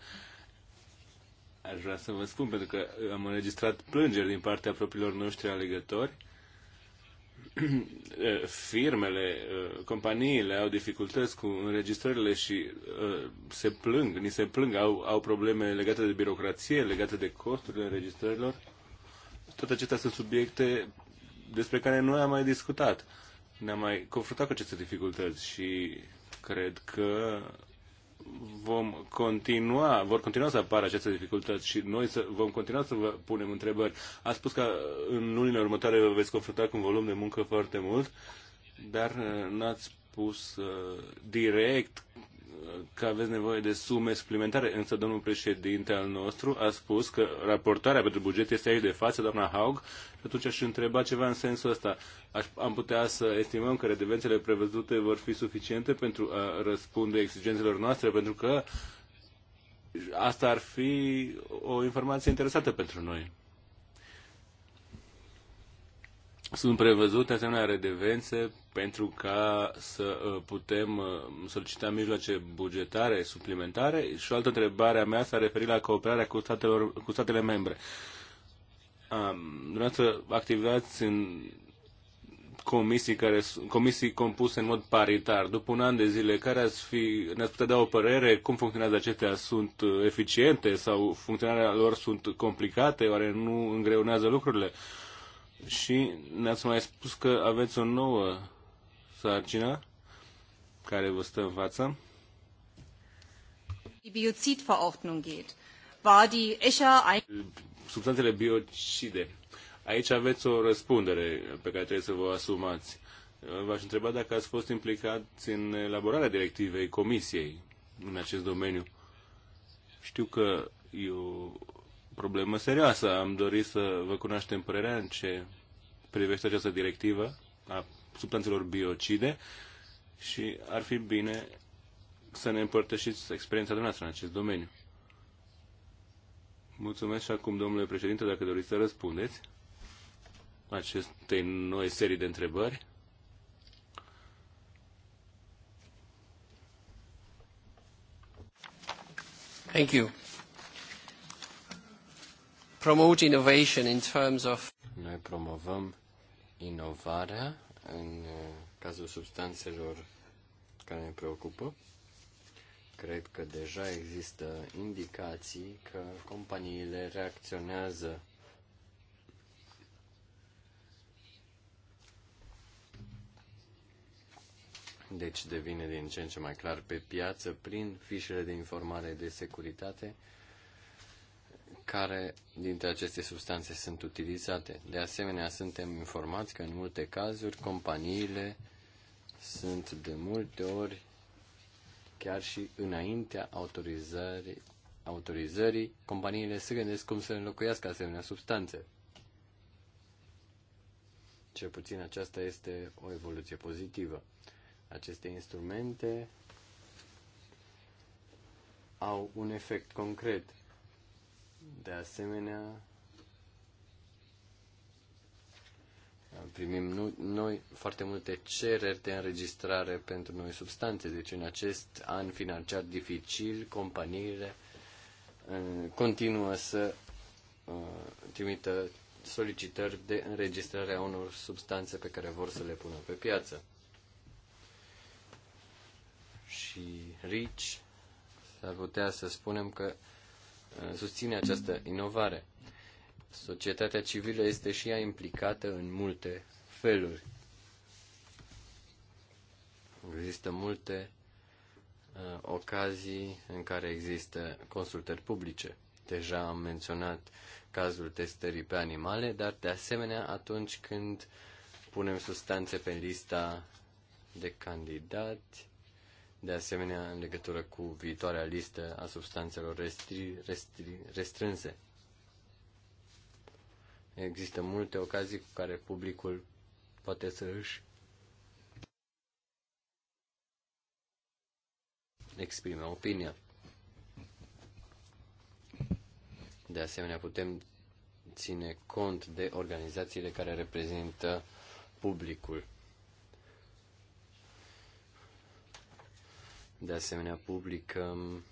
Speaker 4: Aș vrea să vă spun, pentru că am înregistrat plângeri din partea propriilor noștri alegători firmele, uh, companiile au dificultăți cu înregistrările și uh, se plâng, ni se plâng, au, au probleme legate de birocrație, legate de costurile înregistrărilor. Toate acestea sunt subiecte despre care noi am mai discutat. Ne-am mai confruntat cu aceste dificultăți și cred că vom continua, vor continua să apară aceste dificultăți și noi să, vom continua să vă punem întrebări. A spus că în lunile următoare vă veți confrunta cu un volum de muncă foarte mult, dar eh, n-ați spus uh, direct că aveți nevoie de sume suplimentare, însă domnul președinte al nostru a spus că raportarea pentru buget este aici de față, doamna Haug, și atunci aș întreba ceva în sensul ăsta. Aș, am putea să estimăm că redevențele prevăzute vor fi suficiente pentru a răspunde exigențelor noastre, pentru că asta ar fi o informație interesată pentru noi. Sunt prevăzute asemenea redevențe pentru ca să uh, putem uh, solicita mijloace bugetare suplimentare? Și o altă întrebare a mea s-a referit la cooperarea cu, statelor, cu statele membre. Um, dumneavoastră activați în comisii, care, comisii compuse în mod paritar. După un an de zile, care ați fi, ne-ați putea da o părere? Cum funcționează acestea? Sunt uh, eficiente sau funcționarea lor sunt complicate? Oare nu îngreunează lucrurile? Și ne-ați mai spus că aveți o nouă sarcina care vă stă în față.
Speaker 2: Biozidverordnung geht, war die ECHA ein...
Speaker 4: Substanțele biocide. Aici aveți o răspundere pe care trebuie să vă asumați. V-aș întreba dacă ați fost implicați în elaborarea directivei Comisiei în acest domeniu. Știu că e o problemă serioasă. Am dorit să vă cunoaștem părerea în ce privește această directivă a substanțelor biocide și ar fi bine să ne împărtășiți experiența dumneavoastră în acest domeniu. Mulțumesc și acum, domnule președinte, dacă doriți să răspundeți acestei noi serii de întrebări.
Speaker 1: Thank you. Promote innovation in terms of Noi promovăm inovarea în uh, cazul substanțelor care ne preocupă, cred că deja există indicații că companiile reacționează Deci devine din ce în ce mai clar pe piață prin fișele de informare de securitate care dintre aceste substanțe sunt utilizate. De asemenea, suntem informați că în multe cazuri companiile sunt de multe ori chiar și înaintea autorizării, autorizării companiile se gândesc cum să înlocuiască asemenea substanțe. Cel puțin aceasta este o evoluție pozitivă. Aceste instrumente au un efect concret de asemenea, primim noi foarte multe cereri de înregistrare pentru noi substanțe. Deci în acest an financiar dificil, companiile uh, continuă să uh, trimită solicitări de înregistrare a unor substanțe pe care vor să le pună pe piață. Și RICI s-ar putea să spunem că Uh, susține această inovare. Societatea civilă este și ea implicată în multe feluri. Există multe uh, ocazii în care există consultări publice. Deja am menționat cazul testării pe animale, dar de asemenea atunci când punem substanțe pe lista de candidați, de asemenea în legătură cu viitoarea listă a substanțelor restri, restri, restrânse. Există multe ocazii cu care publicul poate să își exprime opinia. De asemenea, putem ține cont de organizațiile care reprezintă publicul De asemenea, publicăm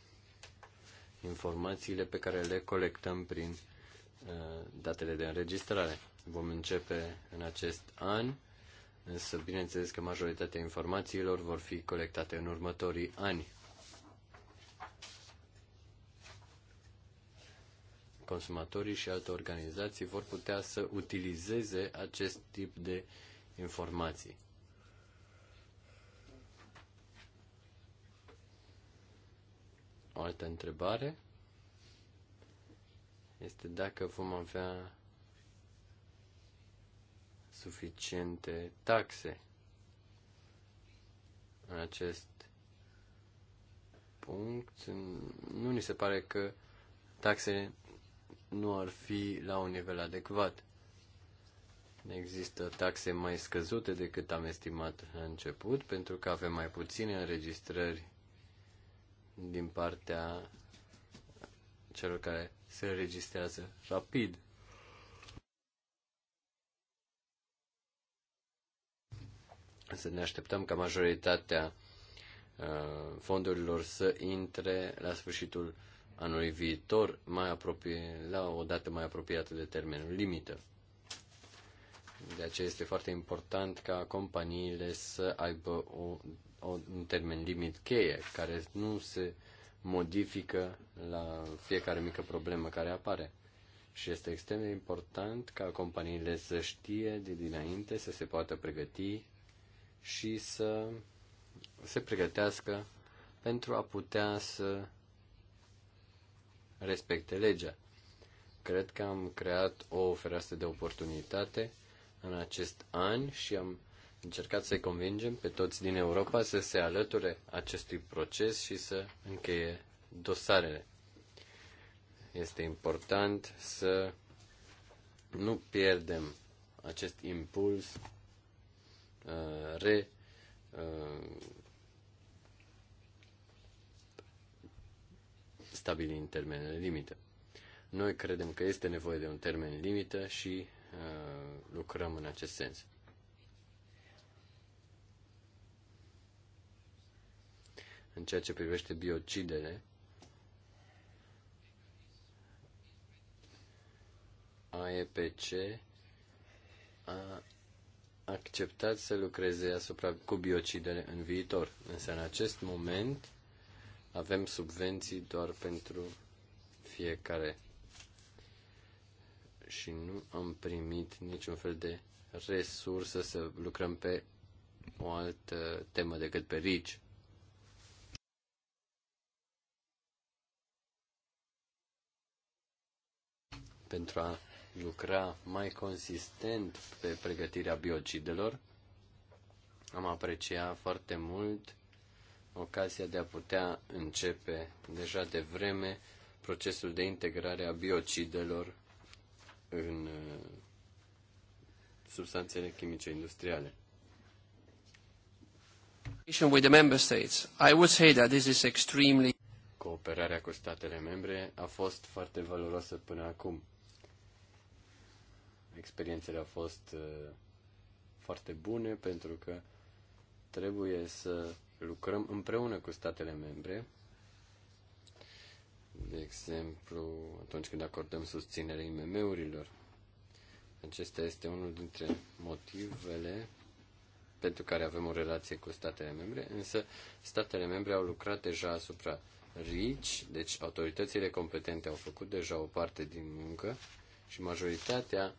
Speaker 1: informațiile pe care le colectăm prin uh, datele de înregistrare. Vom începe în acest an, însă bineînțeles că majoritatea informațiilor vor fi colectate în următorii ani. Consumatorii și alte organizații vor putea să utilizeze acest tip de informații. O altă întrebare este dacă vom avea suficiente taxe. În acest punct, nu ni se pare că taxele nu ar fi la un nivel adecvat. Există taxe mai scăzute decât am estimat la început, pentru că avem mai puține înregistrări din partea celor care se înregistrează rapid. Să ne așteptăm ca majoritatea uh, fondurilor să intre la sfârșitul anului viitor, mai apropie, la o dată mai apropiată de termenul limită. De aceea este foarte important ca companiile să aibă o un termen limit cheie, care nu se modifică la fiecare mică problemă care apare. Și este extrem de important ca companiile să știe de dinainte, să se poată pregăti și să se pregătească pentru a putea să respecte legea. Cred că am creat o fereastră de oportunitate în acest an și am încercat să-i convingem pe toți din Europa să se alăture acestui proces și să încheie dosarele. Este important să nu pierdem acest impuls uh, re uh, stabilind termenele limită. Noi credem că este nevoie de un termen limită și uh, lucrăm în acest sens. în ceea ce privește biocidele, AEPC a acceptat să lucreze asupra cu biocidele în viitor. Însă în acest moment avem subvenții doar pentru fiecare și nu am primit niciun fel de resursă să lucrăm pe o altă temă decât pe RICI. pentru a lucra mai consistent pe pregătirea biocidelor. Am apreciat foarte mult ocazia de a putea începe deja de vreme procesul de integrare a biocidelor în uh, substanțele chimice industriale. With the member states, I would say that this is extremely Cooperarea cu statele membre a fost foarte valoroasă până acum. Experiențele au fost uh, foarte bune pentru că trebuie să lucrăm împreună cu statele membre. De exemplu, atunci când acordăm susținere IMM-urilor. Acesta este unul dintre motivele pentru care avem o relație cu statele membre, însă statele membre au lucrat deja asupra RICI, deci autoritățile competente au făcut deja o parte din muncă și majoritatea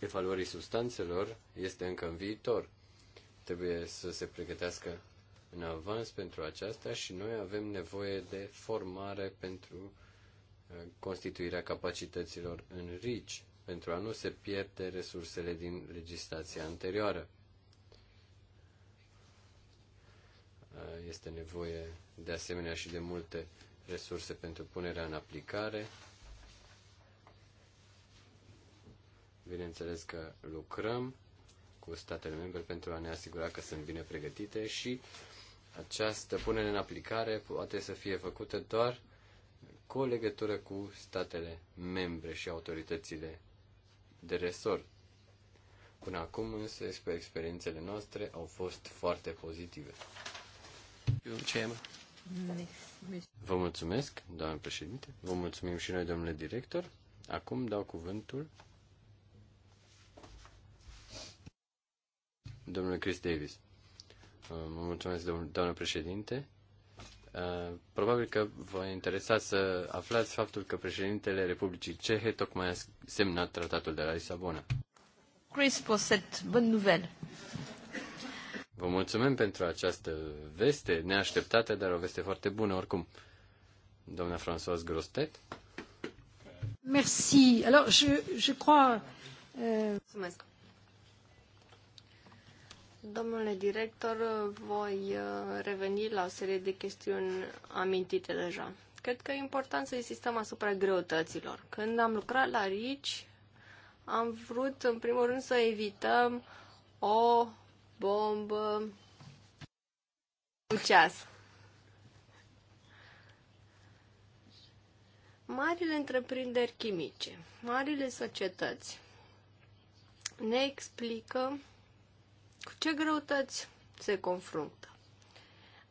Speaker 1: evaluării substanțelor este încă în viitor. Trebuie să se pregătească în avans pentru aceasta și noi avem nevoie de formare pentru uh, constituirea capacităților în RICI, pentru a nu se pierde resursele din legislația anterioară. Uh, este nevoie de asemenea și de multe resurse pentru punerea în aplicare Bineînțeles că lucrăm cu statele membre pentru a ne asigura că sunt bine pregătite și această punere în aplicare poate să fie făcută doar cu o legătură cu statele membre și autoritățile de resort. Până acum însă experiențele noastre au fost foarte pozitive. Vă mulțumesc, doamnă președinte. Vă mulțumim și noi, domnule director. Acum dau cuvântul Domnul Chris Davis. Uh, mă mulțumesc, doamnă președinte. Uh, probabil că vă interesa să aflați faptul că președintele Republicii Cehe tocmai a semnat tratatul de la Lisabona.
Speaker 2: Chris, Posset, cette bonne nouvelle.
Speaker 1: Vă mulțumim pentru această veste neașteptată, dar o veste foarte bună oricum. Doamna Françoise Grostet.
Speaker 2: Merci. Alors, je, je crois... Euh... Mulțumesc. Domnule director, voi uh, reveni la o serie de chestiuni amintite deja. Cred că e important să insistăm asupra greutăților. Când am lucrat la RICI, am vrut, în primul rând, să evităm o bombă cu ceas. Marile întreprinderi chimice, marile societăți ne explică cu ce greutăți se confruntă?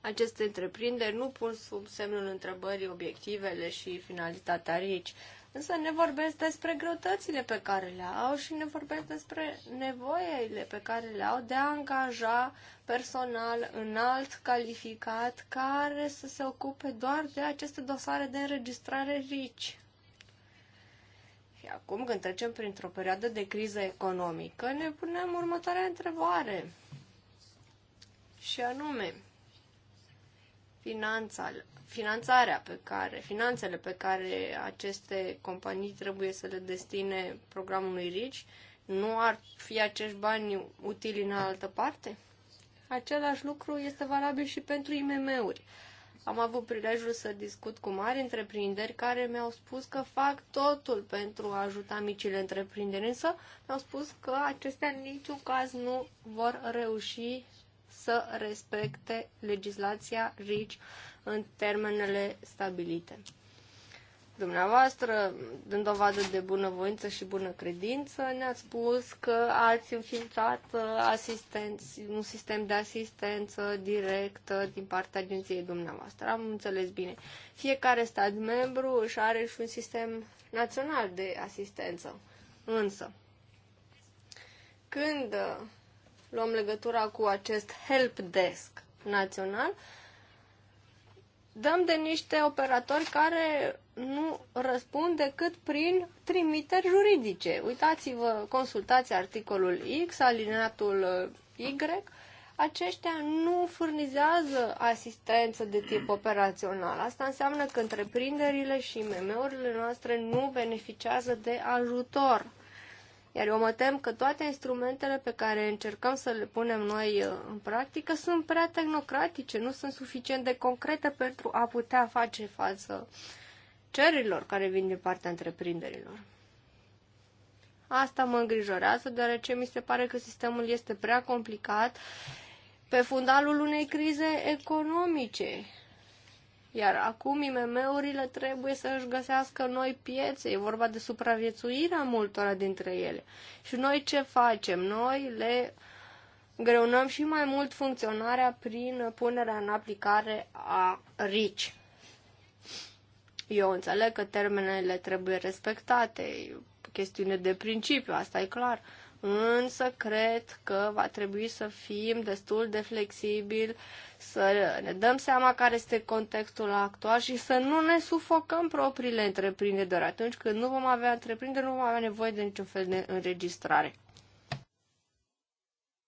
Speaker 2: Aceste întreprinderi nu pun sub semnul întrebării obiectivele și finalitatea RICI, însă ne vorbesc despre greutățile pe care le au și ne vorbesc despre nevoile pe care le au de a angaja personal înalt calificat care să se ocupe doar de aceste dosare de înregistrare RICI. Și acum când trecem printr-o perioadă de criză economică, ne punem următoarea întrebare. Și anume, finanța, finanțarea pe care, finanțele pe care aceste companii trebuie să le destine programului RICI, nu ar fi acești bani utili în altă parte? Același lucru este valabil și pentru IMM-uri. Am avut prilejul să discut cu mari întreprinderi care mi-au spus că fac totul pentru a ajuta micile întreprinderi, însă mi-au spus că acestea în niciun caz nu vor reuși să respecte legislația RICI în termenele stabilite dumneavoastră, dând dovadă de bunăvoință și bună credință, ne ați spus că ați înființat uh, un sistem de asistență directă din partea agenției dumneavoastră. Am înțeles bine. Fiecare stat membru își are și un sistem național de asistență. Însă, când uh, luăm legătura cu acest help desk național, dăm de niște operatori care nu răspund decât prin trimiteri juridice. Uitați-vă, consultați articolul X, alineatul uh, Y, aceștia nu furnizează asistență de tip operațional. Asta înseamnă că întreprinderile și MM-urile noastre nu beneficiază de ajutor. Iar eu mă tem că toate instrumentele pe care încercăm să le punem noi uh, în practică sunt prea tehnocratice, nu sunt suficient de concrete pentru a putea face față uh, cererilor care vin din partea întreprinderilor. Asta mă îngrijorează, deoarece mi se pare că sistemul este prea complicat pe fundalul unei crize economice. Iar acum IMM-urile trebuie să își găsească noi piețe. E vorba de supraviețuirea multora dintre ele. Și noi ce facem? Noi le greunăm și mai mult funcționarea prin punerea în aplicare a RICI. Eu înțeleg că termenele trebuie respectate, e chestiune de principiu, asta e clar, însă cred că va trebui să fim destul de flexibili, să ne dăm seama care este contextul actual și să nu ne sufocăm propriile întreprinderi, doar atunci când nu vom avea întreprinderi, nu vom avea nevoie de niciun fel de înregistrare.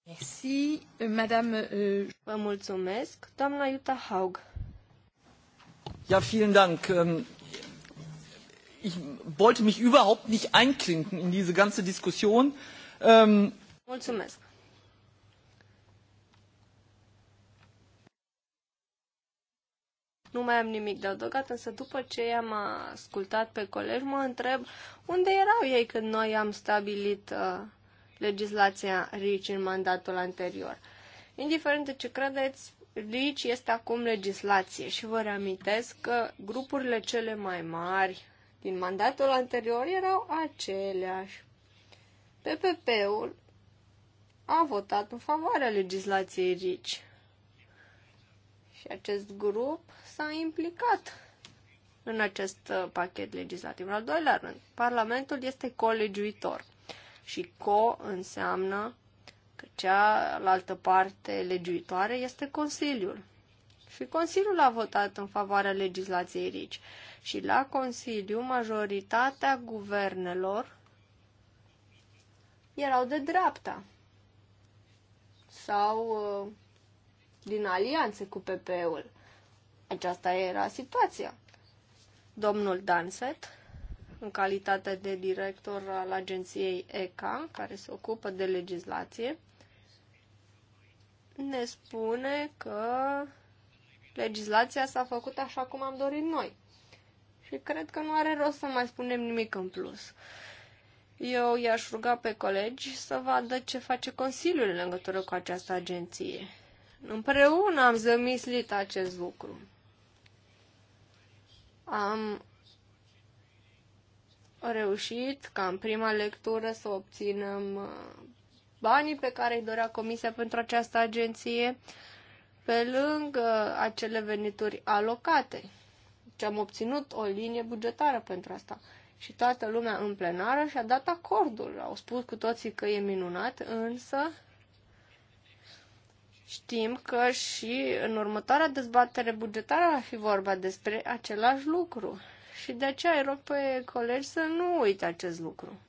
Speaker 2: Merci, euh, Madame. Euh, Vă mulțumesc, doamna Iuta Haug.
Speaker 3: Ja, vielen Dank. Ähm, ich wollte mich überhaupt nicht einklinken in diese ganze Diskussion. Ähm,
Speaker 2: Mulțumesc. Nu mai am nimic de adăugat, însă după ce i-am ascultat pe colegi, mă întreb unde erau ei când noi am stabilit uh, legislația RICI în mandatul anterior. Indiferent de ce credeți, nici este acum legislație și vă reamintesc că grupurile cele mai mari din mandatul anterior erau aceleași. PPP-ul a votat în favoarea legislației RICI și acest grup s-a implicat în acest uh, pachet legislativ. În al doilea rând, Parlamentul este colegiuitor și co înseamnă că cealaltă parte legiuitoare este Consiliul. Și Consiliul a votat în favoarea legislației RICI. Și la Consiliu, majoritatea guvernelor erau de dreapta sau uh, din alianțe cu PP-ul. Aceasta era situația. Domnul Danset, în calitate de director al agenției ECA, care se ocupă de legislație, ne spune că legislația s-a făcut așa cum am dorit noi. Și cred că nu are rost să mai spunem nimic în plus. Eu i-aș ruga pe colegi să vadă ce face Consiliul în legătură cu această agenție. Împreună am zămislit acest lucru. Am reușit ca în prima lectură să obținem uh, banii pe care îi dorea Comisia pentru această agenție, pe lângă acele venituri alocate. Deci am obținut o linie bugetară pentru asta. Și toată lumea în plenară și-a dat acordul. Au spus cu toții că e minunat, însă știm că și în următoarea dezbatere bugetară va fi vorba despre același lucru. Și de aceea îi rog pe colegi să nu uite acest lucru.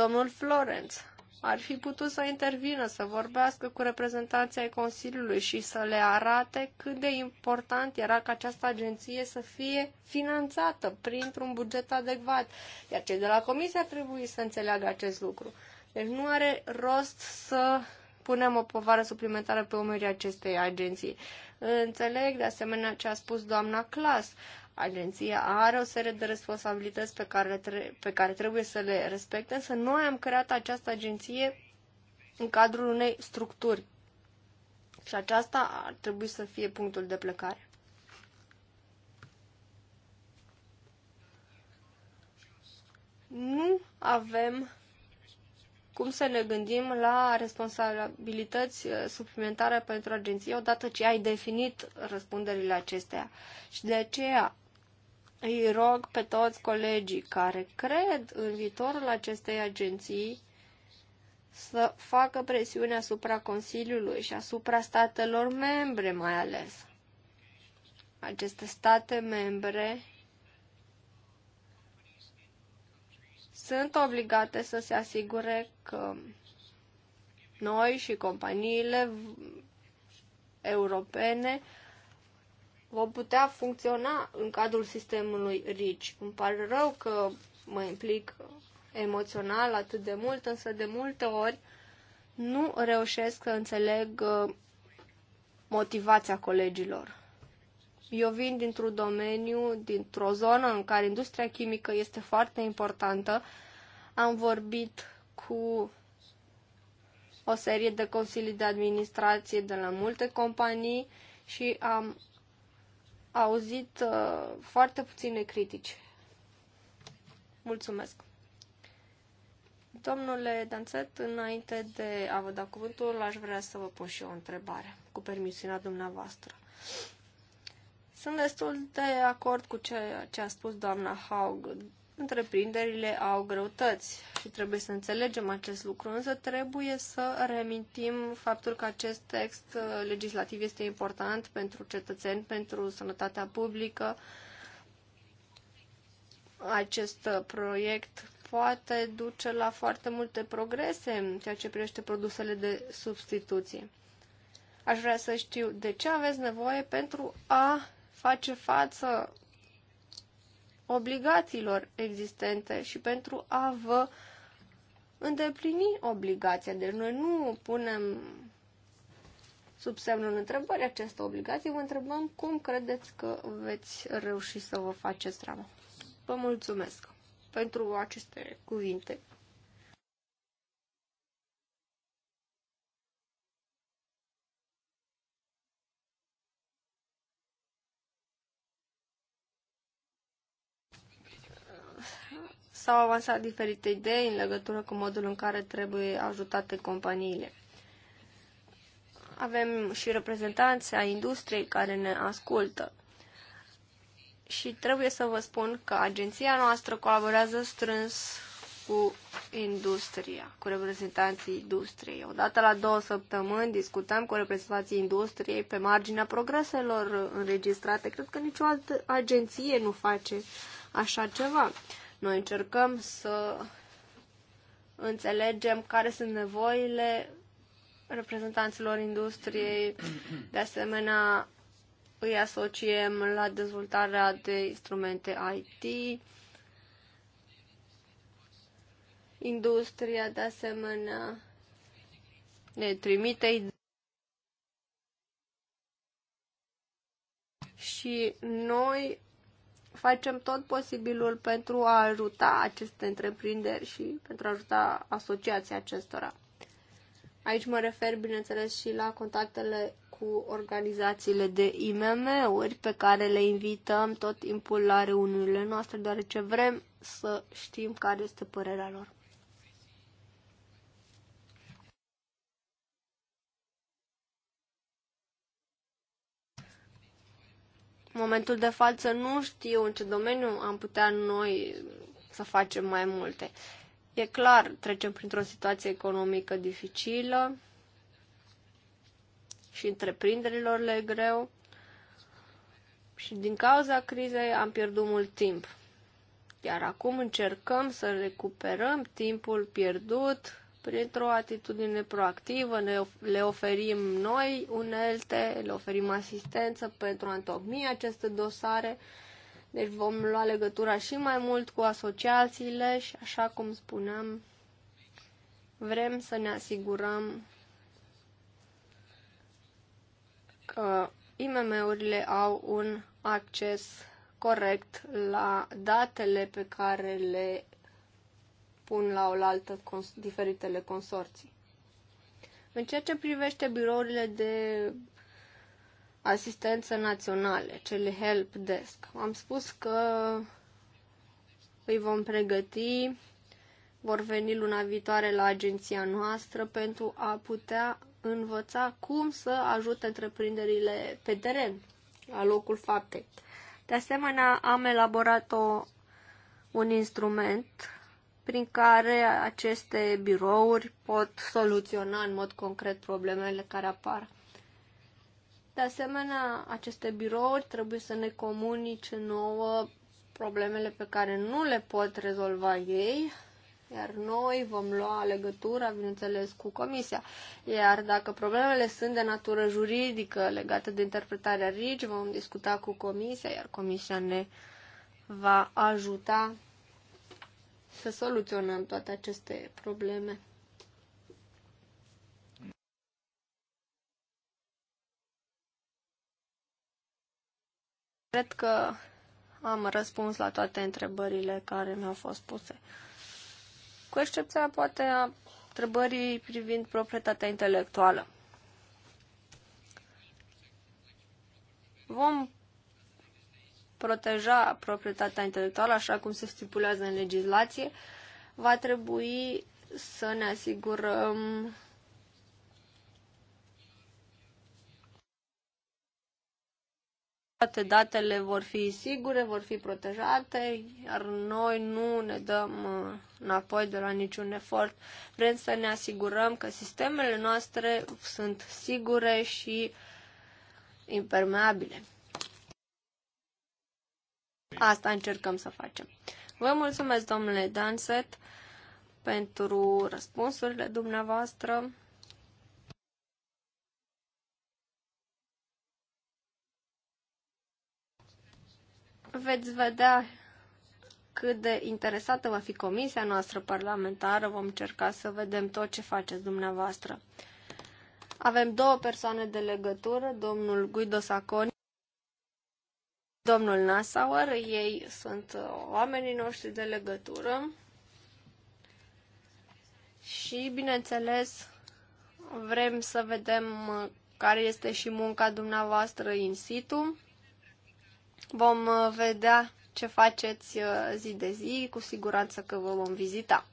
Speaker 2: Domnul Florenț ar fi putut să intervină, să vorbească cu reprezentanții ai Consiliului și să le arate cât de important era ca această agenție să fie finanțată printr-un buget adecvat. Iar cei de la Comisie trebuie să înțeleagă acest lucru. Deci nu are rost să punem o povară suplimentară pe umerii acestei agenții. Înțeleg de asemenea ce a spus doamna Clas agenția are o serie de responsabilități pe care, tre- pe care trebuie să le respecte, însă noi am creat această agenție în cadrul unei structuri. Și aceasta ar trebui să fie punctul de plecare. Nu avem cum să ne gândim la responsabilități uh, suplimentare pentru agenție odată ce ai definit răspunderile acestea. Și de aceea îi rog pe toți colegii care cred în viitorul acestei agenții să facă presiune asupra Consiliului și asupra statelor membre mai ales. Aceste state membre sunt obligate să se asigure că noi și companiile europene vom putea funcționa în cadrul sistemului RICI. Îmi pare rău că mă implic emoțional atât de mult, însă de multe ori nu reușesc să înțeleg uh, motivația colegilor. Eu vin dintr-un domeniu, dintr-o zonă în care industria chimică este foarte importantă. Am vorbit cu o serie de consilii de administrație de la multe companii și am auzit uh, foarte puține critici. Mulțumesc. Domnule Danțet, înainte de a vă da cuvântul, aș vrea să vă pun și eu o întrebare, cu permisiunea dumneavoastră. Sunt destul de acord cu ceea ce a spus doamna Haug întreprinderile au greutăți și trebuie să înțelegem acest lucru, însă trebuie să reamintim faptul că acest text uh, legislativ este important pentru cetățeni, pentru sănătatea publică. Acest uh, proiect poate duce la foarte multe progrese în ceea ce privește produsele de substituție. Aș vrea să știu de ce aveți nevoie pentru a face față obligațiilor existente și pentru a vă îndeplini obligația. Deci noi nu punem sub semnul întrebării această obligație, vă întrebăm cum credeți că veți reuși să vă faceți treaba. Vă mulțumesc pentru aceste cuvinte s-au avansat diferite idei în legătură cu modul în care trebuie ajutate companiile. Avem și reprezentanți ai industriei care ne ascultă. Și trebuie să vă spun că agenția noastră colaborează strâns cu industria, cu reprezentanții industriei. Odată la două săptămâni discutăm cu reprezentanții industriei pe marginea progreselor înregistrate. Cred că nicio altă agenție nu face așa ceva. Noi încercăm să înțelegem care sunt nevoile reprezentanților industriei. De asemenea, îi asociem la dezvoltarea de instrumente IT. Industria, de asemenea, ne trimite idei. Și noi facem tot posibilul pentru a ajuta aceste întreprinderi și pentru a ajuta asociația acestora. Aici mă refer, bineînțeles, și la contactele cu organizațiile de IMM-uri pe care le invităm tot timpul la reuniunile noastre, deoarece vrem să știm care este părerea lor. momentul de față nu știu în ce domeniu am putea noi să facem mai multe. E clar, trecem printr-o situație economică dificilă și întreprinderilor le greu și din cauza crizei am pierdut mult timp. Iar acum încercăm să recuperăm timpul pierdut printr-o atitudine proactivă, ne, le oferim noi unelte, le oferim asistență pentru a întocmi aceste dosare, deci vom lua legătura și mai mult cu asociațiile și, așa cum spuneam, vrem să ne asigurăm că IMM-urile au un acces corect la datele pe care le pun la oaltă cons- diferitele consorții. În ceea ce privește birourile de asistență naționale, cele help desk, am spus că îi vom pregăti, vor veni luna viitoare la agenția noastră pentru a putea învăța cum să ajute întreprinderile pe teren, la locul faptei. De asemenea, am elaborat o, un instrument prin care aceste birouri pot soluționa în mod concret problemele care apar. De asemenea, aceste birouri trebuie să ne comunice nouă problemele pe care nu le pot rezolva ei, iar noi vom lua legătura, bineînțeles, cu comisia. Iar dacă problemele sunt de natură juridică legate de interpretarea RIGI, vom discuta cu comisia, iar comisia ne va ajuta să soluționăm toate aceste probleme. Cred că am răspuns la toate întrebările care mi-au fost puse. Cu excepția, poate, a întrebării privind proprietatea intelectuală. Vom proteja proprietatea intelectuală, așa cum se stipulează în legislație, va trebui să ne asigurăm toate datele vor fi sigure, vor fi protejate, iar noi nu ne dăm uh, înapoi de la niciun efort. Vrem să ne asigurăm că sistemele noastre sunt sigure și impermeabile. Asta încercăm să facem. Vă mulțumesc, domnule Danset, pentru răspunsurile dumneavoastră. Veți vedea cât de interesată va fi comisia noastră parlamentară. Vom încerca să vedem tot ce faceți dumneavoastră. Avem două persoane de legătură, domnul Guido Saconi domnul Nassauer, ei sunt uh, oamenii noștri de legătură și, bineînțeles, vrem să vedem uh, care este și munca dumneavoastră in situ. Vom uh, vedea ce faceți zi de zi, cu siguranță că vă vom vizita.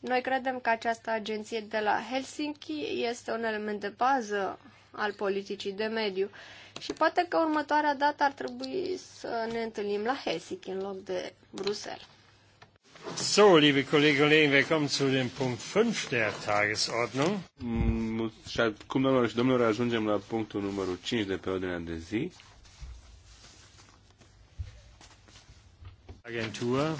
Speaker 2: Noi credem că această agenție de la Helsinki este un element de bază al politicii de mediu. Și poate că următoarea dată ar trebui să ne întâlnim la Helsinki în loc de Bruxelles.
Speaker 1: So, liebe Kolleginnen und Kollegen, wir kommen zu dem Punkt 5 der Tagesordnung.
Speaker 4: Și acum, doamnelor și domnilor, ajungem la punctul numărul 5 de pe ordinea de zi. Agentură.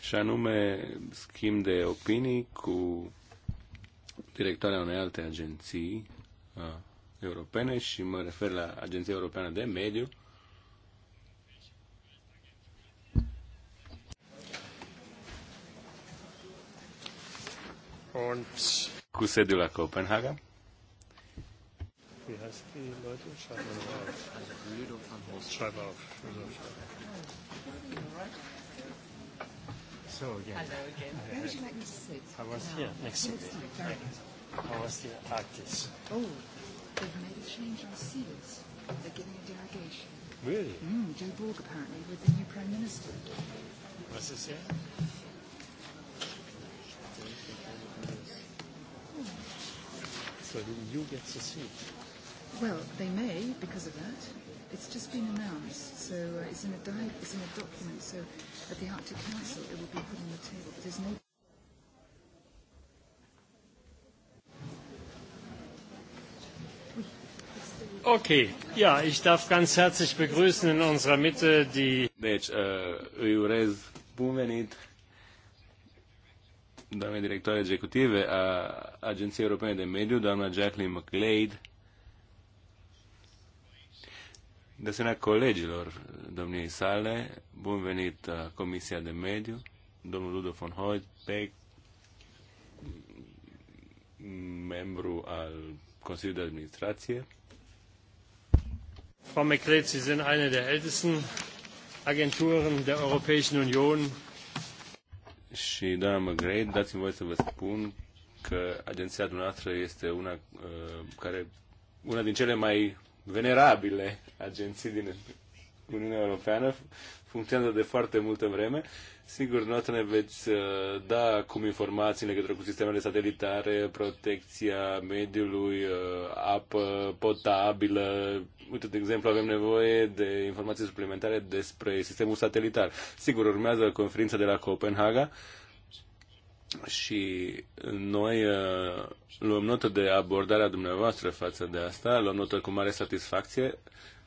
Speaker 4: Și anume schimb de opinii cu directoarea unei alte agenții a, uh, europene și mă refer la Agenția Europeană de Mediu. Und cu sediul la Copenhaga.
Speaker 1: auf. auf. auf. Hello again. Hello again. Where would you like me to sit? I was here ah, next to you. I was here at this.
Speaker 3: Oh, they've made a change on seals. They're giving a derogation. Really? Mm, Joe Borg apparently with the new Prime Minister.
Speaker 1: What's this here? So then you get to seat.
Speaker 3: Well, they may because of that. It's just been announced, so uh, it's in a di- it's in a document, so at the Arctic Council, it will be put on the table. There's no
Speaker 1: Okay, ja, ich darf ganz herzlich begrüßen in unserer
Speaker 4: Mitte die... Deci, uh, îi urez bun venit doamnei directoare executive a Agenției Europene de Mediu, doamna Jacqueline McLeod, de asemenea colegilor domniei sale, bun venit la uh, Comisia de Mediu, domnul Ludo von Hoyt, pe membru al Consiliului de Administrație.
Speaker 1: Frau Mekret, Sie sind eine der ältesten Agenturen der Europäischen Union.
Speaker 4: Și doamna Măgreit, dați-mi voie să vă spun că agenția dumneavoastră este una, uh, care, una din cele mai venerabile agenții din Uniunea Europeană, funcționează de foarte multă vreme. Sigur, nu ne veți uh, da cum informații în legătură cu sistemele satelitare, protecția mediului, uh, apă potabilă. Uite, de exemplu, avem nevoie de informații suplimentare despre sistemul satelitar. Sigur, urmează conferința de la Copenhaga și noi uh, luăm notă de abordarea dumneavoastră față de asta, luăm notă cu mare satisfacție.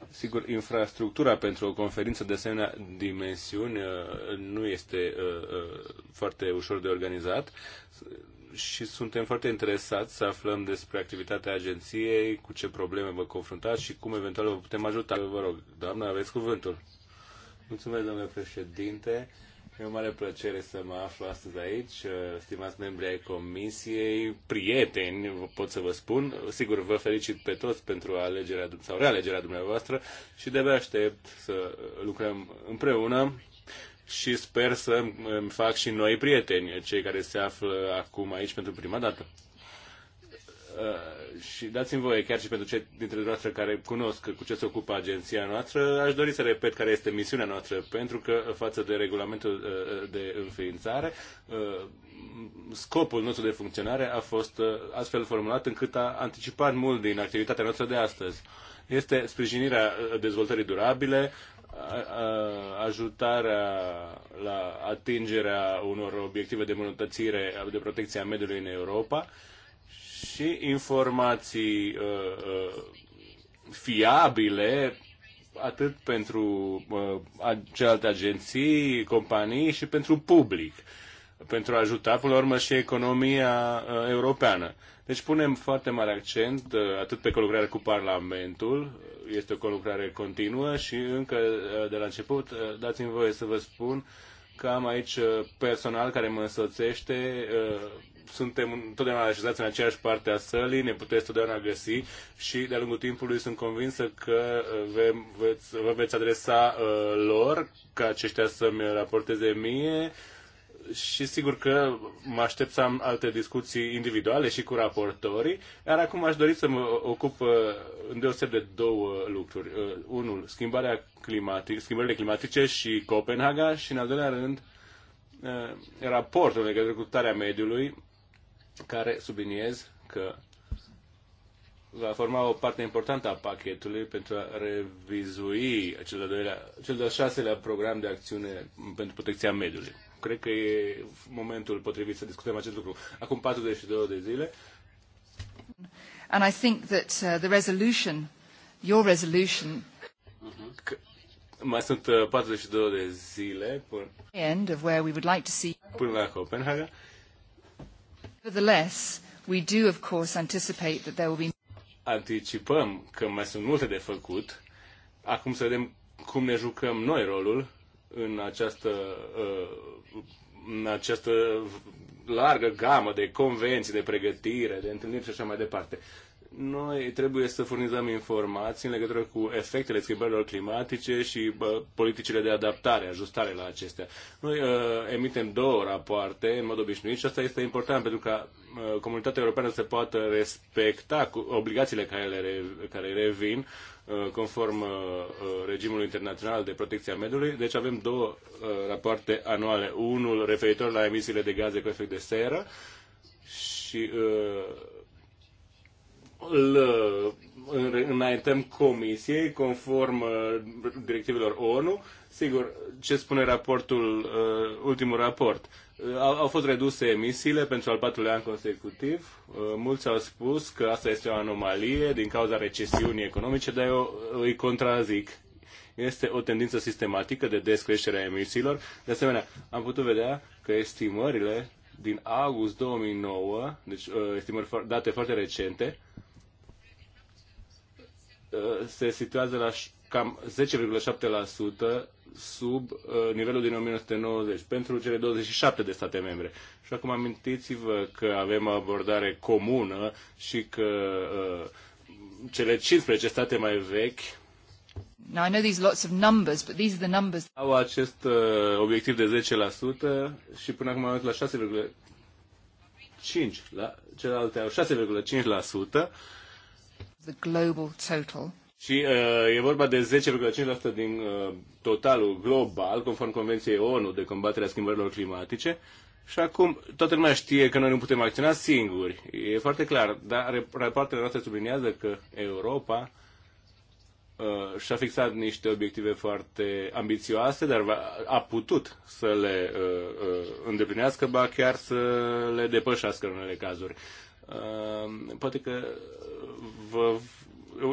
Speaker 4: Sigur, infrastructura pentru o conferință de asemenea dimensiuni uh, nu este uh, foarte ușor de organizat și suntem foarte interesați să aflăm despre activitatea agenției, cu ce probleme vă confruntați și cum eventual vă putem ajuta. Vă rog, doamna, aveți cuvântul. Mulțumesc, domnule președinte. E o mare plăcere să mă aflu astăzi aici, uh, stimați membri ai Comisiei, prieteni, pot să vă spun. Sigur, vă felicit pe toți pentru alegerea sau realegerea dumneavoastră și de aștept să lucrăm împreună și sper să îmi fac și noi prieteni, cei care se află acum aici pentru prima dată. Uh, și dați-mi voie, chiar și pentru cei dintre dumneavoastră care cunosc cu ce se ocupă agenția noastră, aș dori să repet care este misiunea noastră, pentru că față de regulamentul uh, de înființare, uh, scopul nostru de funcționare a fost astfel formulat încât a anticipat mult din activitatea noastră de astăzi. Este sprijinirea dezvoltării durabile, ajutarea la atingerea unor obiective de îmbunătățire de protecție a mediului în Europa, și informații uh, uh, fiabile atât pentru uh, celelalte agenții, companii și pentru public, pentru a ajuta, până la urmă, și economia uh, europeană. Deci punem foarte mare accent uh, atât pe colaborare cu Parlamentul, uh, este o colaborare continuă și încă uh, de la început, uh, dați-mi voie să vă spun că am aici uh, personal care mă însoțește uh, suntem întotdeauna așezați în aceeași parte a sălii, ne puteți totdeauna găsi și de-a lungul timpului sunt convinsă că uh, ve- veți, vă veți adresa uh, lor, ca aceștia să-mi raporteze mie și sigur că mă aștept să am alte discuții individuale și cu raportorii, iar acum aș dori să mă ocup uh, deoseb de două lucruri. Uh, unul, schimbarea climatic, schimbările climatice și Copenhaga și, în al doilea rând, raportul în legătură cu starea mediului care subliniez că va forma o parte importantă a pachetului pentru a revizui cel de-al, doilea, cel de-al șaselea program de acțiune pentru protecția mediului. Cred că e momentul potrivit să discutăm acest lucru. Acum 42 de zile.
Speaker 3: And I think that uh, the resolution, your resolution,
Speaker 4: C mai sunt 42 uh, de zile până,
Speaker 3: end of where we would like to see...
Speaker 4: până la Copenhaga
Speaker 3: Nevertheless, we do of course anticipate that there will be
Speaker 4: Anticipăm că mai sunt multe de făcut. Acum să vedem cum ne jucăm noi rolul în această, uh, în această largă gamă de convenții, de pregătire, de întâlniri și așa mai departe noi trebuie să furnizăm informații în legătură cu efectele schimbărilor climatice și bă, politicile de adaptare, ajustare la acestea. Noi uh, emitem două rapoarte în mod obișnuit și asta este important pentru ca uh, comunitatea europeană să poată respecta cu obligațiile care, le, care revin uh, conform uh, uh, regimului internațional de protecție a mediului. Deci avem două rapoarte anuale. Unul referitor la emisiile de gaze cu efect de seră și uh, îl înaintăm comisiei conform uh, directivelor ONU. Sigur, ce spune raportul, uh, ultimul raport? Uh, au, au fost reduse emisiile pentru al patrulea an consecutiv. Mulți au spus că asta este o anomalie din cauza recesiunii economice, dar eu îi contrazic. Este o tendință sistematică de descreștere a emisiilor. De asemenea, am putut vedea că estimările din august 2009, deci estimări date foarte recente, Uh, se situează la cam 10,7% sub uh, nivelul din 1990 pentru cele 27 de state membre. Și acum amintiți-vă că avem o abordare comună și că uh, cele 15 state mai vechi
Speaker 3: Now, I know these lots of numbers, but these are the numbers.
Speaker 4: Au acest uh, obiectiv de 10% și până acum am la 6,5%, la celelalte au 6,5%
Speaker 3: the global total.
Speaker 4: Și uh, e vorba de 10,5% din uh, totalul global, conform Convenției ONU de combatere a schimbărilor climatice. Și acum toată lumea știe că noi nu putem acționa singuri. E foarte clar, dar rapoartele noastre subliniază că Europa uh, și-a fixat niște obiective foarte ambițioase, dar a putut să le uh, uh, îndeplinească, ba chiar să le depășească în unele cazuri. Ehm, poate că vă,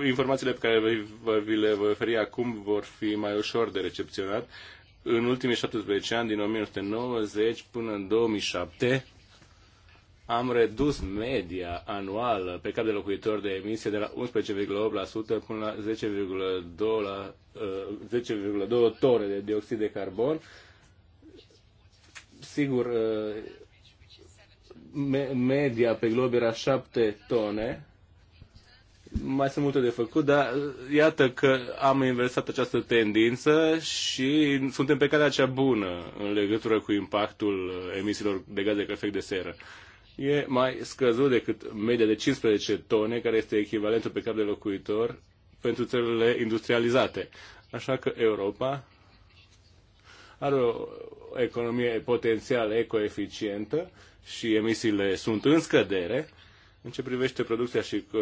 Speaker 4: informațiile pe care vă, vi le voi oferi acum vor fi mai ușor de recepționat. În ultimii 17 ani, din 1990 până în 2007, am redus media anuală pe cap de locuitor de emisie de la 11,8% până la 10,2 10,2 tone de dioxid de carbon. Sigur, eh, me- media pe glob era 7 tone. Mai sunt multe de făcut, dar uh, iată că am inversat această tendință și suntem pe calea cea bună în legătură cu impactul uh, emisiilor de gaze cu efect de seră. E mai scăzut decât media de 15 tone, care este echivalentul pe cap de locuitor pentru țările industrializate. Așa că Europa are o economie potențial ecoeficientă și emisiile sunt în scădere. În ce privește producția și uh,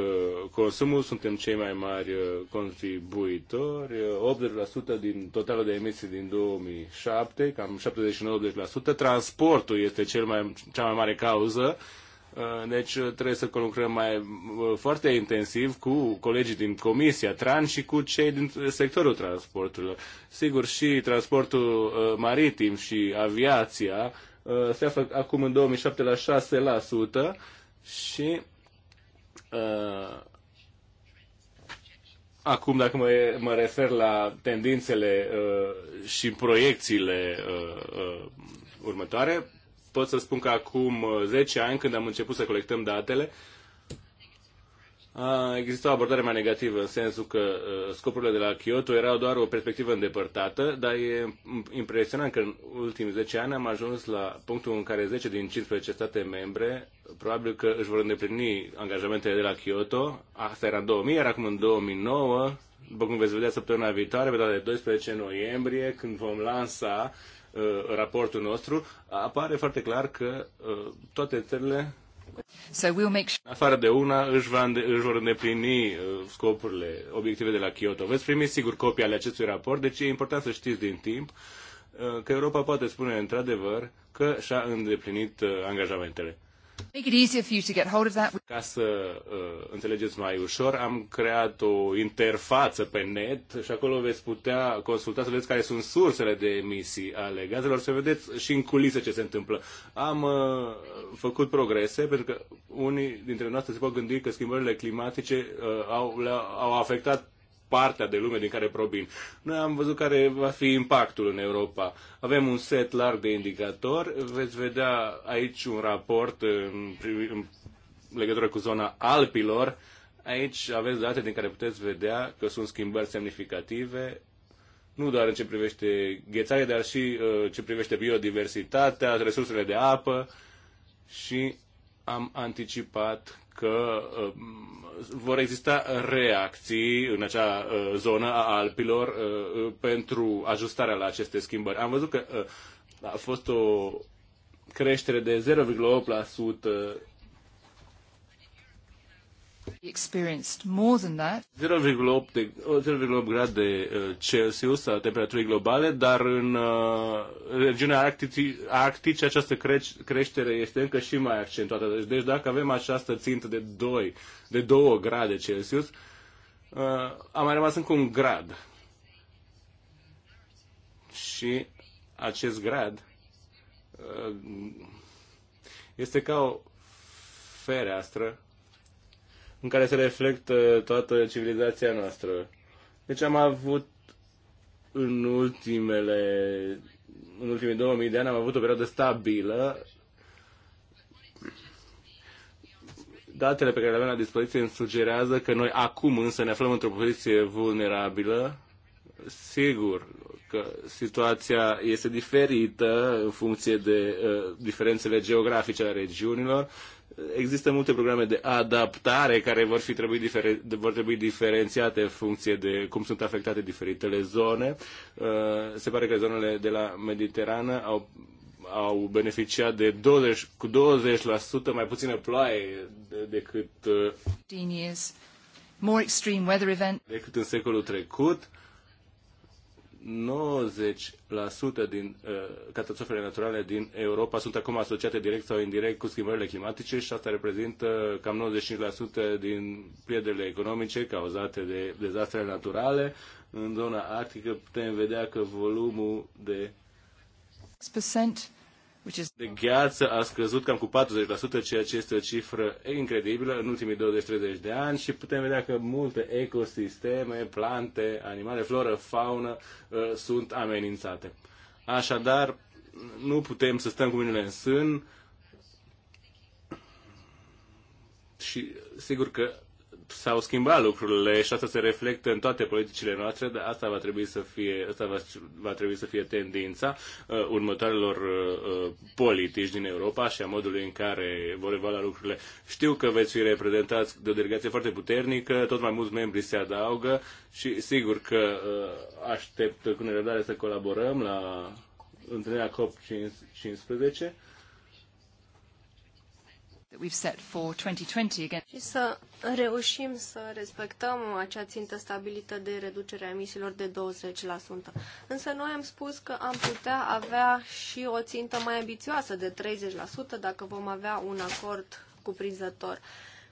Speaker 4: consumul, suntem cei mai mari uh, contribuitori, 80% uh, din totalul de emisii din 2007, cam 79-80%. Transportul este cel mai, cea mai mare cauză, deci trebuie să lucrăm mai foarte intensiv cu colegii din Comisia Tran și cu cei din sectorul transporturilor. Sigur, și transportul maritim și aviația Uh, se află acum în 2007 la 6% și uh, Acum, dacă mă, mă refer la tendințele uh, și proiecțiile uh, uh, următoare, pot să spun că acum 10 uh, ani, când am început să colectăm datele, uh, a există o abordare mai negativă în sensul că uh, scopurile de la Kyoto erau doar o perspectivă îndepărtată, dar e impresionant că în ultimii 10 ani am ajuns la punctul în care 10 din 15 state membre probabil că își vor îndeplini angajamentele de la Kyoto. Asta era în 2000, iar acum în 2009, după cum veți vedea săptămâna viitoare, pe data de 12 noiembrie, când vom lansa uh, raportul nostru, apare foarte clar că uh, toate țările So we'll make sure... Afară de una, își, va înde- își vor îndeplini uh, scopurile, obiective de la Kyoto. Veți primi sigur copii ale acestui raport, deci e important să știți din timp uh, că Europa poate spune într-adevăr că și-a îndeplinit uh, angajamentele. Ca să uh, înțelegeți mai ușor, am creat o interfață pe net și acolo veți putea consulta să vedeți care sunt sursele de emisii ale gazelor, să vedeți și în culise ce se întâmplă. Am uh, făcut progrese pentru că unii dintre noastre se pot gândi că schimbările climatice uh, au, au afectat partea de lume din care provin. Noi am văzut care va fi impactul în Europa. Avem un set larg de indicatori. Veți vedea aici un raport în, în legătură cu zona Alpilor. Aici aveți date din care puteți vedea că sunt schimbări semnificative nu doar în ce privește ghețarea, dar și uh, ce privește biodiversitatea, resursele de apă și am anticipat că uh, vor exista reacții în acea uh, zonă a Alpilor uh, pentru ajustarea la aceste schimbări. Am văzut că a fost o creștere de 0,8%
Speaker 3: 0,8
Speaker 4: grade uh, Celsius a temperaturii globale, dar în uh, regiunea Arcticii, Arctice această creștere este încă și mai accentuată. Deci, deci dacă avem această țintă de 2, de 2 grade Celsius, uh, a mai rămas încă un grad. Și acest grad este ca o fereastră în care se reflectă toată civilizația noastră. Deci am avut în ultimele în ultimii 2000 de ani am avut o perioadă stabilă. Datele pe care le avem la dispoziție îmi sugerează că noi acum însă ne aflăm într-o poziție vulnerabilă. Sigur că situația este diferită în funcție de uh, diferențele geografice ale regiunilor, Există multe programe de adaptare care vor, fi trebui diferen, vor trebui diferențiate în funcție de cum sunt afectate diferitele zone. Uh, se pare că zonele de la Mediterană au au beneficiat de 20, cu 20% mai puțină ploaie decât, uh, decât în secolul trecut. 90% din uh, catastrofele naturale din Europa sunt acum asociate direct sau indirect cu schimbările climatice și asta reprezintă cam 95% din pierderile economice cauzate de dezastrele naturale. În zona arctică putem vedea că volumul de de gheață a scăzut cam cu 40%, ceea ce este o cifră incredibilă în ultimii 20-30 de ani și putem vedea că multe ecosisteme, plante, animale, floră, faună uh, sunt amenințate. Așadar, nu putem să stăm cu mâinile în sân și sigur că s-au schimbat lucrurile și asta se reflectă în toate politicile noastre, dar asta va trebui să fie, asta va, va trebui să fie tendința uh, următoarelor uh, uh politici din Europa și a modului în care vor evalua lucrurile. Știu că veți fi reprezentați de o delegație foarte puternică, tot mai mulți membri se adaugă și sigur că uh, aștept cu nerăbdare să colaborăm la întâlnirea COP15
Speaker 3: that we've set for 2020 again.
Speaker 2: Și să reușim să respectăm acea țintă stabilită de reducere a emisiilor de 20%. Însă noi am spus că am putea avea și o țintă mai ambițioasă de 30% dacă vom avea un acord cuprinzător.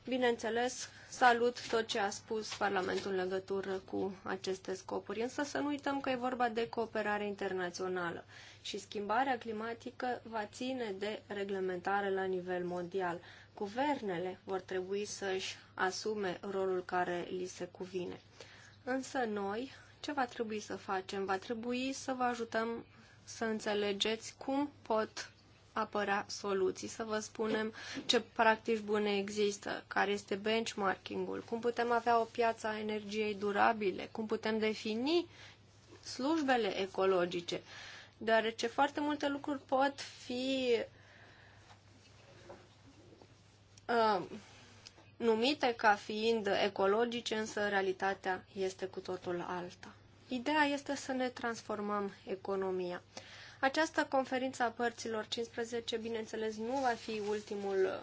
Speaker 2: Bineînțeles, salut tot ce a spus Parlamentul în legătură cu aceste scopuri, însă să nu uităm că e vorba de cooperare internațională și schimbarea climatică va ține de reglementare la nivel mondial. Guvernele vor trebui să-și asume rolul care li se cuvine. Însă noi, ce va trebui să facem? Va trebui să vă ajutăm să înțelegeți cum pot apărea soluții, să vă spunem ce practici bune există, care este benchmarking-ul, cum putem avea o piață a energiei durabile, cum putem defini slujbele ecologice, deoarece foarte multe lucruri pot fi uh, numite ca fiind ecologice, însă realitatea este cu totul alta. Ideea este să ne transformăm economia. Această conferință a părților 15, bineînțeles, nu va fi ultimul,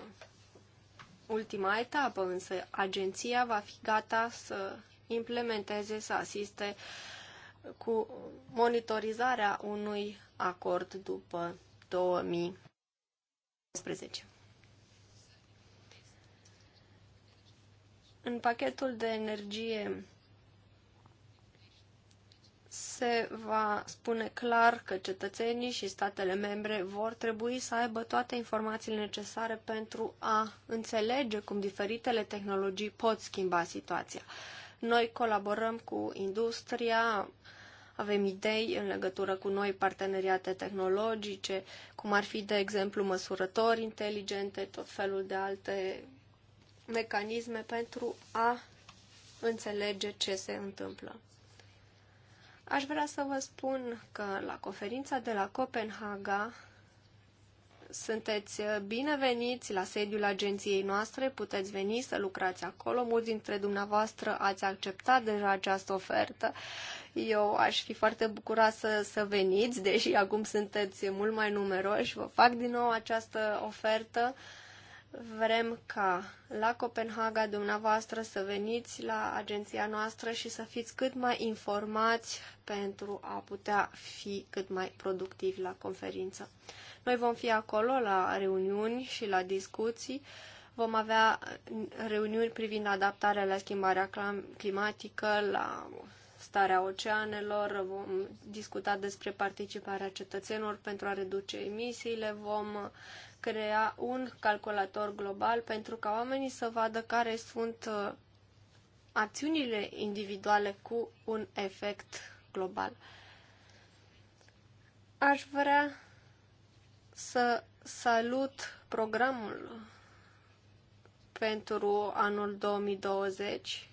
Speaker 2: ultima etapă, însă agenția va fi gata să implementeze, să asiste uh, cu monitorizarea unui acord după 2011. În pachetul de energie se va spune clar că cetățenii și statele membre vor trebui să aibă toate informațiile necesare pentru a înțelege cum diferitele tehnologii pot schimba situația. Noi colaborăm cu industria, avem idei în legătură cu noi parteneriate tehnologice, cum ar fi, de exemplu, măsurători inteligente, tot felul de alte mecanisme pentru a înțelege ce se întâmplă. Aș vrea să vă spun că la conferința de la Copenhaga sunteți uh, bineveniți la sediul agenției noastre, puteți veni să lucrați acolo. Mulți dintre dumneavoastră ați acceptat deja această ofertă. Eu aș fi foarte bucuroasă să, să veniți, deși acum sunteți mult mai numeroși. Vă fac din nou această ofertă. Vrem ca la Copenhaga dumneavoastră să veniți la agenția noastră și să fiți cât mai informați pentru a putea fi cât mai productivi la conferință. Noi vom fi acolo la reuniuni și la discuții. Vom avea reuniuni privind adaptarea la schimbarea climatică, la starea oceanelor, vom discuta despre participarea cetățenilor pentru a reduce emisiile, vom crea un calculator global pentru ca oamenii să vadă care sunt uh, acțiunile individuale cu un efect global. Aș vrea să salut programul pentru anul 2020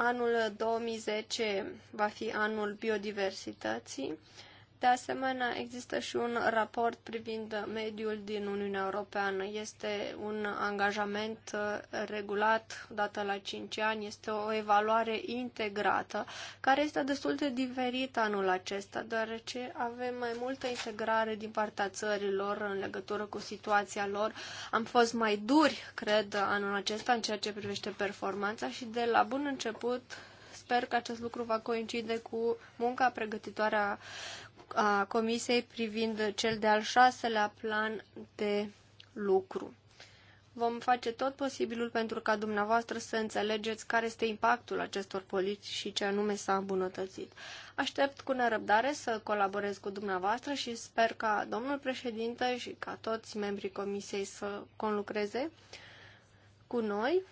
Speaker 2: Anul 2010 va fi anul biodiversității de asemenea, există și un raport privind mediul din Uniunea Europeană. Este un angajament uh, regulat, dată la 5 ani, este o evaluare integrată, care este destul de diferită anul acesta, deoarece avem mai multă integrare din partea țărilor în legătură cu situația lor. Am fost mai duri, cred, anul acesta în ceea ce privește performanța și de la bun început sper că acest lucru va coincide cu munca pregătitoare a a Comisiei privind cel de-al șaselea plan de lucru. Vom face tot posibilul pentru ca dumneavoastră să înțelegeți care este impactul acestor politici și ce anume s-a îmbunătățit. Aștept cu nerăbdare să colaborez cu dumneavoastră și sper ca domnul președinte și ca toți membrii comisiei să conlucreze cu noi.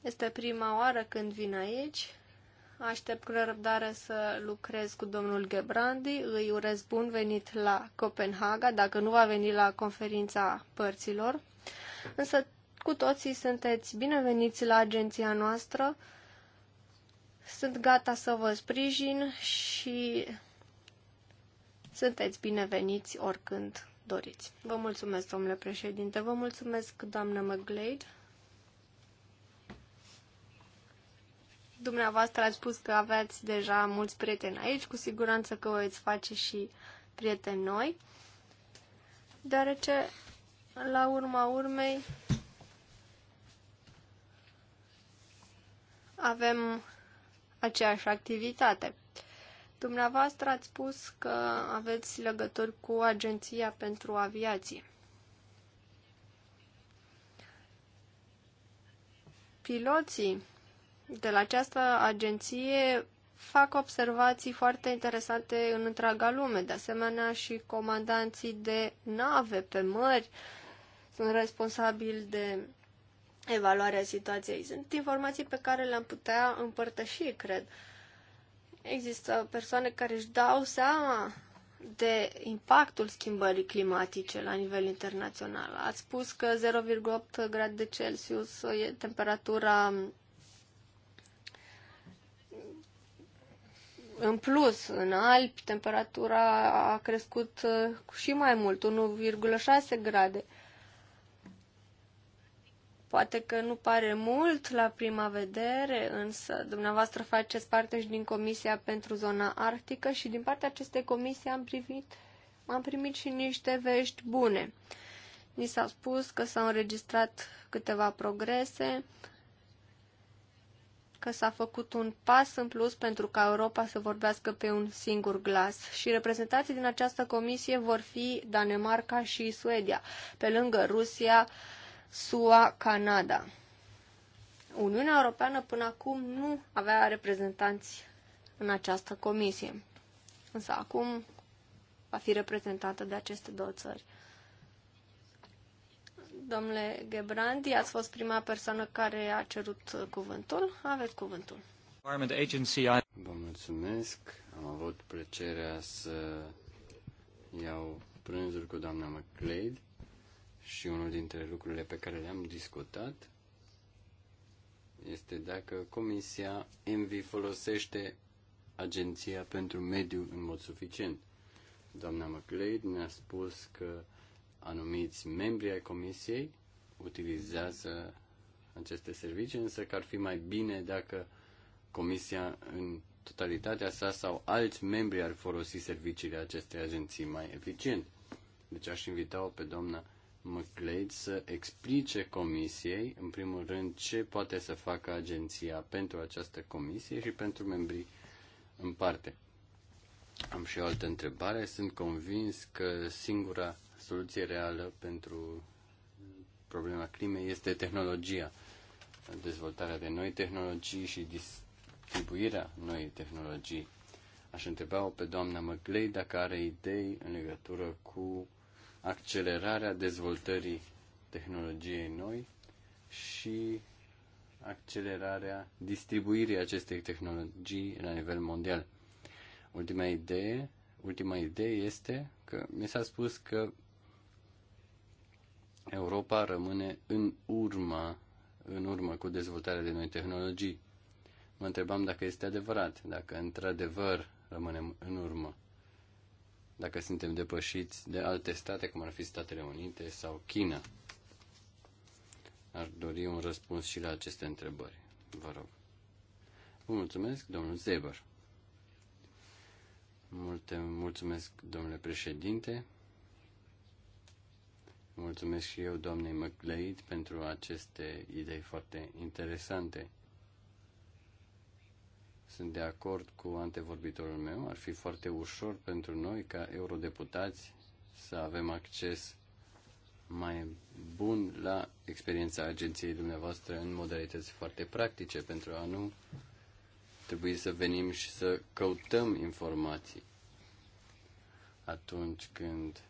Speaker 2: Este prima oară când vin aici Aștept cu nerăbdare să lucrez cu domnul Gebrandi. Îi urez bun venit la Copenhaga, dacă nu va veni la conferința părților. Însă cu toții sunteți bineveniți la agenția noastră. Sunt gata să vă sprijin și sunteți bineveniți oricând doriți. Vă mulțumesc, domnule președinte. Vă mulțumesc, doamnă McGlade. Dumneavoastră ați spus că aveați deja mulți prieteni aici, cu siguranță că o veți face și prieteni noi, deoarece, la urma urmei, avem aceeași activitate. Dumneavoastră ați spus că aveți legături cu Agenția pentru Aviație. Piloții de la această agenție fac observații foarte interesante în întreaga lume. De asemenea, și comandanții de nave pe mări sunt responsabili de evaluarea situației. Sunt informații pe care le-am putea împărtăși, cred. Există persoane care își dau seama de impactul schimbării climatice la nivel internațional. Ați spus că 0,8 grade Celsius e temperatura În plus, în Alpi, temperatura a crescut uh, cu și mai mult, 1,6 grade. Poate că nu pare mult la prima vedere, însă dumneavoastră faceți parte și din Comisia pentru Zona Arctică și din partea acestei comisii am, privit, am primit și niște vești bune. Ni s-a spus că s-au înregistrat câteva progrese, că s-a făcut un pas în plus pentru ca Europa să vorbească pe un singur glas și reprezentații din această comisie vor fi Danemarca și Suedia, pe lângă Rusia, SUA, Canada. Uniunea Europeană până acum nu avea reprezentanți în această comisie, însă acum va fi reprezentată de aceste două țări. Domnule Gebrandi, ați fost prima persoană care a cerut cuvântul. Aveți cuvântul.
Speaker 1: Vă mulțumesc. Am avut plăcerea să iau prânzul cu doamna McLeod și unul dintre lucrurile pe care le-am discutat este dacă Comisia Envi folosește Agenția pentru Mediu în mod suficient. Doamna McLeod ne-a spus că anumiți membri ai comisiei utilizează aceste servicii, însă că ar fi mai bine dacă comisia în totalitatea sa sau alți membri ar folosi serviciile acestei agenții mai eficient. Deci aș invita-o pe doamna McLeod să explice comisiei, în primul rând, ce poate să facă agenția pentru această comisie și pentru membrii în parte. Am și o altă întrebare. Sunt convins că singura soluție reală pentru problema crimei este tehnologia, dezvoltarea de noi tehnologii și distribuirea noi tehnologii. Aș întreba-o pe doamna Măglei dacă are idei în legătură cu accelerarea dezvoltării tehnologiei noi și accelerarea distribuirii acestei tehnologii la nivel mondial. Ultima idee, ultima idee este că mi s-a spus că Europa rămâne în urmă, în urmă cu dezvoltarea de noi tehnologii. Mă întrebam dacă este adevărat, dacă într-adevăr rămânem în urmă, dacă suntem depășiți de alte state, cum ar fi Statele Unite sau China. Ar dori un răspuns și la aceste întrebări. Vă rog. Vă mulțumesc, domnul Zeber. Multe mulțumesc, domnule președinte. Mulțumesc și eu, doamnei McLeod, pentru aceste idei foarte interesante. Sunt de acord cu antevorbitorul meu. Ar fi foarte ușor pentru noi, ca eurodeputați, să avem acces mai bun la experiența agenției dumneavoastră în modalități foarte practice, pentru a nu trebui să venim și să căutăm informații atunci când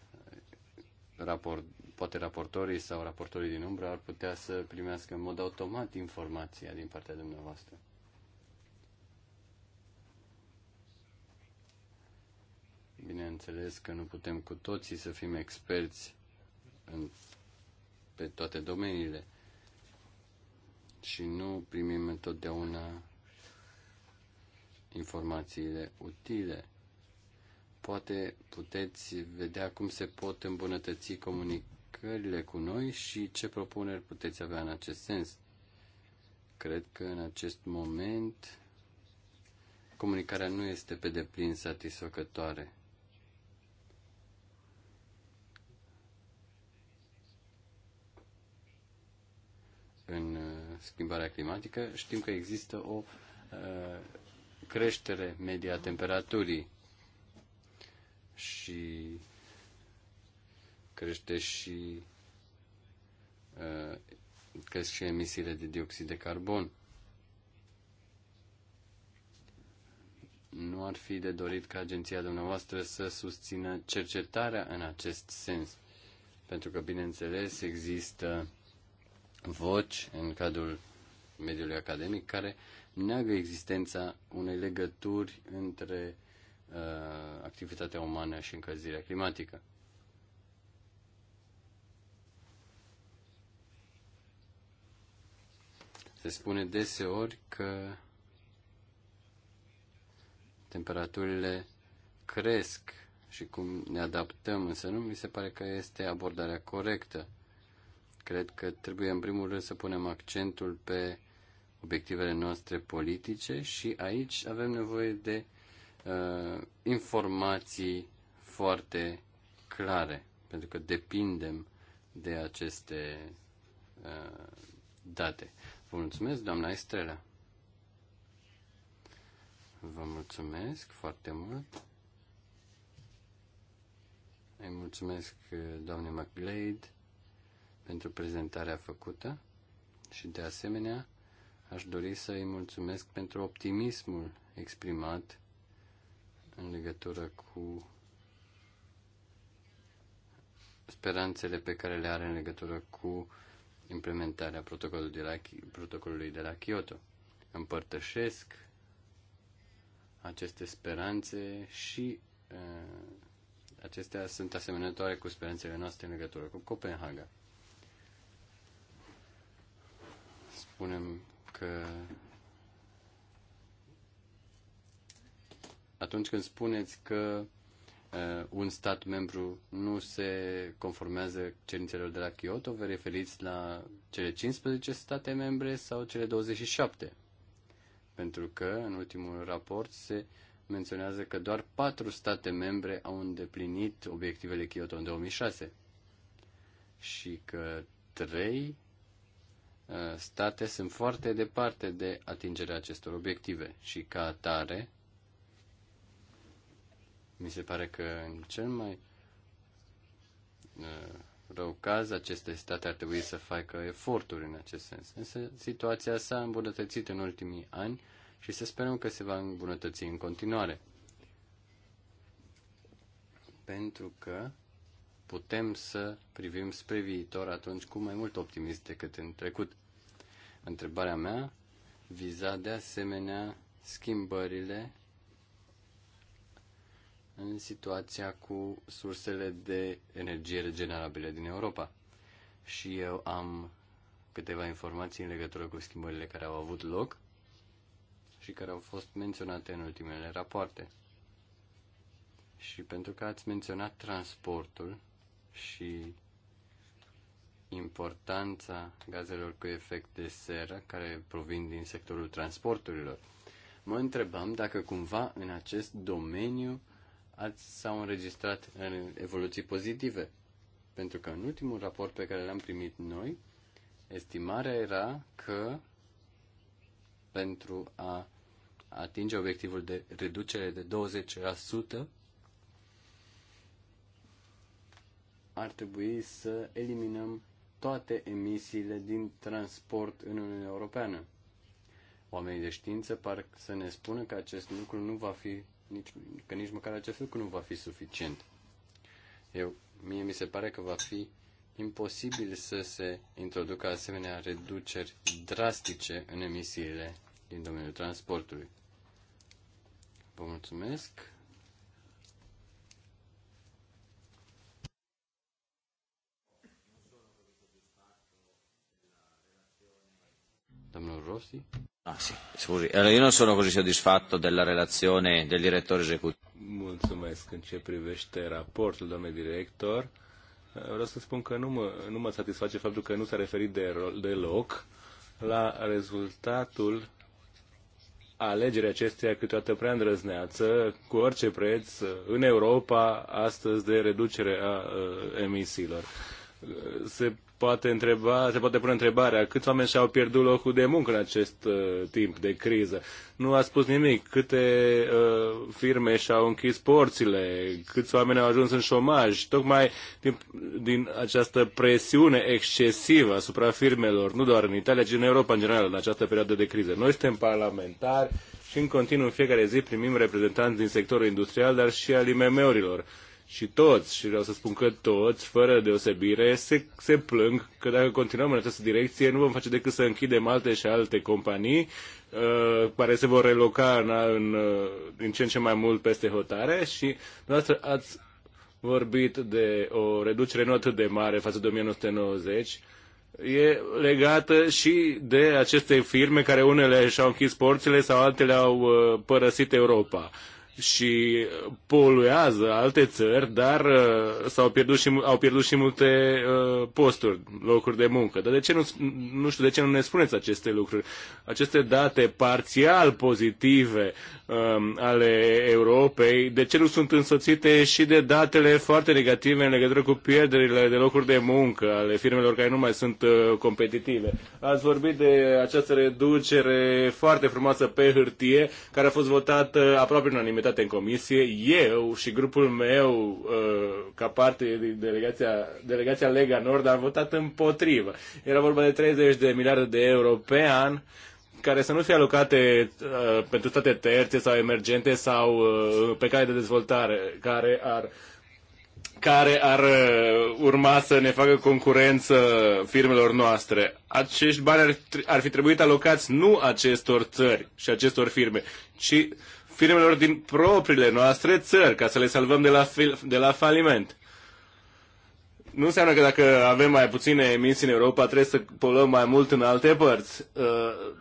Speaker 1: raport, poate raportorii sau raportorii din umbră ar putea să primească în mod automat informația din partea dumneavoastră. Bineînțeles că nu putem cu toții să fim experți în, pe toate domeniile și nu primim întotdeauna informațiile utile. Poate puteți vedea cum se pot îmbunătăți comunicările încercările cu noi și ce propuneri puteți avea în acest sens. Cred că în acest moment comunicarea nu este pe deplin satisfăcătoare. În uh, schimbarea climatică știm că există o uh, creștere media temperaturii și crește și uh, cresc și emisiile de dioxid de carbon. Nu ar fi de dorit ca agenția dumneavoastră să susțină cercetarea în acest sens, pentru că, bineînțeles, există voci în cadrul mediului academic care neagă existența unei legături între uh, activitatea umană și încălzirea climatică. Se spune deseori că temperaturile cresc și cum ne adaptăm, însă nu mi se pare că este abordarea corectă. Cred că trebuie în primul rând să punem accentul pe obiectivele noastre politice și aici avem nevoie de uh, informații foarte clare, pentru că depindem de aceste uh, date. Vă mulțumesc, doamna Estrela. Vă mulțumesc foarte mult. Îi mulțumesc doamnei McGlade pentru prezentarea făcută și de asemenea aș dori să îi mulțumesc pentru optimismul exprimat în legătură cu speranțele pe care le are în legătură cu implementarea protocolului de la, protocolului de la Kyoto. Împărtășesc aceste speranțe și uh, acestea sunt asemănătoare cu speranțele noastre în legătură cu Copenhaga. Spunem că atunci când spuneți că Uh, un stat membru nu se conformează cerințelor de la Kyoto, vă referiți la cele 15 state membre sau cele 27? Pentru că în ultimul raport se menționează că doar 4 state membre au îndeplinit obiectivele Kyoto în 2006 și că 3 uh, state sunt foarte departe de atingerea acestor obiective și ca atare mi se pare că în cel mai uh, rău caz, aceste state ar trebui să facă eforturi în acest sens. Însă situația s-a îmbunătățit în ultimii ani și să sperăm că se va îmbunătăți în continuare. Pentru că putem să privim spre viitor atunci cu mai mult optimism decât în trecut. Întrebarea mea viza de asemenea schimbările în situația cu sursele de energie regenerabile din Europa. Și eu am câteva informații în legătură cu schimbările care au avut loc și care au fost menționate în ultimele rapoarte. Și pentru că ați menționat transportul și importanța gazelor cu efect de seră care provin din sectorul transporturilor, mă întrebam dacă cumva în acest domeniu ați s-au înregistrat în evoluții pozitive. Pentru că în ultimul raport pe care l-am primit noi, estimarea era că pentru a atinge obiectivul de reducere de 20%, ar trebui să eliminăm toate emisiile din transport în Uniunea Europeană. Oamenii de știință par să ne spună că acest lucru nu va fi nici, că nici măcar acest lucru nu va fi suficient. Eu, mie mi se pare că va fi imposibil să se introducă asemenea reduceri drastice în emisiile din domeniul transportului. Vă mulțumesc! Domnul Rossi. Ah, sì, scusi. Io non sono così soddisfatto della relazione del direttore esecutivo. Mulțumesc în
Speaker 4: ce privește raportul, domnule director. Eh, vreau să spun că nu mă, nu mă satisface faptul că nu s-a referit de, deloc la rezultatul alegerii acesteia câteodată prea îndrăzneață, cu orice preț, în Europa, astăzi, de reducere a eh, emisiilor. Eh, se poate întreba, se poate pune întrebarea câți oameni și-au pierdut locul de muncă în acest uh, timp de criză. Nu a spus nimic. Câte uh, firme și-au închis porțile, câți oameni au ajuns în șomaj, tocmai din, din această presiune excesivă asupra firmelor, nu doar în Italia, ci în Europa în general, în această perioadă de criză. Noi suntem parlamentari și în continuu în fiecare zi primim reprezentanți din sectorul industrial, dar și al IMM-urilor și toți, și vreau să spun că toți, fără deosebire, se, se plâng că dacă continuăm în această direcție, nu vom face decât să închidem alte și alte companii uh, care se vor reloca în, în, uh, din ce în ce mai mult peste hotare și dumneavoastră ați vorbit de o reducere nu atât de mare față de 1990, e legată și de aceste firme care unele și-au închis porțile sau altele au uh, părăsit Europa și poluează alte țări, dar uh, s-au pierdut și, au pierdut și multe uh, posturi, locuri de muncă. Dar de ce nu, nu știu de ce nu ne spuneți aceste lucruri? Aceste date parțial pozitive um, ale Europei, de ce nu sunt însoțite și de datele foarte negative în legătură cu pierderile de locuri de muncă ale firmelor care nu mai sunt uh, competitive? Ați vorbit de această reducere foarte frumoasă pe hârtie, care a fost votată uh, aproape unanimitate activitate în comisie, eu și grupul meu, uh, ca parte din delegația, delegația Lega Nord, am votat împotrivă. Era vorba de 30 de miliarde de euro pe an care să nu fie alocate uh, pentru state terțe sau emergente sau uh, pe cale de dezvoltare, care ar care ar urma să ne facă concurență firmelor noastre. Acești bani ar, ar fi trebuit alocați nu acestor țări și acestor firme, ci firmelor din propriile noastre țări, ca să le salvăm de la, de la faliment nu înseamnă că dacă avem mai puține emisii în Europa, trebuie să polăm mai mult în alte părți. Uh,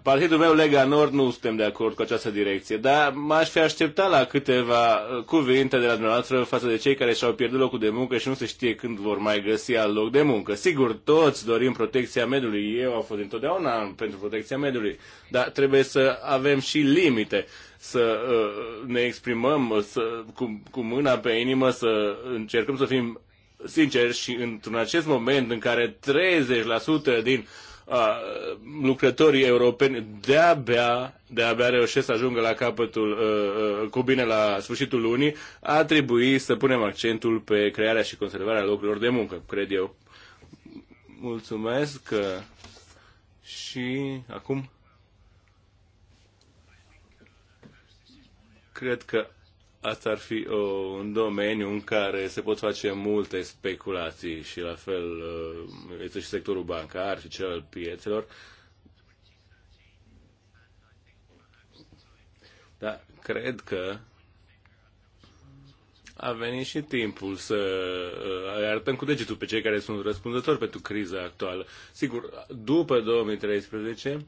Speaker 4: Partidul meu, Lega Nord, nu suntem de acord cu această direcție, dar m-aș fi așteptat la câteva uh, cuvinte de la dumneavoastră față de cei care și-au pierdut locul de muncă și nu se știe când vor mai găsi alt loc de muncă. Sigur, toți dorim protecția mediului. Eu am fost întotdeauna pentru protecția mediului, dar trebuie să avem și limite să uh, ne exprimăm să, cu, cu mâna pe inimă, să încercăm să fim sincer, și într-un acest moment în care 30% din a, lucrătorii europeni de-abia, de-abia reușesc să ajungă la capătul, a, a, cu bine la sfârșitul lunii, a trebui să punem accentul pe crearea și conservarea locurilor de muncă, cred eu. Mulțumesc și acum cred că Asta ar fi uh, un domeniu în care se pot face multe speculații și la fel uh, este și sectorul bancar și cel al piețelor. Dar cred că a venit și timpul să uh, arătăm cu degetul pe cei care sunt răspunzători pentru criza actuală. Sigur, după 2013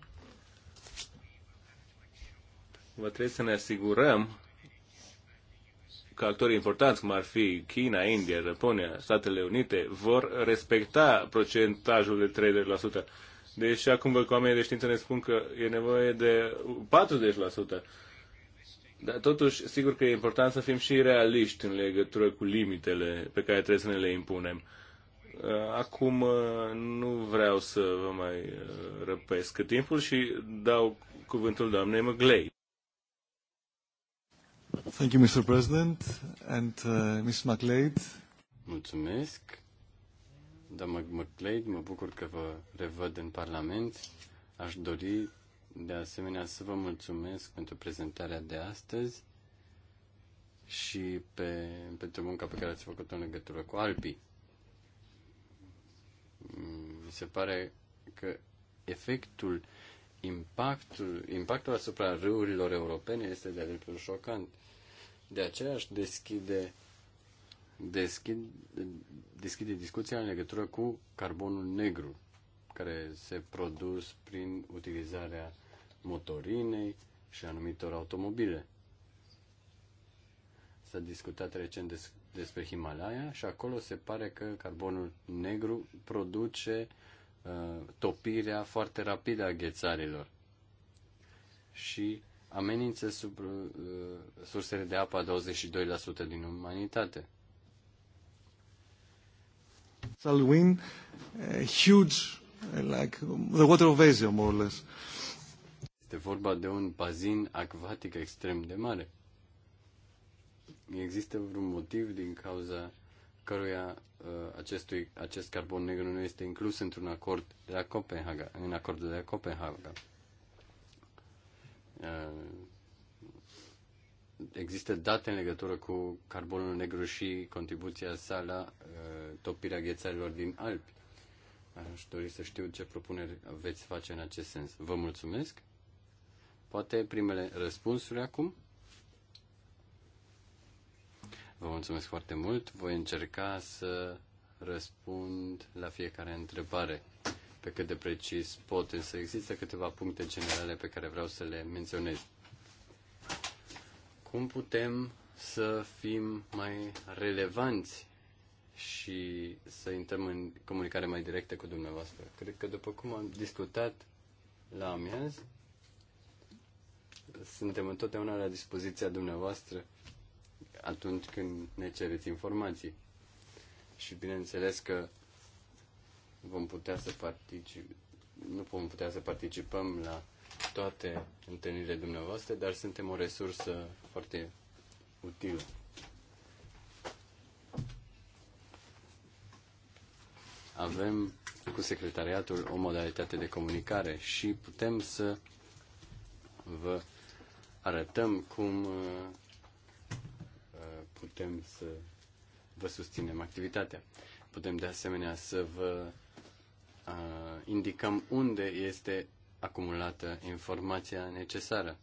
Speaker 4: va trebui să ne asigurăm că actorii importanți, cum ar fi China, India, Japonia, Statele Unite, vor respecta procentajul de 30%. Deci acum văd că oamenii de știință ne spun că e nevoie de 40%. Dar totuși, sigur că e important să fim și realiști în legătură cu limitele pe care trebuie să ne le impunem. Uh, acum uh, nu vreau să vă mai uh, răpesc timpul și dau cuvântul doamnei
Speaker 1: Măglei.
Speaker 3: Thank you, Mr. President, and uh, Ms. McLeod.
Speaker 1: Mulțumesc. Doamna McLeod, mă bucur că vă revăd în Parlament. Aș dori, de asemenea, să vă mulțumesc pentru prezentarea de astăzi și pe, pentru munca pe care ați făcut-o în legătură cu Alpi. Mm, mi se pare că efectul uh, impactul, impactul asupra râurilor europene este de-a dreptul șocant. De aceea își deschide, deschid, deschide discuția în legătură cu carbonul negru, care se produs prin utilizarea motorinei și anumitor automobile. S-a discutat recent des, despre Himalaya și acolo se pare că carbonul negru produce Uh, topirea foarte rapidă a ghețarilor și amenință sub, uh, sursele de apă a 22% din umanitate. Salwin, uh, huge,
Speaker 4: uh, like the water of Asia, more or less.
Speaker 1: Este vorba de un bazin acvatic extrem de mare. Există vreun motiv din cauza căruia uh, acestui, acest carbon negru nu este inclus într-un acord de la Copenhaga, în acordul de la Copenhaga. Uh, există date în legătură cu carbonul negru și contribuția sa la uh, topirea ghețarilor din Alpi. Aș dori să știu ce propuneri veți face în acest sens. Vă mulțumesc. Poate primele răspunsuri acum. Vă mulțumesc foarte mult. Voi încerca să răspund la fiecare întrebare pe cât de precis pot, însă există câteva puncte generale pe care vreau să le menționez. Cum putem să fim mai relevanți și să intrăm în comunicare mai directă cu dumneavoastră? Cred că după cum am discutat la amiază, suntem întotdeauna la dispoziția dumneavoastră atunci când ne cereți informații. Și bineînțeles că vom putea să particip, nu vom putea să participăm la toate întâlnirile dumneavoastră, dar suntem o resursă foarte utilă. Avem cu secretariatul o modalitate de comunicare și putem să vă arătăm cum putem să vă susținem activitatea. Putem de asemenea să vă uh, indicăm unde este acumulată informația necesară.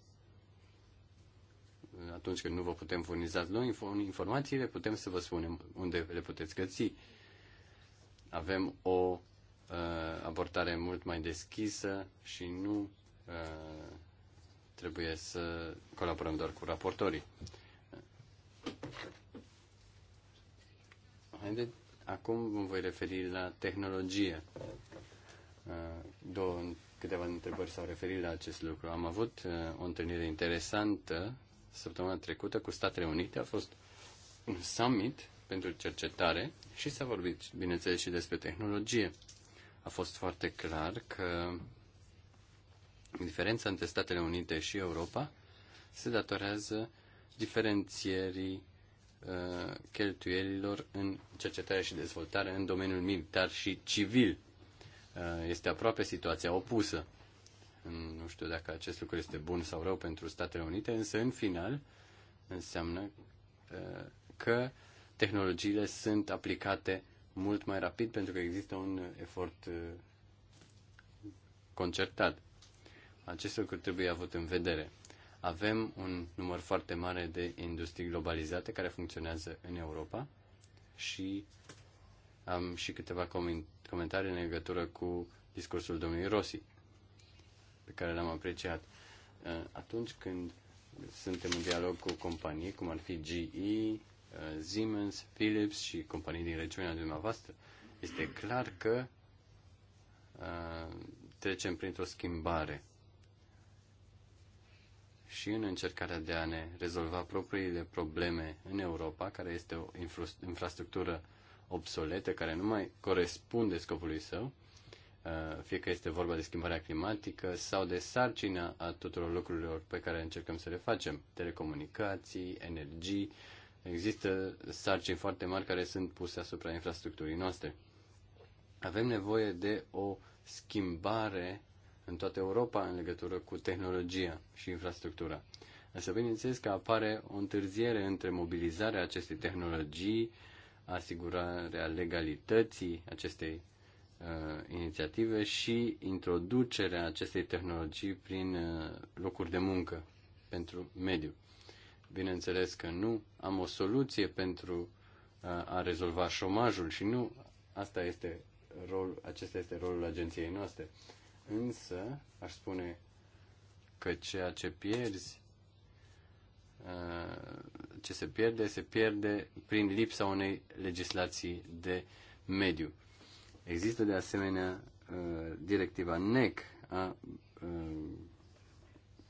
Speaker 1: Atunci când nu vă putem furniza noi informațiile, putem să vă spunem unde le puteți găsi. Avem o uh, abordare mult mai deschisă și nu uh, trebuie să colaborăm doar cu raportorii. Haide, acum mă voi referi la tehnologie. Uh, două, câteva întrebări s-au referit la acest lucru. Am avut uh, o întâlnire interesantă săptămâna trecută cu Statele Unite. A fost un summit pentru cercetare și s-a vorbit, bineînțeles, și despre tehnologie. A fost foarte clar că diferența între Statele Unite și Europa se datorează diferențierii Uh, cheltuielilor în cercetare și dezvoltare în domeniul militar și civil. Uh, este aproape situația opusă. Nu știu dacă acest lucru este bun sau rău pentru Statele Unite, însă în final înseamnă uh, că tehnologiile sunt aplicate mult mai rapid pentru că există un efort concertat. Acest lucru trebuie avut în vedere. Avem un număr foarte mare de industrii globalizate care funcționează în Europa și am și câteva comentarii în legătură cu discursul domnului Rossi, pe care l-am apreciat. Uh, atunci când suntem în dialog cu companii, cum ar fi GE, uh, Siemens, Philips și companii din regiunea dumneavoastră, este clar că uh, trecem printr-o schimbare și în încercarea de a ne rezolva propriile probleme în Europa, care este o infrastructură obsoletă, care nu mai corespunde scopului său, uh, fie că este vorba de schimbarea climatică sau de sarcina a tuturor lucrurilor pe care încercăm să le facem, telecomunicații, energii, există sarcini foarte mari care sunt puse asupra infrastructurii noastre. Avem nevoie de o schimbare în toată Europa în legătură cu tehnologia și infrastructura. Însă bineînțeles că apare o întârziere între mobilizarea acestei tehnologii, asigurarea legalității acestei uh, inițiative și introducerea acestei tehnologii prin uh, locuri de muncă pentru mediu. Bineînțeles că nu am o soluție pentru uh, a rezolva șomajul și nu asta este rolul acesta este rolul agenției noastre însă aș spune că ceea ce pierzi, uh, ce se pierde, se pierde prin lipsa unei legislații de mediu. Există de asemenea uh, directiva NEC a uh,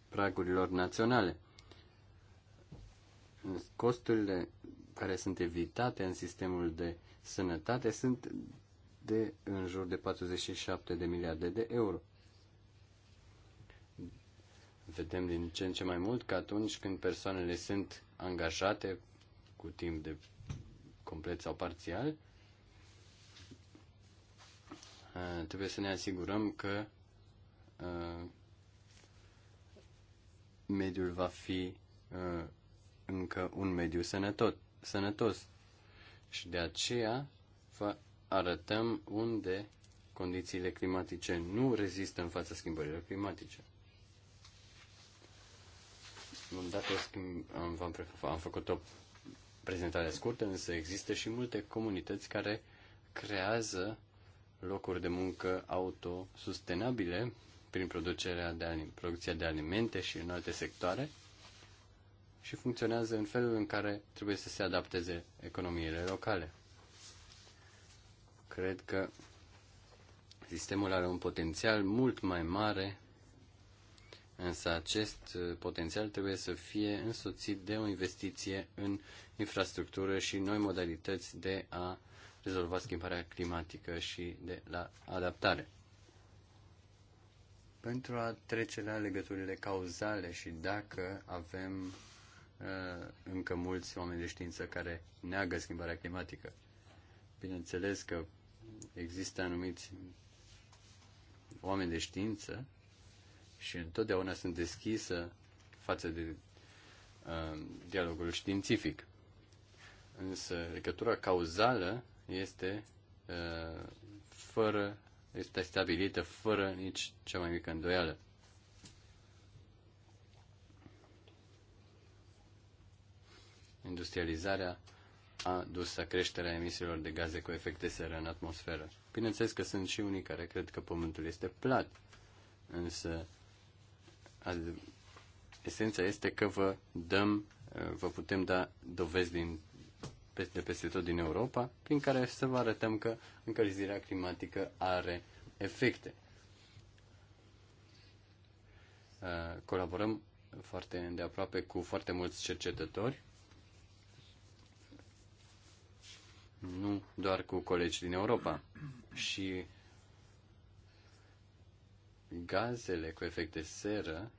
Speaker 1: pragurilor naționale. Costurile care sunt evitate în sistemul de sănătate sunt de în jur de 47 de miliarde de euro vedem din ce în ce mai mult că atunci când persoanele sunt angajate cu timp de complet sau parțial, uh, trebuie să ne asigurăm că uh, mediul va fi uh, încă un mediu sănătos. sănătos. Și de aceea vă arătăm unde condițiile climatice nu rezistă în fața schimbărilor climatice am dat o schimb, am, am, am făcut o prezentare scurtă, însă există și multe comunități care creează locuri de muncă autosustenabile prin producerea de, producția de alimente și în alte sectoare și funcționează în felul în care trebuie să se adapteze economiile locale. Cred că sistemul are un potențial mult mai mare Însă acest uh, potențial trebuie să fie însoțit de o investiție în infrastructură și noi modalități de a rezolva schimbarea climatică și de la adaptare. Pentru a trece la legăturile cauzale și dacă avem uh, încă mulți oameni de știință care neagă schimbarea climatică, bineînțeles că există anumiți oameni de știință și întotdeauna sunt deschisă față de uh, dialogul științific. Însă legătura cauzală este uh, fără este stabilită fără nici cea mai mică îndoială. Industrializarea a dus la creșterea emisiilor de gaze cu efect de seră în atmosferă. Bineînțeles că sunt și unii care cred că Pământul este plat, însă esența este că vă dăm, vă putem da dovezi din, de peste tot din Europa, prin care să vă arătăm că încălzirea climatică are efecte. Colaborăm foarte îndeaproape cu foarte mulți cercetători, nu doar cu colegi din Europa. Și gazele cu efect de seră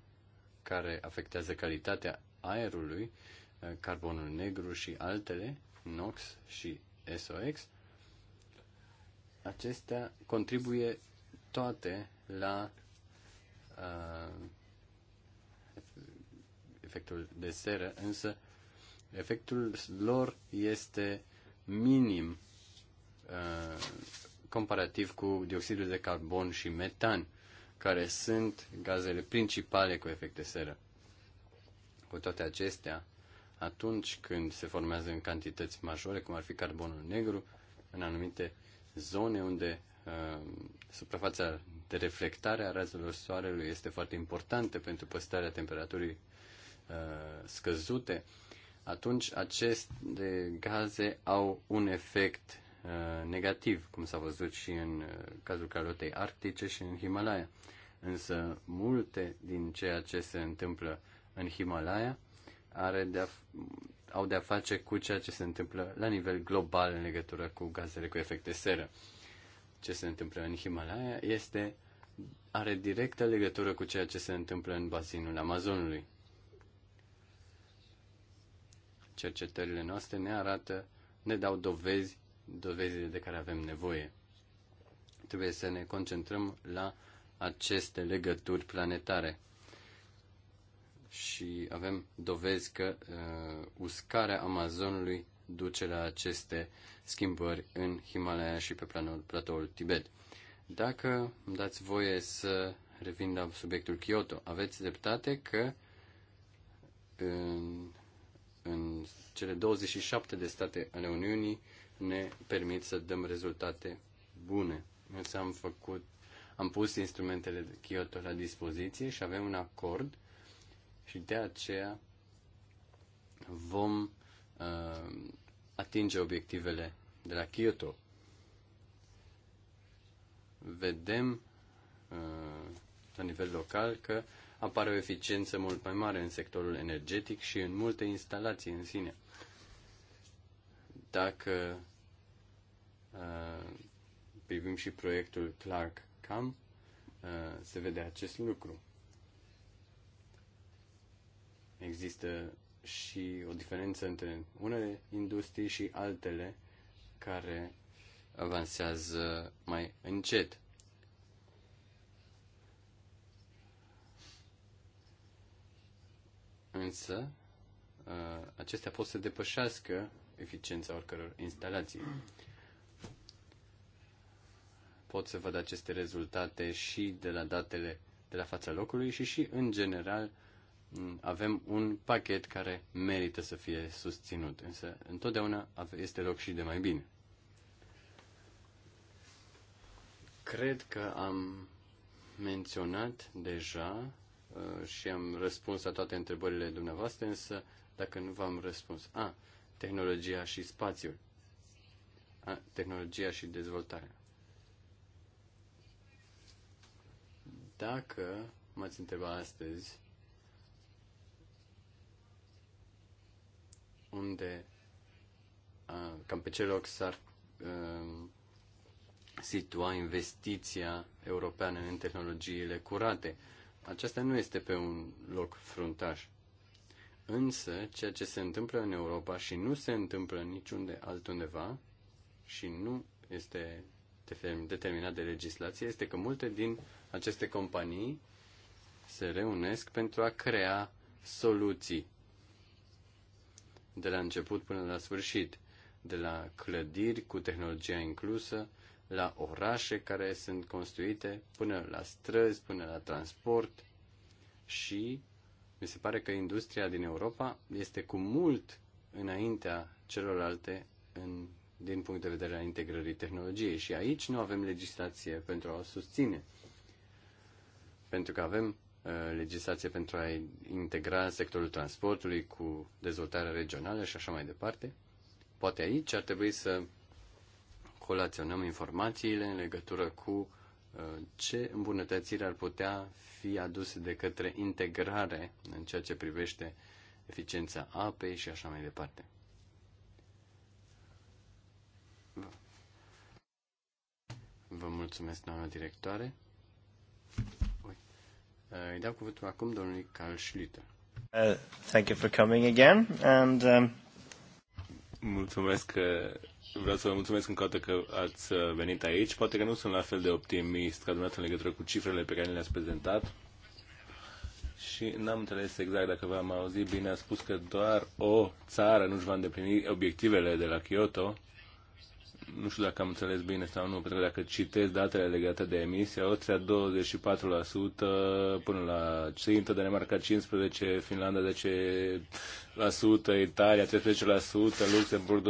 Speaker 1: care afectează calitatea aerului, eh, carbonul negru și altele, NOx și SOx, acestea contribuie toate la uh, efectul de seră, însă efectul lor este minim uh, comparativ cu dioxidul de carbon și metan. Uh, care sunt gazele principale cu efect de seră. Cu toate acestea, atunci când se formează în cantități majore, cum ar fi carbonul negru, în anumite zone unde uh, suprafața de reflectare a razelor soarelui este foarte importantă pentru păstrarea temperaturii uh, scăzute, atunci aceste gaze au un efect Uh, negativ, cum s-a văzut și în uh, cazul calotei arctice și în Himalaya. Însă multe din ceea ce se întâmplă în Himalaya are de a, au de a face cu ceea ce se întâmplă la nivel global în legătură cu gazele cu efect de seră. Ce se întâmplă în Himalaya este are directă legătură cu ceea ce se întâmplă în bazinul Amazonului. Cercetările noastre ne arată, ne dau dovezi dovezile de care avem nevoie. Trebuie să ne concentrăm la aceste legături planetare. Și avem dovezi că uh, uscarea Amazonului duce la aceste schimbări în Himalaya și pe planul, platoul Tibet. Dacă îmi dați voie să revin la subiectul Kyoto, aveți dreptate că în, în cele 27 de state ale Uniunii ne permit să dăm rezultate bune. Însă am făcut, am pus instrumentele de Kyoto la dispoziție și avem un acord și de aceea vom uh, atinge obiectivele de la Kyoto. Vedem uh, la nivel local că apare o eficiență mult mai mare în sectorul energetic și în multe instalații în sine. Dacă Uh, privim și proiectul Clark Cam, uh, se vede acest lucru. Există și o diferență între unele industrii și altele care avansează mai încet. Însă, uh, acestea pot să depășească eficiența oricăror instalații pot să văd aceste rezultate și de la datele de la fața locului și și în general avem un pachet care merită să fie susținut, însă întotdeauna este loc și de mai bine. Cred că am menționat deja uh, și am răspuns la toate întrebările dumneavoastră, însă dacă nu v-am răspuns. A, tehnologia și spațiul. A, tehnologia și dezvoltarea. Dacă m-ați întrebat astăzi unde a, cam pe ce loc s-ar um, situa investiția europeană în tehnologiile curate. Aceasta nu este pe un loc fruntaș. Însă, ceea ce se întâmplă în Europa și nu se întâmplă niciunde altundeva și nu este determinat de legislație, este că multe din aceste companii se reunesc pentru a crea soluții de la început până la sfârșit, de la clădiri cu tehnologia inclusă, la orașe care sunt construite, până la străzi, până la transport și mi se pare că industria din Europa este cu mult înaintea celorlalte în, din punct de vedere al integrării tehnologiei și aici nu avem legislație pentru a o susține pentru că avem uh, legislație pentru a integra sectorul transportului cu dezvoltarea regională și așa mai departe. Poate aici ar trebui să colaționăm informațiile în legătură cu uh, ce îmbunătățiri ar putea fi aduse de către integrare în ceea ce privește eficiența apei și așa mai departe. Vă mulțumesc, doamna directoare. Îi dau cuvântul acum domnului Carl Schlitter.
Speaker 2: Uh, thank you for coming again and um... Mulțumesc că
Speaker 4: vreau să vă mulțumesc încă o dată că ați uh, venit aici. Poate că nu sunt la fel de optimist ca dumneavoastră în legătură cu cifrele pe care le-ați prezentat. Și n-am înțeles exact dacă v-am auzit bine. A spus că doar o țară nu-și va îndeplini obiectivele de la Kyoto nu știu dacă am înțeles bine sau nu, pentru că dacă citesc datele legate de emisie, Austria 24% până la țintă, Danemarca 15%, Finlanda 10%, Italia 13%, Luxemburg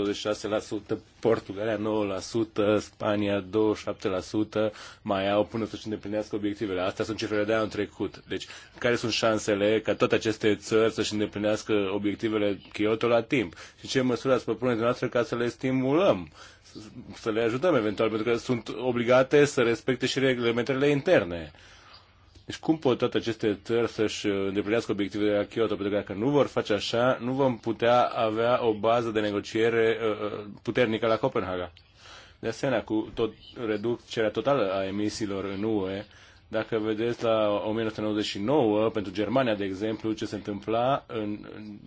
Speaker 4: 26%, Portugalia 9%, Spania 27%, mai au până să-și îndeplinească obiectivele. Astea sunt cifrele de anul trecut. Deci, care sunt șansele ca toate aceste țări să-și îndeplinească obiectivele Kyoto la timp? Și ce măsuri ați propune noastră ca să le stimulăm? Să le ajutăm eventual, pentru că sunt obligate să respecte și reglementările interne. Deci cum pot toate aceste țări să-și uh, îndeplinească obiectivele de la Kyoto? Pentru că dacă nu vor face așa, nu vom putea avea o bază de negociere uh, uh, puternică la Copenhaga. De asemenea, cu tot reducerea totală a emisiilor în UE, dacă vedeți la 1999, pentru Germania, de exemplu, ce se întâmpla în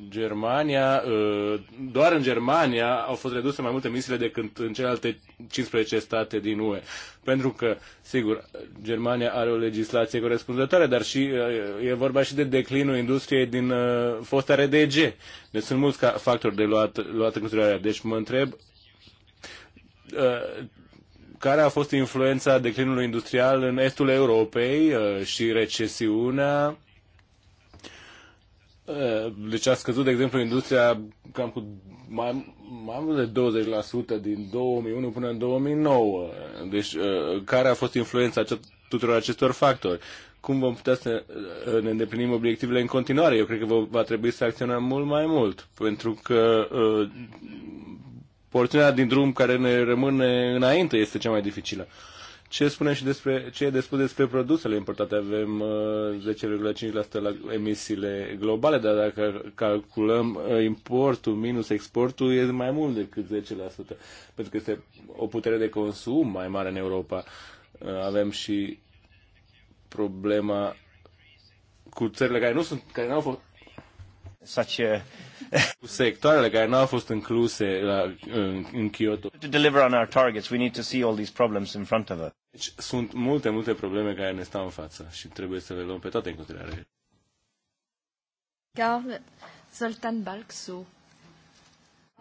Speaker 4: Germania, uh, doar în Germania au fost reduse mai multe misiile decât în celelalte 15 state din UE. Pentru că, sigur, Germania are o legislație corespunzătoare, dar și uh, e vorba și de declinul industriei din uh, fosta RDG. Deci sunt mulți factori de luat, luat în considerare. Deci mă întreb care a fost influența declinului industrial în estul Europei uh, și recesiunea. Uh, deci a scăzut, de exemplu, industria cam cu mai, mai mult de 20% din 2001 până în 2009. Deci uh, care a fost influența tuturor acestor factori? Cum vom putea să ne îndeplinim obiectivele în continuare? Eu cred că va trebui să acționăm mult mai mult, pentru că porțiunea din drum care ne rămâne înainte este cea mai dificilă. Ce spune și despre, ce e de spus despre produsele importate? Avem uh, 10,5% la emisiile globale, dar dacă calculăm uh, importul minus exportul, e mai mult decât 10%, pentru că este o putere de consum mai mare în Europa. Uh, avem și problema cu țările care nu sunt, care nu au fost such a sectoarele care nu au fost incluse la, în, în Kyoto. To deliver on our targets, we need to see all these problems in front of us. Deci sunt multe, multe probleme care ne stau în față și trebuie să le luăm pe toate în considerare.
Speaker 2: Carl Zoltan Balczó.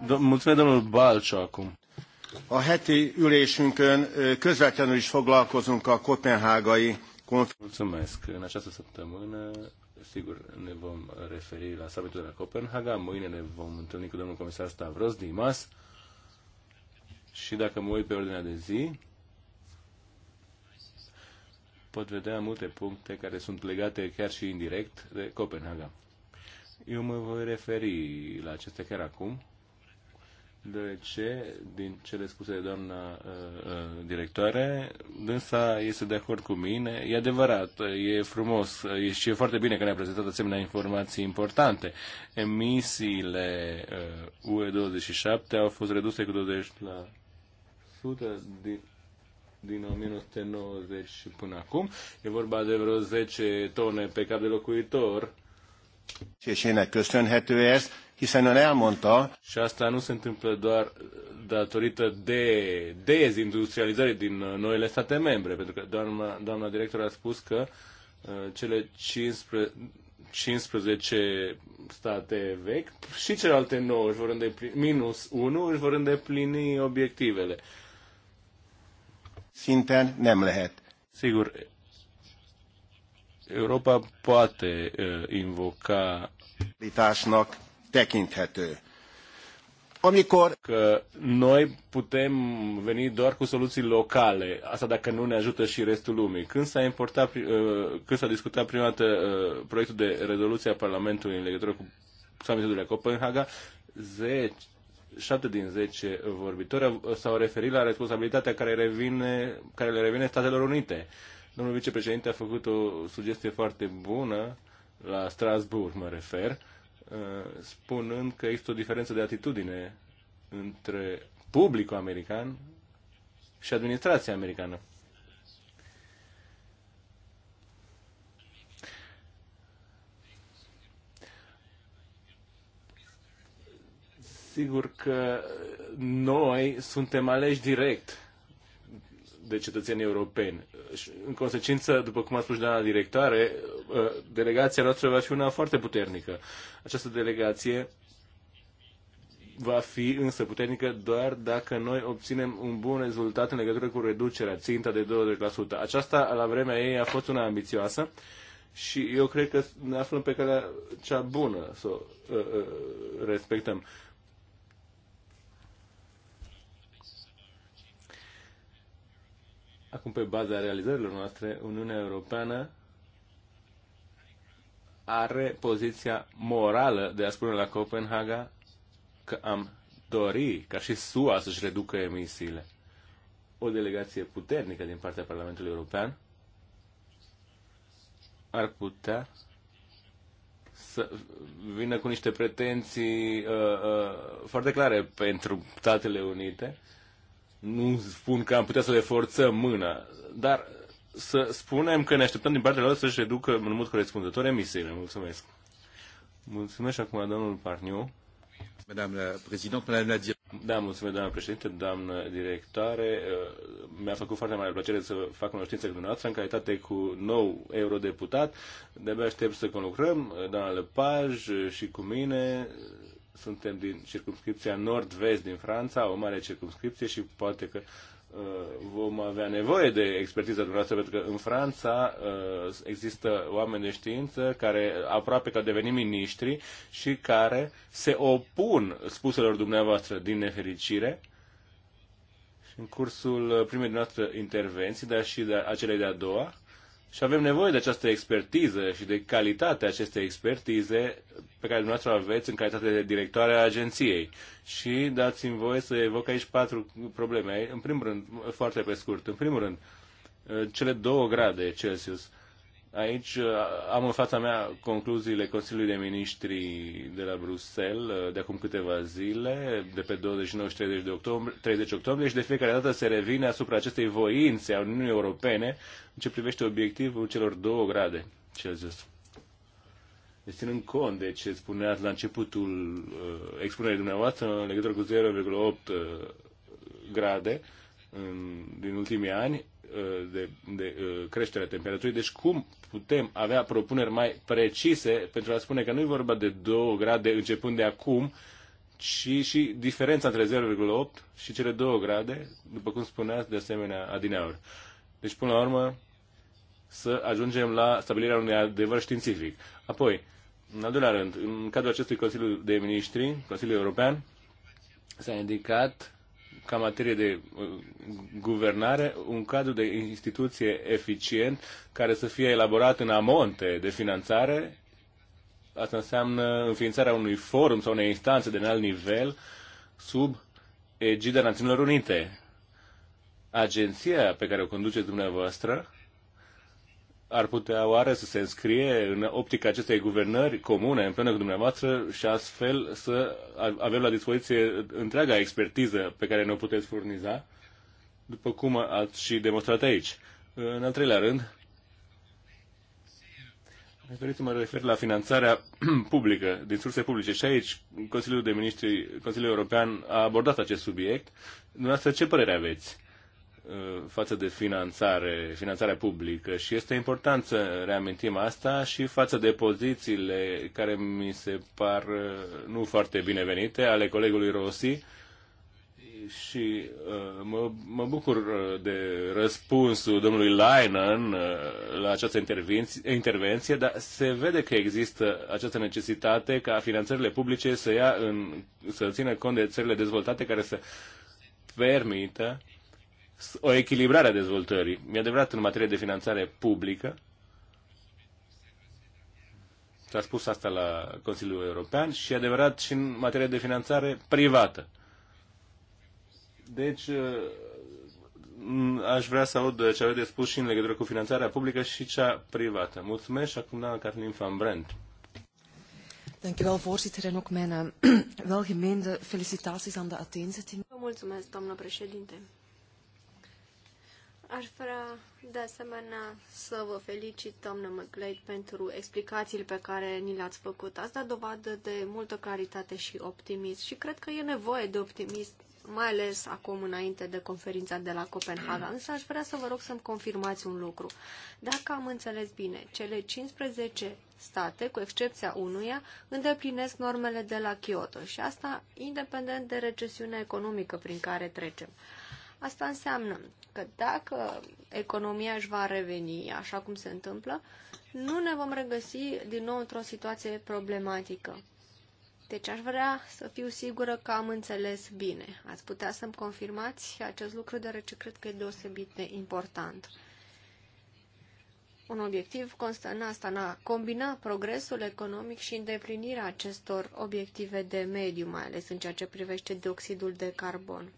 Speaker 4: Do- mulțumesc, domnul Balcsu acum. A heti ülésünkön közvetlenül is foglalkozunk a kopenhágai konferenciával. Mulțumesc. În această săptămână sigur, ne vom referi la summitul de la Copenhaga. Mâine ne vom întâlni cu domnul comisar Stavros Dimas. Și dacă mă uit pe ordinea de zi, pot vedea multe puncte care sunt legate chiar și indirect de Copenhaga. Eu mă voi referi la acestea chiar acum deoarece, din cele spuse de doamna uh, uh, directoare, dânsa este de acord cu mine. E adevărat, e frumos e și e foarte bine că ne-a prezentat asemenea informații importante. Emisiile uh, UE27 au fost reduse cu 20% la 100 din din 1990 și până acum. E vorba de vreo 10 tone pe cap de locuitor. Și ennek köszönhető ez, hiszen ön elmondta... Și asta nu se întâmplă doar datorită de dezindustrializării din uh, noile state membre, pentru că doamna, doamna director a spus că uh, cele 15, 15 state vechi și celelalte 9 își vor îndeplini, minus 1 își vor îndeplini obiectivele. Sinten nem lehet. Sigur, Europa poate uh, invoca
Speaker 2: tekinthető.
Speaker 4: Amikor... Că noi putem veni doar cu soluții locale, asta dacă nu ne ajută și restul lumii. Când s-a, importat, uh, când s-a discutat prima dată uh, proiectul de rezoluție a Parlamentului în legătură cu summitul de la Copenhaga, 10, 7 din 10 vorbitori s-au referit la responsabilitatea care, revine, care le revine Statelor Unite. Domnul vicepreședinte a făcut o sugestie foarte bună, la Strasbourg mă refer, Uh, spunând că există o diferență de atitudine între publicul american și administrația americană. Sigur că noi suntem aleși direct de cetățeni europeni. Și, în consecință, după cum a spus doamna directoare, ă, delegația noastră va fi una foarte puternică. Această delegație va fi însă puternică doar dacă noi obținem un bun rezultat în legătură cu reducerea ținta de 20%. Aceasta, la vremea ei, a fost una ambițioasă și eu cred că ne aflăm pe calea cea bună să o uh, uh, respectăm. Acum, pe baza realizărilor noastre, Uniunea Europeană are poziția morală de a spune la Copenhaga că am dori ca și SUA să-și reducă emisiile. O delegație puternică din partea Parlamentului European ar putea să vină cu niște pretenții uh, uh, foarte clare pentru Statele Unite nu spun că am putea să le forțăm mâna, dar să spunem că ne așteptăm din partea lor să-și reducă în mod corespunzător emisiile. Mulțumesc. Mulțumesc acum domnul Parniu. Madame Madame la Da, mulțumesc, doamna președinte, doamnă directoare. Uh, mi-a făcut foarte mare plăcere să fac cunoștință cu dumneavoastră în calitate cu nou eurodeputat. De-abia aștept să conlucrăm, uh, doamna Lepaj uh, și cu mine, suntem din circumscripția nord-vest din Franța, o mare circumscripție și poate că uh, vom avea nevoie de expertiza dumneavoastră, pentru că în Franța uh, există oameni de știință care aproape că au devenit miniștri și care se opun spuselor dumneavoastră din nefericire în cursul primei noastre intervenții, dar și de acelei de-a doua, și avem nevoie de această expertiză și de calitatea acestei expertize pe care dumneavoastră o aveți în calitate de directoare a agenției. Și dați-mi voie să evoc aici patru probleme. În primul rând, foarte pe scurt, în primul rând, cele două grade Celsius. Uh, Aici uh, am în fața mea concluziile Consiliului de Ministri de la Bruxelles uh, de acum câteva zile, de pe 29 și 30 de octombrie, 30 octombrie și de fiecare dată se revine asupra acestei voințe a Uniunii Europene în ce privește obiectivul celor două grade Celsius. Deci ținând cont de ce spuneați la începutul uh, expunerii dumneavoastră în legătură cu 0,8 uh, grade în, din ultimii ani, Uh, de, de uh, creșterea temperaturii. Deci cum putem avea propuneri mai precise pentru a spune că nu e vorba de 2 grade începând de acum, ci și diferența între 0,8 și cele 2 grade, după cum spuneați de asemenea adineauri. Deci, până la urmă, să ajungem la stabilirea unui adevăr științific. Apoi, în al doilea rând, în cadrul acestui Consiliu de Ministri, Consiliul European, s-a indicat ca materie de uh, guvernare un cadru de instituție eficient care să fie elaborat în amonte de finanțare. Asta înseamnă înființarea unui forum sau unei instanțe de înalt nivel sub egida Națiunilor Unite. Agenția pe care o conduceți dumneavoastră ar putea oare să se înscrie în optica acestei guvernări comune împreună cu dumneavoastră și astfel să avem la dispoziție întreaga expertiză pe care ne-o puteți furniza, după cum ați și demonstrat aici. În al treilea rând, Aș să mă refer la finanțarea publică, din surse publice. Și aici Consiliul de Ministri, Consiliul European a abordat acest subiect. Dumneavoastră, ce părere aveți? Uh, față de finanțare, finanțarea publică și este important să reamintim asta și față de pozițiile care mi se par uh, nu foarte binevenite ale colegului Rossi și uh, mă, mă bucur de răspunsul domnului Leinen la această intervenție, intervenție, dar se vede că există această necesitate ca finanțările publice să ia în, să țină cont de țările dezvoltate care să permită o echilibrare a dezvoltării. E adevărat în materie de finanțare publică, S-a spus asta la Consiliul European și e adevărat și în materie de finanțare privată. Deci, uh, aș vrea să aud ce aveți de spus și în legătură cu finanțarea publică și cea privată. Mulțumesc și acum doamna Catlin van Brent.
Speaker 3: Dankjewel,
Speaker 2: voorzitter, en ook mijn eh, welgemeende felicitaties aan de uiteenzetting. Mulțumesc, doamnă președinte. Aș vrea de asemenea să vă felicit, doamnă McLeod, pentru explicațiile pe care ni le-ați făcut. Ați dat dovadă de multă claritate și optimism și cred că e nevoie de optimism, mai ales acum înainte de conferința de la Copenhaga. Însă aș vrea să vă rog să-mi confirmați un lucru. Dacă am înțeles bine, cele 15 state, cu excepția unuia, îndeplinesc normele de la Kyoto și asta independent de recesiunea economică prin care trecem. Asta înseamnă că dacă economia își va reveni, așa cum se întâmplă, nu ne vom regăsi din nou într-o situație problematică. Deci aș vrea să fiu sigură că am înțeles bine. Ați putea să-mi confirmați acest lucru, deoarece cred că e deosebit de important. Un obiectiv constă în asta, în a combina progresul economic și îndeplinirea acestor obiective de mediu, mai ales în ceea ce privește dioxidul de carbon.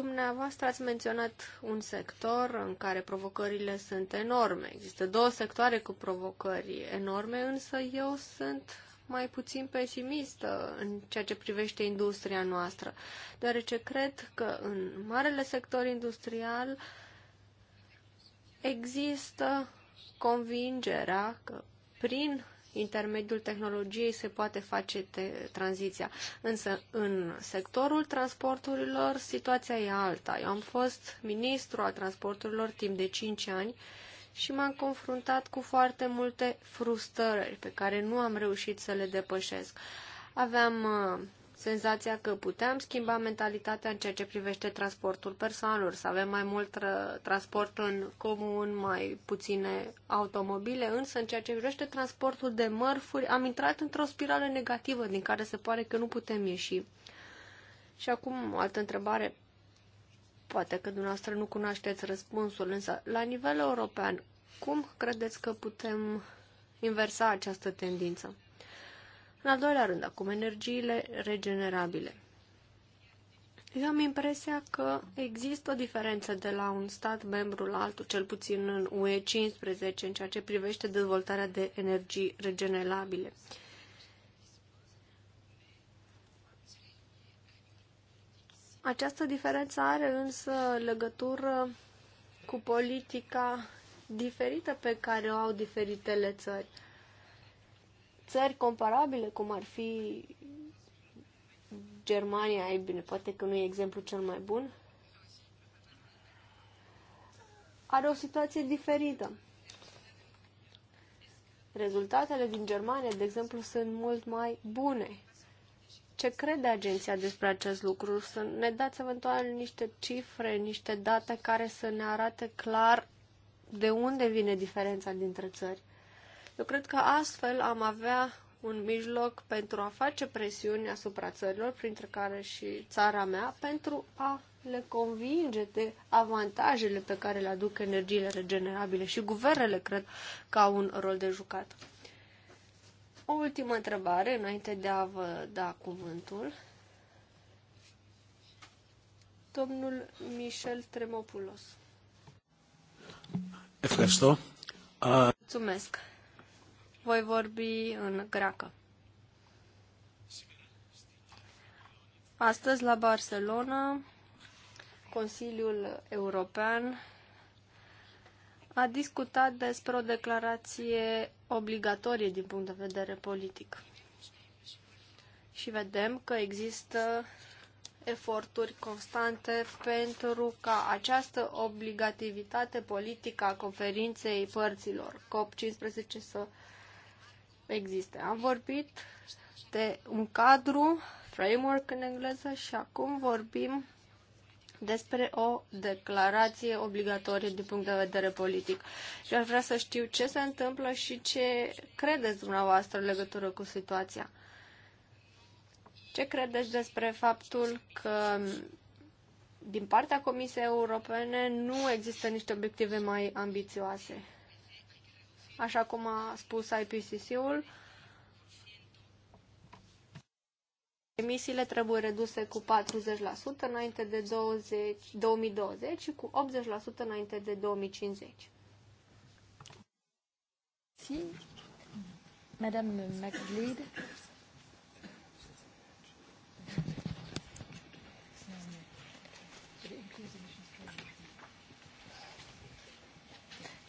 Speaker 2: Dumneavoastră ați menționat un sector în care provocările sunt enorme. Există două sectoare cu provocări enorme, însă eu sunt mai puțin pesimistă în ceea ce privește industria noastră, deoarece cred că în marele sector industrial există convingerea că prin intermediul tehnologiei se poate face te- tranziția. Însă în sectorul transporturilor situația e alta. Eu am fost ministru al transporturilor timp de 5 ani și m-am confruntat cu foarte multe frustrări pe care nu am reușit să le depășesc. Aveam uh, senzația că putem schimba mentalitatea în ceea ce privește transportul persoanelor, să avem mai mult transport în comun, mai puține automobile, însă în ceea ce privește transportul de mărfuri am intrat într-o spirală negativă din care se pare că nu putem ieși. Și acum o altă întrebare, poate că dumneavoastră nu cunoașteți răspunsul, însă la nivel european, cum credeți că putem inversa această tendință? În al doilea rând, acum, energiile regenerabile. Eu am impresia că există o diferență de la un stat membru la altul, cel puțin în UE 15, în ceea ce privește dezvoltarea de energii regenerabile. Această diferență are însă legătură cu politica diferită pe care o au diferitele țări țări comparabile, cum ar fi Germania, ei bine, poate că nu e exemplu cel mai bun, are o situație diferită. Rezultatele din Germania, de exemplu, sunt mult mai bune. Ce crede agenția despre acest lucru? Să ne dați eventual niște cifre, niște date care să ne arate clar de unde vine diferența dintre țări. Eu cred că astfel am avea un mijloc pentru a face presiuni asupra țărilor, printre care și țara mea, pentru a le convinge de avantajele pe care le aduc energiile regenerabile și guvernele cred că au un rol de jucat. O ultimă întrebare înainte de a vă da cuvântul. Domnul Michel Tremopulos. Mulțumesc. Voi vorbi în greacă. Astăzi la Barcelona, Consiliul European a discutat despre o declarație obligatorie din punct de vedere politic. Și vedem că există eforturi constante pentru ca această obligativitate politică a conferinței părților COP15 să existe. Am vorbit de un cadru, framework în engleză, și acum vorbim despre o declarație obligatorie din punct de vedere politic. Și aș vrea să știu ce se întâmplă și ce credeți dumneavoastră în legătură cu situația. Ce credeți despre faptul că din partea Comisiei Europene nu există niște obiective mai ambițioase? așa cum a spus IPCC-ul. Emisiile trebuie reduse cu 40% înainte de 20, 2020 și cu 80% înainte de 2050.
Speaker 3: Si. Madame McLeod.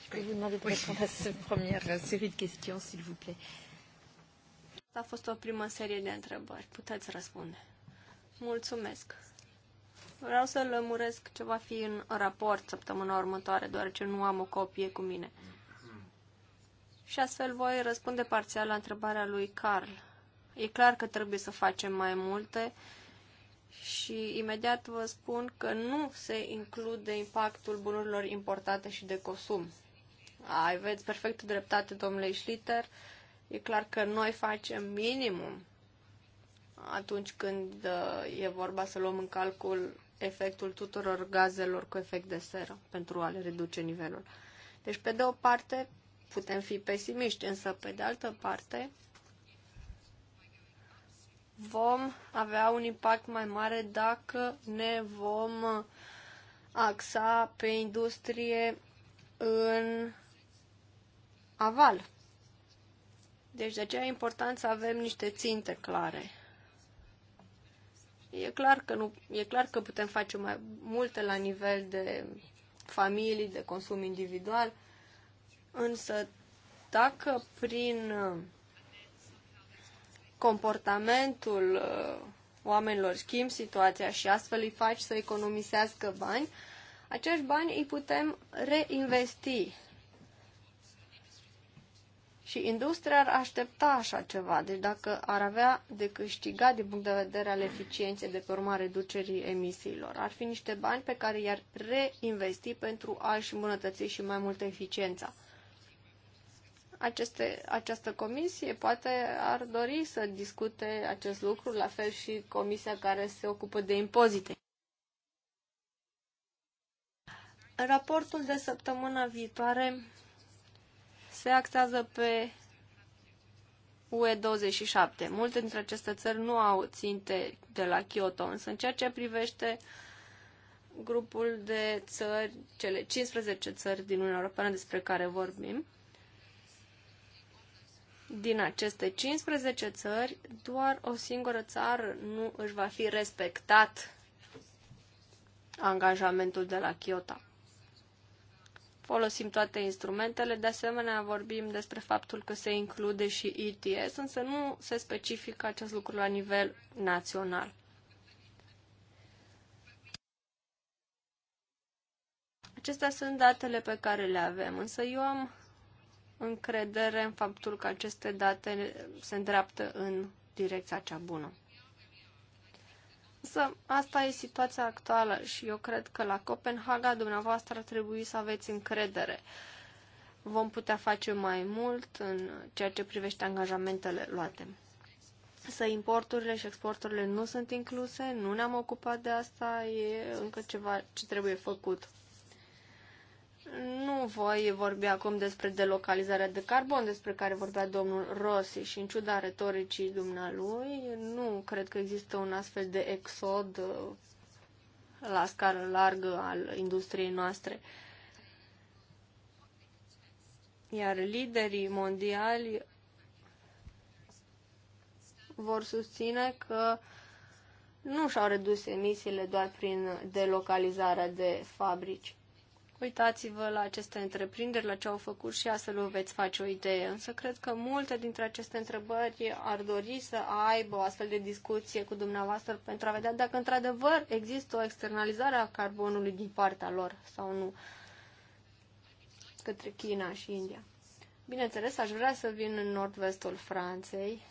Speaker 2: Je vais vous demander de répondre à cette première
Speaker 3: série de questions, s'il vous plaît.
Speaker 2: A fost o primă serie de întrebări. Puteți răspunde. Mulțumesc. Vreau să lămuresc ce va fi în raport săptămâna următoare, deoarece nu am o copie cu mine. Și astfel voi răspunde parțial la întrebarea lui Carl. E clar că trebuie să facem mai multe și imediat vă spun că nu se include impactul bunurilor importate și de consum ai vezi perfect dreptate, domnule Schlitter. E clar că noi facem minimum atunci când uh, e vorba să luăm în calcul efectul tuturor gazelor cu efect de seră pentru a le reduce nivelul. Deci, pe de o parte, putem fi pesimiști, însă, pe de altă parte, vom avea un impact mai mare dacă ne vom axa pe industrie în aval. Deci de aceea e important să avem niște ținte clare. E clar că, nu, e clar că putem face mai multe la nivel de familii, de consum individual, însă dacă prin uh, comportamentul uh, oamenilor schimb situația și astfel îi faci să economisească bani, acești bani îi putem reinvesti și industria ar aștepta așa ceva, deci dacă ar avea de câștigat din punct de vedere al eficienței de pe urma reducerii emisiilor, ar fi niște bani pe care i-ar reinvesti pentru a-și îmbunătăți și mai multă eficiența. Aceste, această comisie poate ar dori să discute acest lucru, la fel și comisia care se ocupă de impozite. În raportul de săptămâna viitoare se axează pe UE27. Multe dintre aceste țări nu au ținte de la Kyoto, însă în ceea ce privește grupul de țări, cele 15 țări din Uniunea Europeană despre care vorbim, din aceste 15 țări, doar o singură țară nu își va fi respectat angajamentul de la Kyoto folosim toate instrumentele. De asemenea, vorbim despre faptul că se include și ETS, însă nu se specifică acest lucru la nivel național. Acestea sunt datele pe care le avem, însă eu am încredere în faptul că aceste date se îndreaptă în direcția cea bună. Însă, asta e situația actuală și eu cred că la Copenhaga dumneavoastră ar trebui să aveți încredere. Vom putea face mai mult în ceea ce privește angajamentele luate. Să importurile și exporturile nu sunt incluse, nu ne-am ocupat de asta, e încă ceva ce trebuie făcut. Nu voi vorbi acum despre delocalizarea de carbon despre care vorbea domnul Rossi și în ciuda retoricii dumnealui, nu cred că există un astfel de exod uh, la scară largă al industriei noastre. Iar liderii mondiali vor susține că nu și-au redus emisiile doar prin delocalizarea de fabrici. Uitați-vă la aceste întreprinderi, la ce au făcut și astfel vă veți face o idee. Însă cred că multe dintre aceste întrebări ar dori să aibă o astfel de discuție cu dumneavoastră pentru a vedea dacă într-adevăr există o externalizare a carbonului din partea lor sau nu către China și India. Bineînțeles, aș vrea să vin în nord-vestul Franței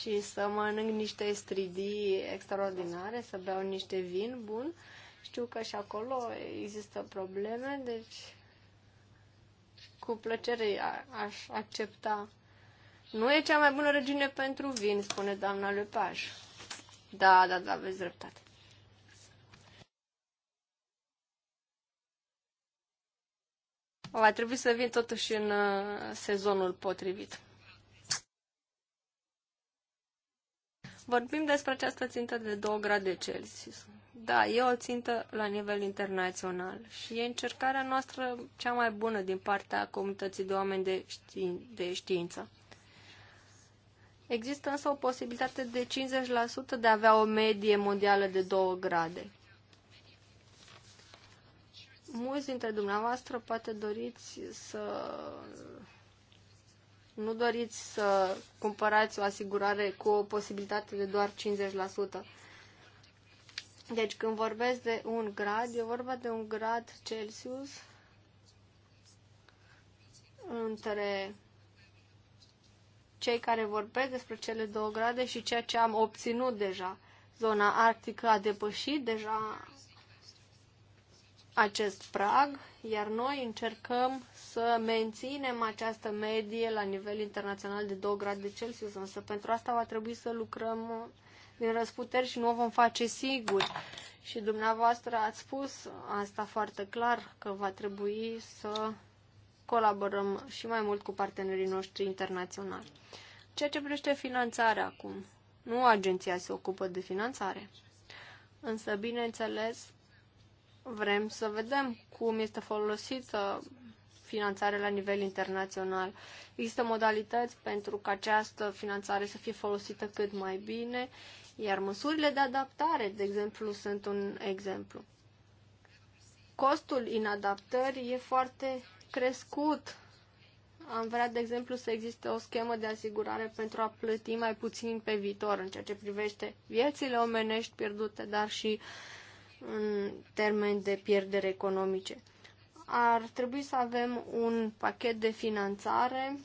Speaker 2: și să mănânc niște stridii extraordinare, să beau niște vin bun știu că și acolo există probleme, deci cu plăcere aș accepta. Nu e cea mai bună regiune pentru vin, spune doamna Lepaj. Da, da, da, aveți dreptate. Va trebui să vin totuși în uh, sezonul potrivit. Vorbim despre această țintă de 2 grade Celsius da, e o țintă la nivel internațional și e încercarea noastră cea mai bună din partea comunității de oameni de, ști- de știință. Există însă o posibilitate de 50% de a avea o medie mondială de 2 grade. Mulți dintre dumneavoastră poate doriți să nu doriți să cumpărați o asigurare cu o posibilitate de doar 50%. Deci când vorbesc de un grad, e vorba de un grad Celsius între cei care vorbesc despre cele două grade și ceea ce am obținut deja. Zona arctică a depășit deja acest prag, iar noi încercăm să menținem această medie la nivel internațional de 2 grade Celsius, însă pentru asta va trebui să lucrăm din răsputeri și nu o vom face sigur. Și dumneavoastră ați spus asta foarte clar, că va trebui să colaborăm și mai mult cu partenerii noștri internaționali. Ceea ce privește finanțarea acum, nu agenția se ocupă de finanțare, însă, bineînțeles, vrem să vedem cum este folosită finanțarea la nivel internațional. Există modalități pentru ca această finanțare să fie folosită cât mai bine. Iar măsurile de adaptare, de exemplu, sunt un exemplu. Costul inadaptării e foarte crescut. Am vrea, de exemplu, să existe o schemă de asigurare pentru a plăti mai puțin pe viitor în ceea ce privește viețile omenești pierdute, dar și în termeni de pierdere economice. Ar trebui să avem un pachet de finanțare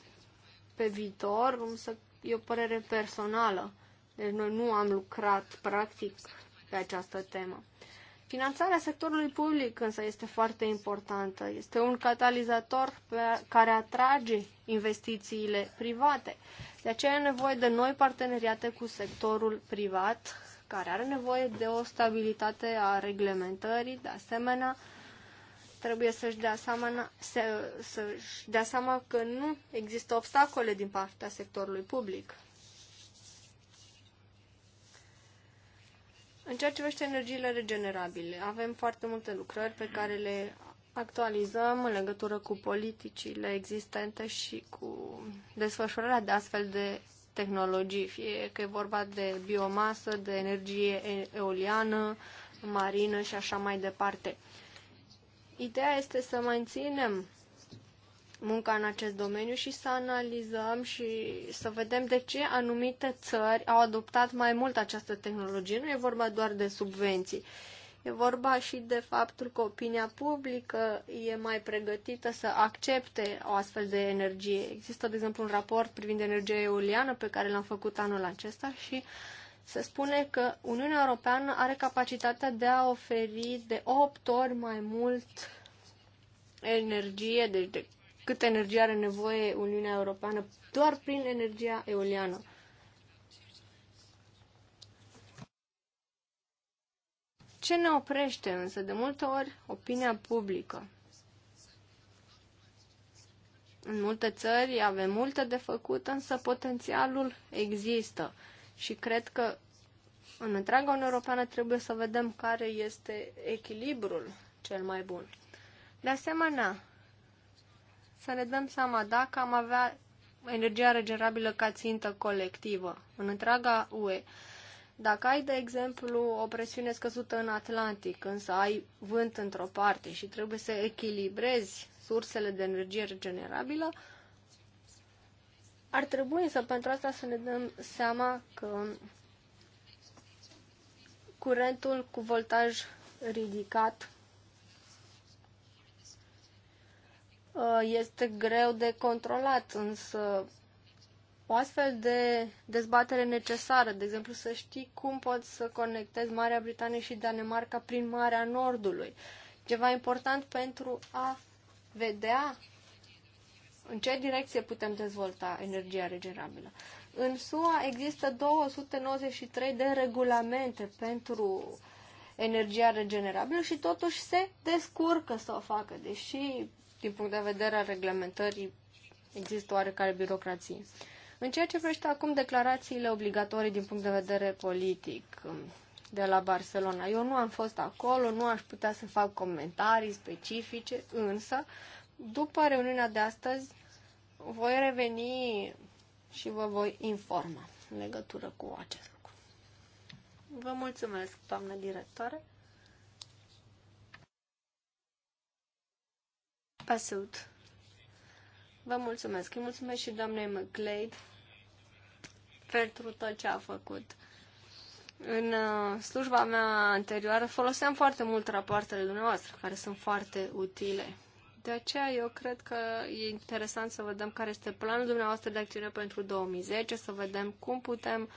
Speaker 2: pe viitor, însă e o părere personală. Deci noi nu am lucrat practic pe această temă. Finanțarea sectorului public însă este foarte importantă. Este un catalizator pe care atrage investițiile private. De aceea e nevoie de noi parteneriate cu sectorul privat, care are nevoie de o stabilitate a reglementării. De asemenea, trebuie să-și dea seama, să, să-și dea seama că nu există obstacole din partea sectorului public. În ceea ce vește energiile regenerabile, avem foarte multe lucrări pe care le actualizăm în legătură cu politicile existente și cu desfășurarea de astfel de tehnologii, fie că e vorba de biomasă, de energie eoliană, marină și așa mai departe. Ideea este să menținem munca în acest domeniu și să analizăm și să vedem de ce anumite țări au adoptat mai mult această tehnologie. Nu e vorba doar de subvenții. E vorba și de faptul că opinia publică e mai pregătită să accepte o astfel de energie. Există, de exemplu, un raport privind energia eoliană pe care l-am făcut anul acesta și se spune că Uniunea Europeană are capacitatea de a oferi de 8 ori mai mult energie, deci de câtă energie are nevoie Uniunea Europeană doar prin energia eoliană. Ce ne oprește însă de multe ori opinia publică? În multe țări avem multe de făcut, însă potențialul există și cred că în întreaga Uniune Europeană trebuie să vedem care este echilibrul cel mai bun. De asemenea, să ne dăm seama dacă am avea energia regenerabilă ca țintă colectivă în întreaga UE. Dacă ai, de exemplu, o presiune scăzută în Atlantic, însă ai vânt într-o parte și trebuie să echilibrezi sursele de energie regenerabilă, ar trebui să pentru asta să ne dăm seama că curentul cu voltaj ridicat Uh, este greu de controlat, însă o astfel de dezbatere necesară, de exemplu să știi cum poți să conectezi Marea Britanie și Danemarca prin Marea Nordului. Ceva important pentru a vedea în ce direcție putem dezvolta energia regenerabilă. În SUA există 293 de regulamente pentru energia regenerabilă și totuși se descurcă să o facă, deși din punct de vedere al reglementării, există oarecare birocrație. În ceea ce vrește acum declarațiile obligatorii din punct de vedere politic um, de la Barcelona, eu nu am fost acolo, nu aș putea să fac comentarii specifice, însă, după reuniunea de astăzi, voi reveni și vă voi informa în legătură cu acest lucru. Vă mulțumesc, doamnă directoare. Pasut. Vă mulțumesc. Îi mulțumesc și doamnei McLeod pentru tot ce a făcut. În uh, slujba mea anterioară foloseam foarte mult rapoartele dumneavoastră, care sunt foarte utile. De aceea eu cred că e interesant să vedem care este planul dumneavoastră de acțiune pentru 2010, să vedem cum putem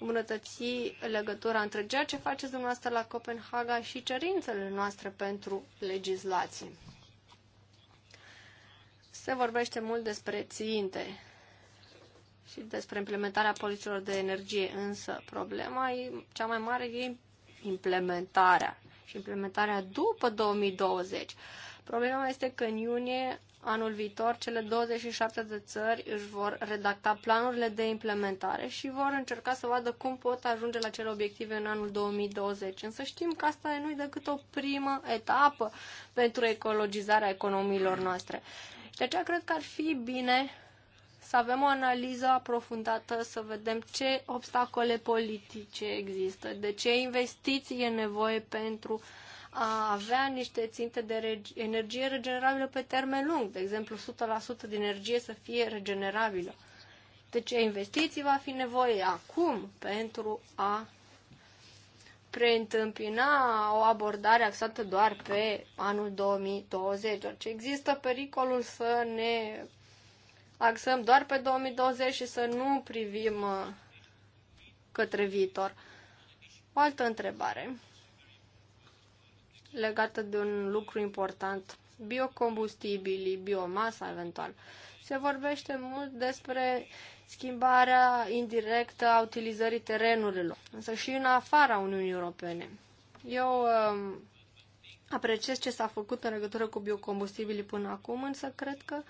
Speaker 2: îmbunătăți legătura între ceea ce faceți dumneavoastră la Copenhaga și cerințele noastre pentru legislație. Se vorbește mult despre ținte și despre implementarea politicilor de energie, însă problema e, cea mai mare e implementarea și implementarea după 2020. Problema este că în iunie anul viitor cele 27 de țări își vor redacta planurile de implementare și vor încerca să vadă cum pot ajunge la cele obiective în anul 2020. Însă știm că asta nu e decât o primă etapă pentru ecologizarea economiilor noastre. De aceea cred că ar fi bine să avem o analiză aprofundată, să vedem ce obstacole politice există, de ce investiții e nevoie pentru a avea niște ținte de energie regenerabilă pe termen lung, de exemplu 100% de energie să fie regenerabilă. De ce investiții va fi nevoie acum pentru a preîntâmpina o abordare axată doar pe anul 2020, deoarece există pericolul să ne axăm doar pe 2020 și să nu privim uh, către viitor. O altă întrebare legată de un lucru important, biocombustibilii, biomasa eventual. Se vorbește mult despre schimbarea indirectă a utilizării terenurilor, însă și în afara Uniunii Europene. Eu uh, apreciez ce s-a făcut în legătură cu biocombustibilii până acum, însă cred că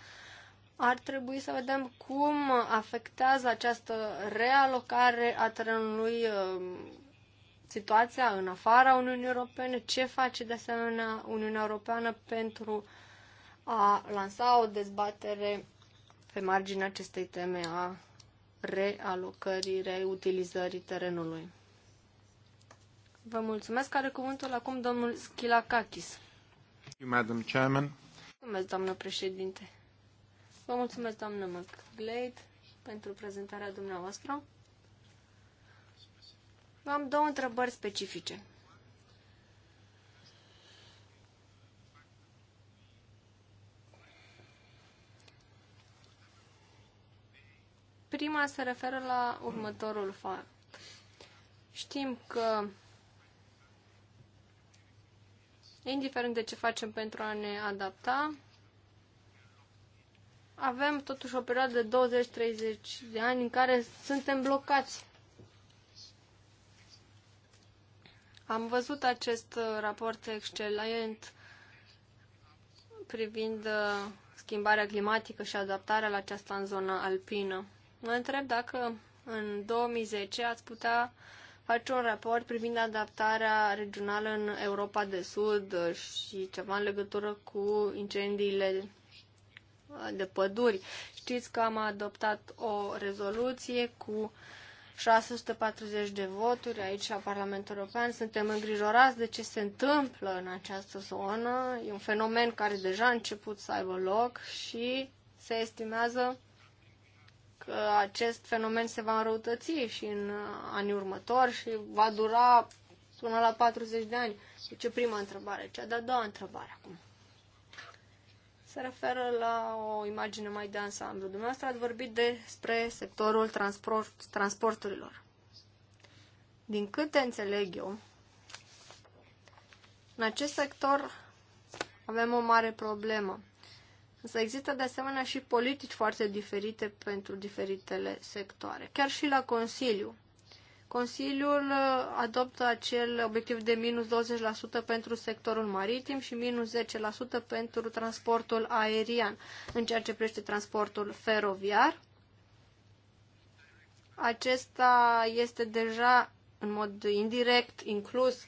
Speaker 2: ar trebui să vedem cum afectează această realocare a terenului uh, situația în afara Uniunii Europene, ce face de asemenea Uniunea Europeană pentru a lansa o dezbatere pe marginea acestei teme a realocării, reutilizării terenului. Vă mulțumesc. Are cuvântul acum domnul Schilakakis.
Speaker 3: Madam Chairman.
Speaker 2: Mulțumesc, doamnă președinte. Vă mulțumesc, doamnă McGlade, pentru prezentarea dumneavoastră. Am două întrebări specifice. Prima se referă la următorul fapt. Știm că indiferent de ce facem pentru a ne adapta, avem totuși o perioadă de 20-30 de ani în care suntem blocați. Am văzut acest uh, raport excelent privind uh, schimbarea climatică și adaptarea la aceasta în zona alpină. Mă întreb dacă în 2010 ați putea face un raport privind adaptarea regională în Europa de Sud și ceva în legătură cu incendiile de păduri. Știți că am adoptat o rezoluție cu 640 de voturi aici la Parlamentul European. Suntem îngrijorați de ce se întâmplă în această zonă. E un fenomen care deja a început să aibă loc și se estimează că acest fenomen se va înrăutăți și în anii următori și va dura până la 40 de ani. Deci e prima întrebare. Cea de-a doua întrebare acum. Se referă la o imagine mai de ansamblu. Dumneavoastră ați vorbit despre sectorul transport, transporturilor. Din câte înțeleg eu, în acest sector avem o mare problemă. Însă există de asemenea și politici foarte diferite pentru diferitele sectoare. Chiar și la Consiliu. Consiliul uh, adoptă acel obiectiv de minus 20% pentru sectorul maritim și minus 10% pentru transportul aerian. În ceea ce privește transportul feroviar, acesta este deja în mod indirect inclus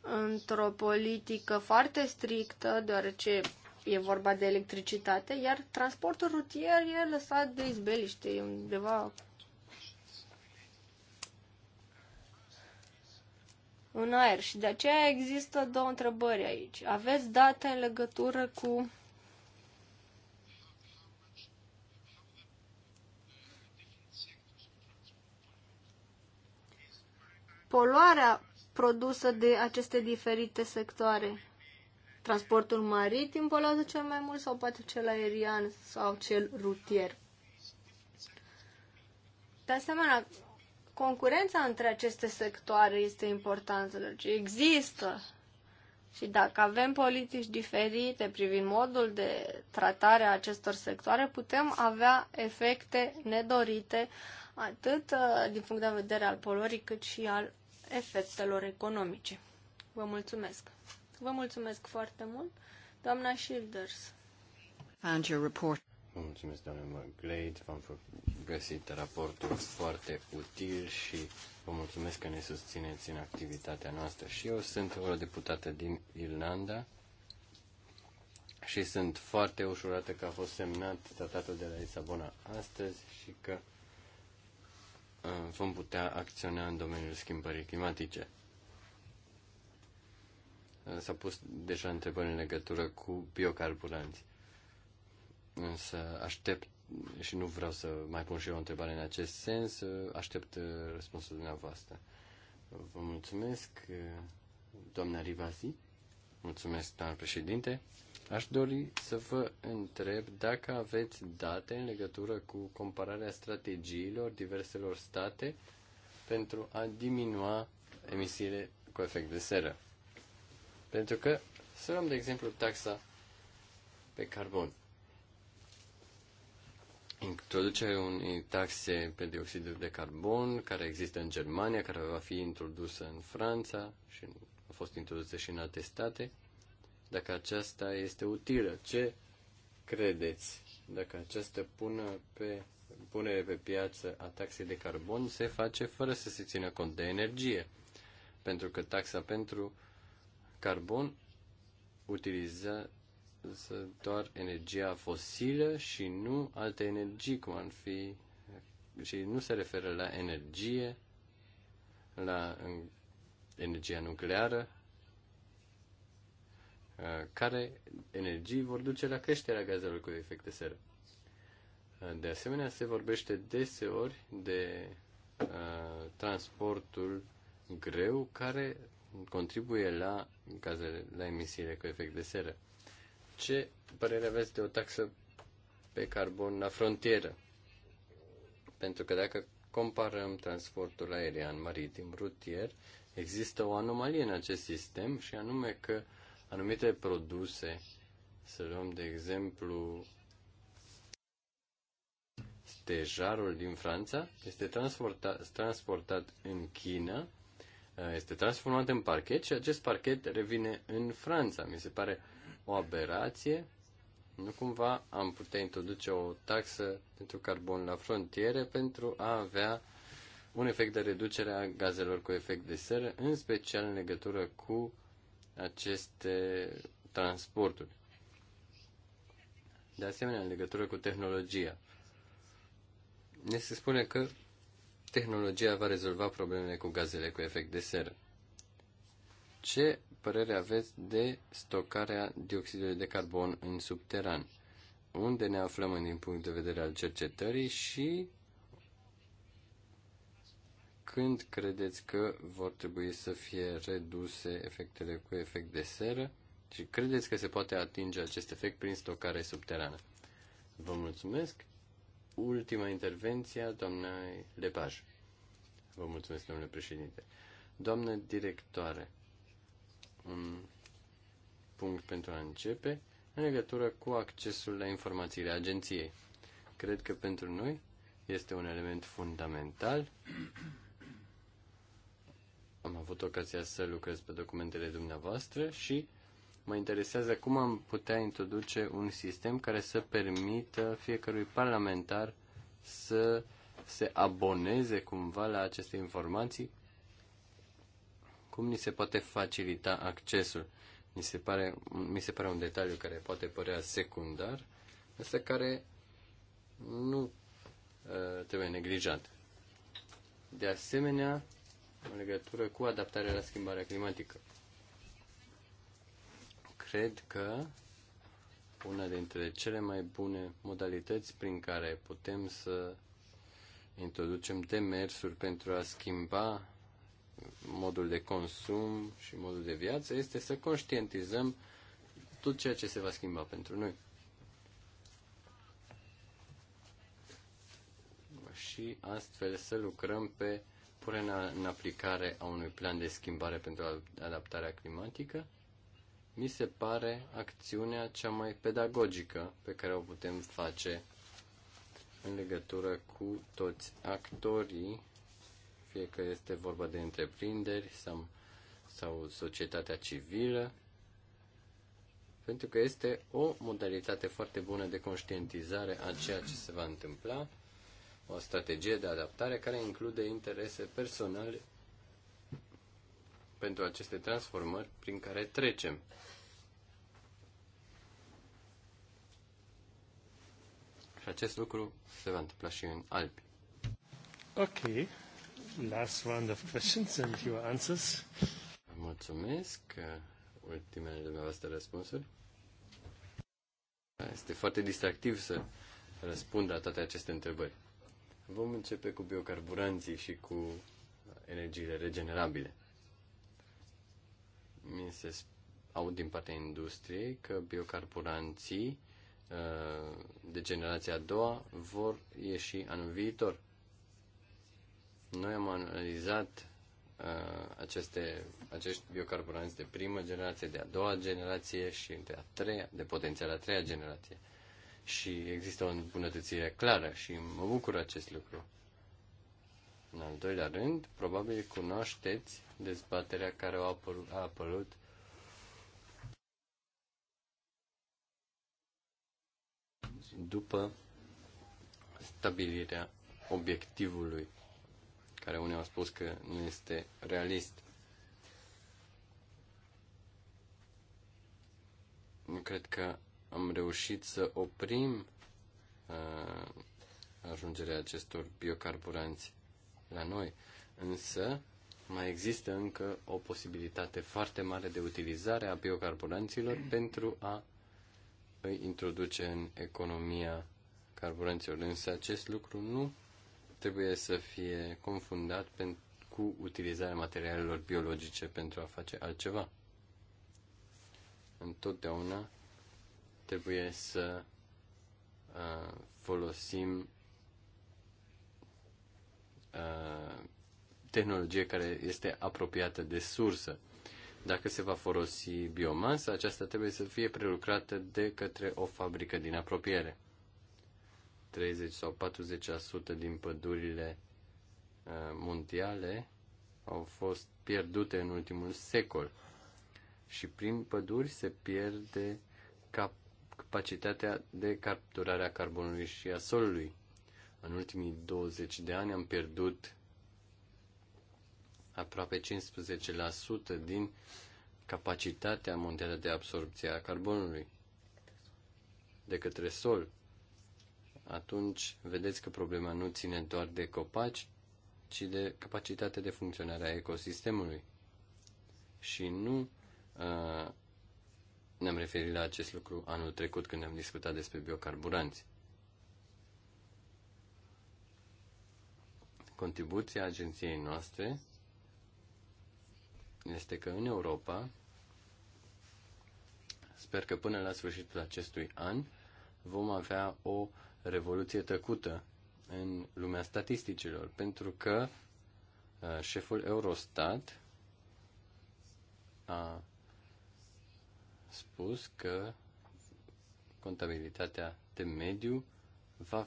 Speaker 2: într-o politică foarte strictă, deoarece e vorba de electricitate, iar transportul rutier e lăsat de izbeliște, e undeva în aer. Și de aceea există două întrebări aici. Aveți date în legătură cu poluarea produsă de aceste diferite sectoare? Transportul maritim poluează cel mai mult sau poate cel aerian sau cel rutier? De asemenea, concurența între aceste sectoare este importantă, deci există. Și dacă avem politici diferite privind modul de tratare a acestor sectoare, putem avea efecte nedorite atât uh, din punct de vedere al poluării cât și al efectelor economice. Vă mulțumesc. Vă mulțumesc foarte mult, doamna Shilders.
Speaker 3: And your report.
Speaker 1: Vă mulțumesc, doamna McGlade. V-am găsit raportul foarte util și vă mulțumesc că ne susțineți în activitatea noastră. Și eu sunt o deputată din Irlanda și sunt foarte ușurată că a fost semnat tratatul de la Lisabona astăzi și că vom putea acționa în domeniul schimbării climatice. S-a pus deja întrebări în legătură cu biocarburanți. Însă aștept și nu vreau să mai pun și eu o întrebare în acest sens, aștept uh, răspunsul dumneavoastră. Vă mulțumesc, uh, doamna Rivazi. Mulțumesc, doamna președinte. Aș dori să vă întreb dacă aveți date în legătură cu compararea strategiilor diverselor state pentru a diminua emisiile cu efect de seră. Pentru că, să luăm de exemplu taxa pe carbon. Introduce un taxe pe dioxidul de carbon care există în Germania, care va fi introdusă în Franța și a fost introdusă și în alte state, dacă aceasta este utilă. Ce credeți? Dacă această pună pe, punere pe piață a taxei de carbon se face fără să se țină cont de energie, pentru că taxa pentru carbon utilizează doar energia fosilă și nu alte energii, cum ar fi și nu se referă la energie, la energia nucleară Uh, care energii vor duce la creșterea gazelor cu efect de seră. Uh, de asemenea, se vorbește deseori de uh, transportul greu care contribuie la gazele, la emisiile cu efect de seră. Ce părere aveți de o taxă pe carbon la frontieră? Pentru că dacă comparăm transportul aerian, maritim, rutier, există o anomalie în acest sistem și anume că uh, anumite produse, să luăm de exemplu stejarul din Franța, este transportat, transportat în China, uh, este transformat în parchet și acest parchet revine în Franța. Mi se pare o aberație. Nu cumva am putea introduce o taxă pentru carbon la frontiere pentru a avea un efect de reducere a gazelor cu efect de seră, în special în legătură cu uh, aceste transporturi. De asemenea, în legătură cu tehnologia, ne se spune că tehnologia va rezolva problemele cu gazele cu efect de seră. Ce părere aveți de stocarea dioxidului de carbon în subteran? Unde ne aflăm din punct de vedere al cercetării și când credeți că vor trebui să fie reduse efectele cu efect de seră și credeți că se poate atinge acest efect prin stocare subterană. Vă mulțumesc. Ultima intervenție doamna Lepaj. Vă mulțumesc, domnule președinte. Doamnă directoare, un punct pentru a începe în legătură cu accesul la informațiile agenției. Cred că pentru noi este un element fundamental am avut ocazia să lucrez pe documentele dumneavoastră și mă interesează cum am putea introduce un sistem care să permită fiecărui parlamentar să se aboneze cumva la aceste informații, cum ni se poate facilita accesul. Mi se pare, mi se pare un detaliu care poate părea secundar, însă care nu uh, trebuie neglijat. De asemenea, în legătură cu adaptarea la schimbarea climatică. Cred că una dintre cele mai bune modalități prin care putem să introducem demersuri pentru a schimba modul de consum și modul de viață este să conștientizăm tot ceea ce se va schimba pentru noi. Și astfel să lucrăm pe în, în aplicare a unui plan de schimbare pentru adaptarea climatică mi se pare acțiunea cea mai pedagogică pe care o putem face în legătură cu toți actorii, fie că este vorba de întreprinderi sau, sau societatea civilă, pentru că este o modalitate foarte bună de conștientizare a ceea ce se va întâmpla o strategie de adaptare care include interese personale pentru aceste transformări prin care trecem. Și acest lucru se va întâmpla și în Albi. Ok. Last round of questions and your answers. Mulțumesc. Ultimele dumneavoastră răspunsuri. Este foarte distractiv să răspund la toate aceste întrebări. Vom începe cu biocarburanții și cu energiile regenerabile. Mi se aud din partea industriei că biocarburanții uh, de generația a doua vor ieși anul viitor. Noi am analizat uh, aceste, acești biocarburanți de primă generație, de a doua generație și de a treia, de potențial a treia generație și există o îmbunătățire clară și mă bucur acest lucru. În al doilea rând, probabil cunoașteți dezbaterea care a apărut, după stabilirea obiectivului, care unii au spus că nu este realist. Nu cred că am reușit să oprim uh, ajungerea acestor biocarburanți la noi. Însă, mai există încă o posibilitate foarte mare de utilizare a biocarburanților pentru a îi introduce în economia carburanților. Însă acest lucru nu trebuie să fie confundat cu utilizarea materialelor biologice pentru a face altceva. Întotdeauna trebuie să uh, folosim uh, tehnologie care este apropiată de sursă. Dacă se va folosi biomasa, aceasta trebuie să fie prelucrată de către o fabrică din apropiere. 30 sau 40% din pădurile uh, mondiale au fost pierdute în ultimul secol și prin păduri se pierde cap capacitatea de capturare a carbonului și a solului. În ultimii 20 de ani am pierdut aproape 15% din capacitatea mondială de absorbție a carbonului de către sol. Atunci vedeți că problema nu ține doar de copaci, ci de capacitatea de funcționare a ecosistemului. Și nu uh, ne-am referit la acest lucru anul trecut când am discutat despre biocarburanți. Contribuția agenției noastre este că în Europa, sper că până la sfârșitul acestui an, vom avea o revoluție tăcută în lumea statisticilor, pentru că uh, șeful Eurostat a spus că contabilitatea de mediu va,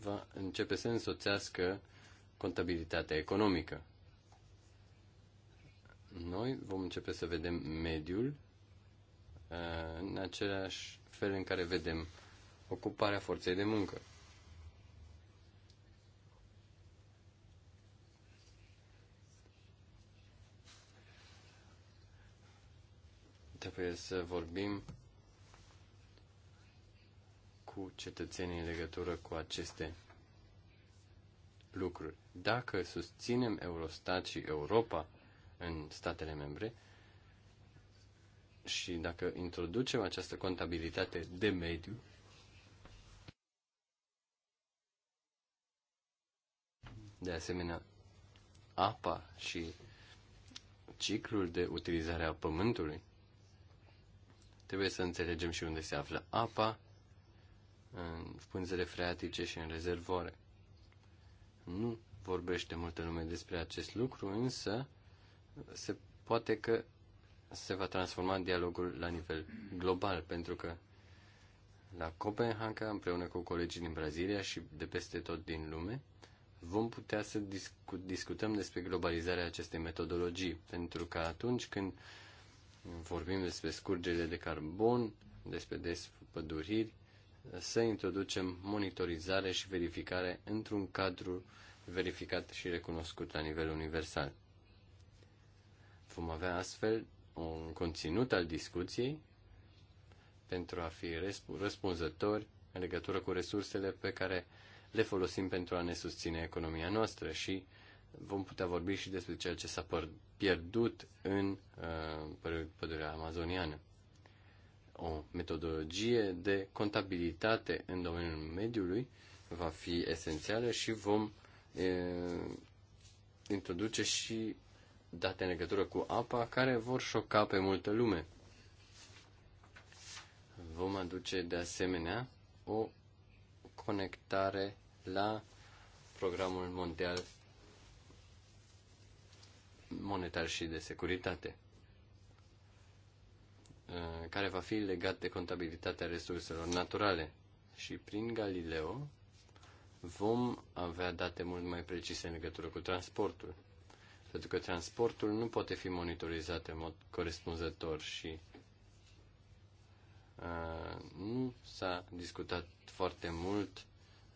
Speaker 1: va începe să însoțească contabilitatea economică. Noi vom începe să vedem mediul uh, în același fel în care vedem ocuparea forței de muncă. Trebuie să vorbim cu cetățenii în legătură cu aceste lucruri. Dacă susținem Eurostat și Europa în statele membre și dacă introducem această contabilitate de mediu, de asemenea, apa și ciclul de utilizare a pământului, Trebuie să înțelegem și unde se află apa, în pânzele freatice și în rezervoare. Nu vorbește multă lume despre acest lucru, însă se poate că se va transforma în dialogul la nivel global, pentru că la Copenhaga, împreună cu colegii din Brazilia și de peste tot din lume, vom putea să discu- discutăm despre globalizarea acestei metodologii, pentru că atunci când vorbim despre scurgerile de carbon, despre despăduriri, să introducem monitorizare și verificare într-un cadru verificat și recunoscut la nivel universal. Vom avea astfel un conținut al discuției pentru a fi răspunzători în legătură cu resursele pe care le folosim pentru a ne susține economia noastră și vom putea vorbi și despre ceea ce s-a pierdut în uh, pădurea amazoniană. O metodologie de contabilitate în domeniul mediului va fi esențială și vom uh, introduce și date în legătură cu apa care vor șoca pe multă lume. Vom aduce de asemenea o conectare la programul mondial monetar și de securitate, uh, care va fi legat de contabilitatea resurselor naturale. Și prin Galileo vom avea date mult mai precise în legătură cu transportul. Pentru că transportul nu poate fi monitorizat în mod corespunzător și uh, nu s-a discutat foarte mult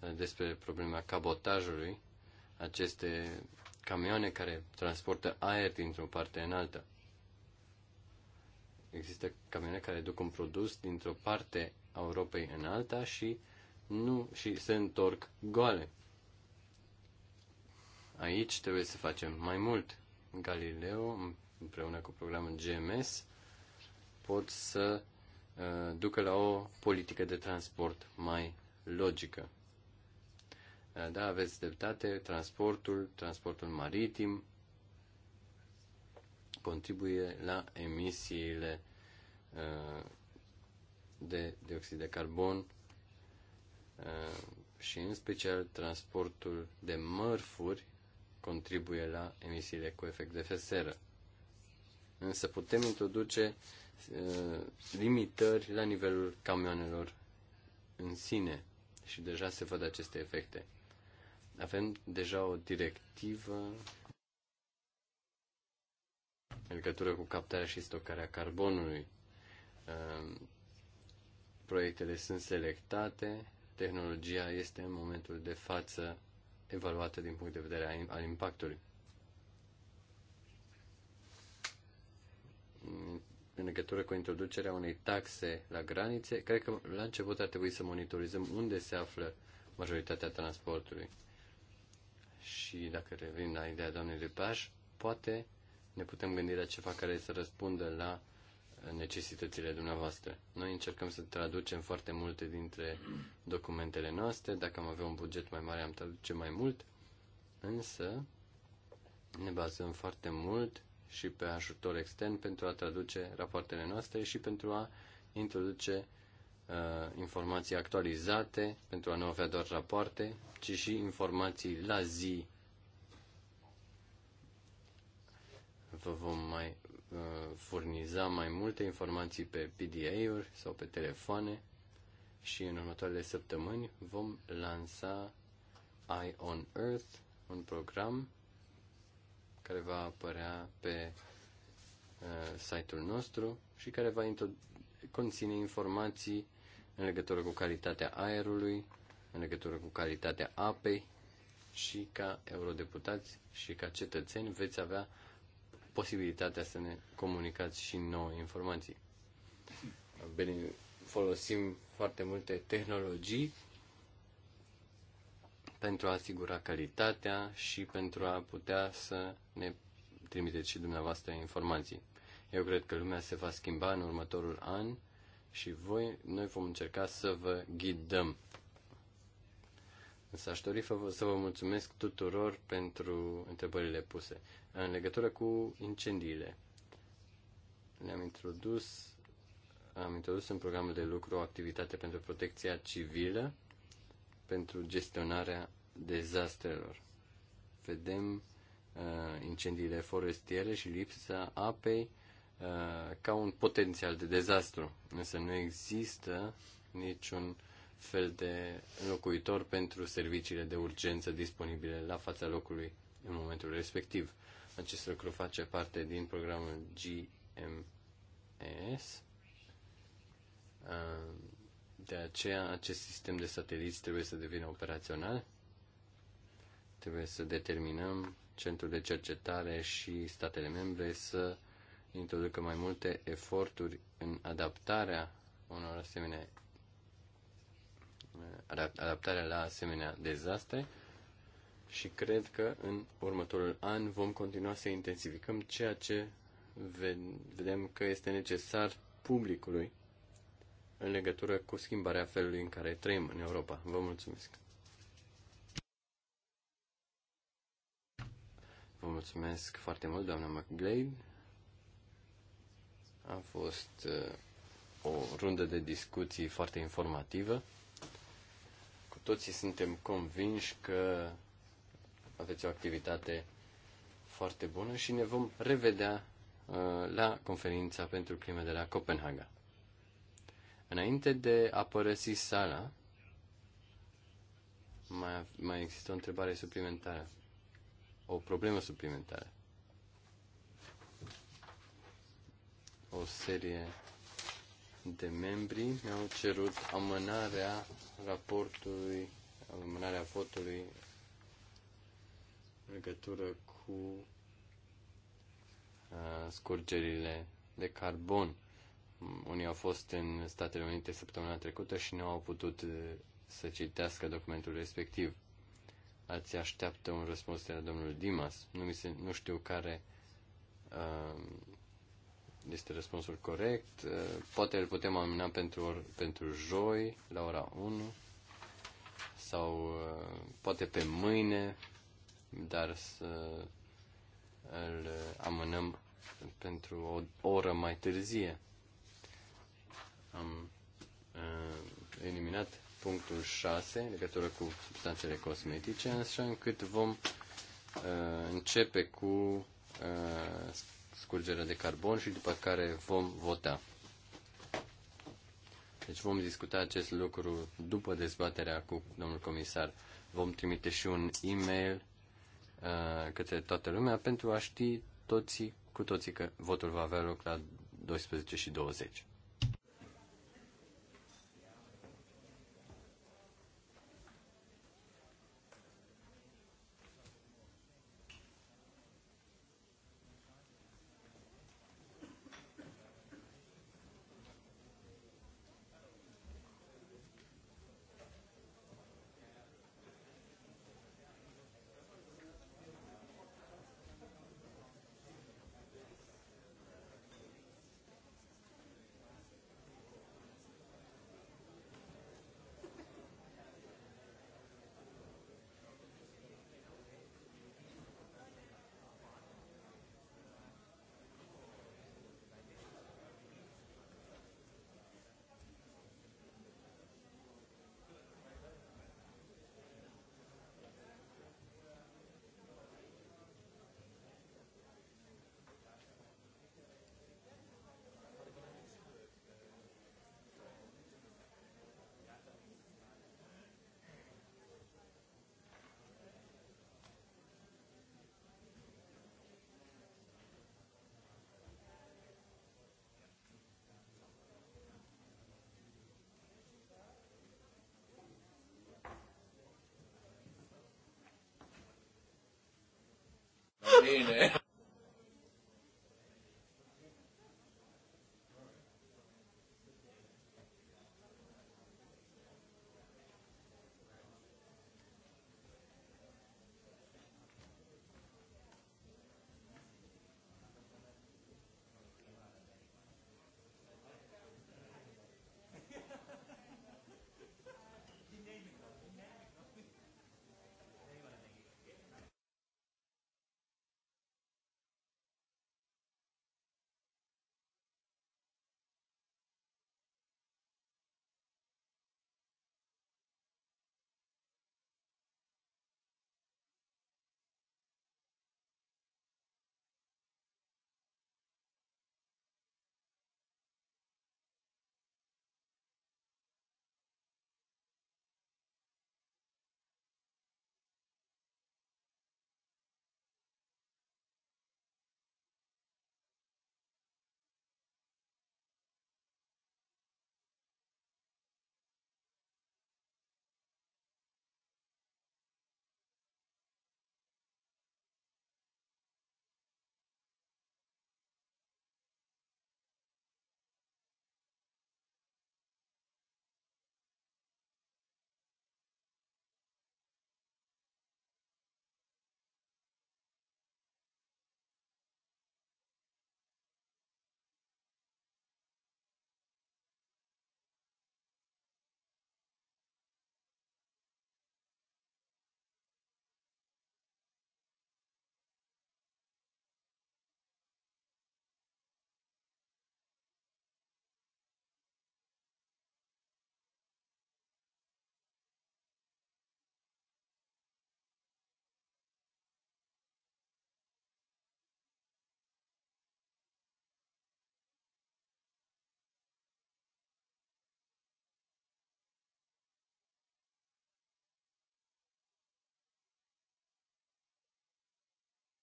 Speaker 1: uh, despre problema cabotajului. Aceste camioane care transportă aer dintr-o parte în alta. Există camioane care duc un produs dintr-o parte a Europei în alta și nu și se întorc goale. Aici trebuie să facem mai mult. Galileo, împreună cu programul GMS, pot să uh, ducă la o politică de transport mai logică. Da, aveți dreptate, transportul, transportul maritim contribuie la emisiile uh, de dioxid de carbon uh, și în special transportul de mărfuri contribuie la emisiile cu efect de seră. Însă putem introduce uh, limitări la nivelul camioanelor în sine și deja se văd aceste efecte. Avem deja o directivă în legătură cu captarea și stocarea carbonului. Ehm, proiectele sunt selectate, tehnologia este în momentul de față evaluată din punct de vedere al impactului. În legătură cu introducerea unei taxe la granițe, cred că la început ar trebui să monitorizăm unde se află majoritatea transportului. Și dacă revin la ideea doamnei Repaș, poate ne putem gândi la ceva care să răspundă la necesitățile dumneavoastră. Noi încercăm să traducem foarte multe dintre documentele noastre. Dacă am avea un buget mai mare, am traduce mai mult. Însă, ne bazăm foarte mult și pe ajutor extern pentru a traduce rapoartele noastre și pentru a introduce uh, Uh, informații actualizate pentru a nu avea doar rapoarte, ci și informații la zi. Vă vom mai uh, furniza mai multe informații pe PDA-uri sau pe telefoane și în următoarele săptămâni vom lansa Eye on Earth, un program care va apărea pe uh, site-ul nostru și care va conține informații în legătură cu calitatea aerului, în legătură cu calitatea apei și ca eurodeputați și ca cetățeni veți avea posibilitatea să ne comunicați și nouă informații. Folosim foarte multe tehnologii pentru a asigura calitatea și pentru a putea să ne trimiteți și dumneavoastră informații. Eu cred că lumea se va schimba în următorul an și voi, noi vom încerca să vă ghidăm. Însă aș dori să vă mulțumesc tuturor pentru întrebările puse. În legătură cu incendiile, le-am introdus, am introdus în programul de lucru o activitate pentru protecția civilă, pentru gestionarea dezastrelor. Vedem uh, incendiile forestiere și lipsa apei Uh, ca un potențial de dezastru. Însă nu există niciun fel de locuitor pentru serviciile de urgență disponibile la fața locului în momentul respectiv. Acest lucru face parte din programul GMS. Uh, de aceea, acest sistem de sateliți trebuie să devină operațional. Trebuie să determinăm centrul de cercetare și statele membre să uh, introducă mai multe eforturi în adaptarea unor asemenea uh, adaptarea la asemenea dezastre și cred că în următorul an vom continua să intensificăm ceea ce vedem că este necesar publicului în legătură cu schimbarea felului în care trăim în Europa. Vă mulțumesc! Vă mulțumesc foarte mult, doamna McGlade. A fost uh, o rundă de discuții foarte informativă. Cu toții suntem convinși că aveți o activitate foarte bună și ne vom revedea uh, la conferința pentru climă de la Copenhaga. Înainte de a părăsi sala, mai, mai există o întrebare suplimentară. O problemă suplimentară. o serie de membri mi-au cerut amânarea raportului, amânarea votului în legătură cu uh, scurgerile de carbon. Unii au fost în Statele Unite săptămâna trecută și nu au putut uh, să citească documentul respectiv. Ați așteaptă un răspuns de la domnul Dimas. Nu, mi se, nu știu care uh, este răspunsul corect. Eh, poate îl putem amâna pentru, pentru joi, la ora 1, sau eh, poate pe mâine, dar să îl amânăm pentru o oră mai târzie. Am eh, eliminat punctul 6 în legătură cu substanțele cosmetice, așa încât vom începe cu scurgerea de carbon și după care vom vota. Deci vom discuta acest lucru după dezbaterea cu domnul comisar. Vom trimite și un e-mail uh, către toată lumea pentru a ști toții, cu toții că votul va avea loc la 12 și 20.
Speaker 4: bine.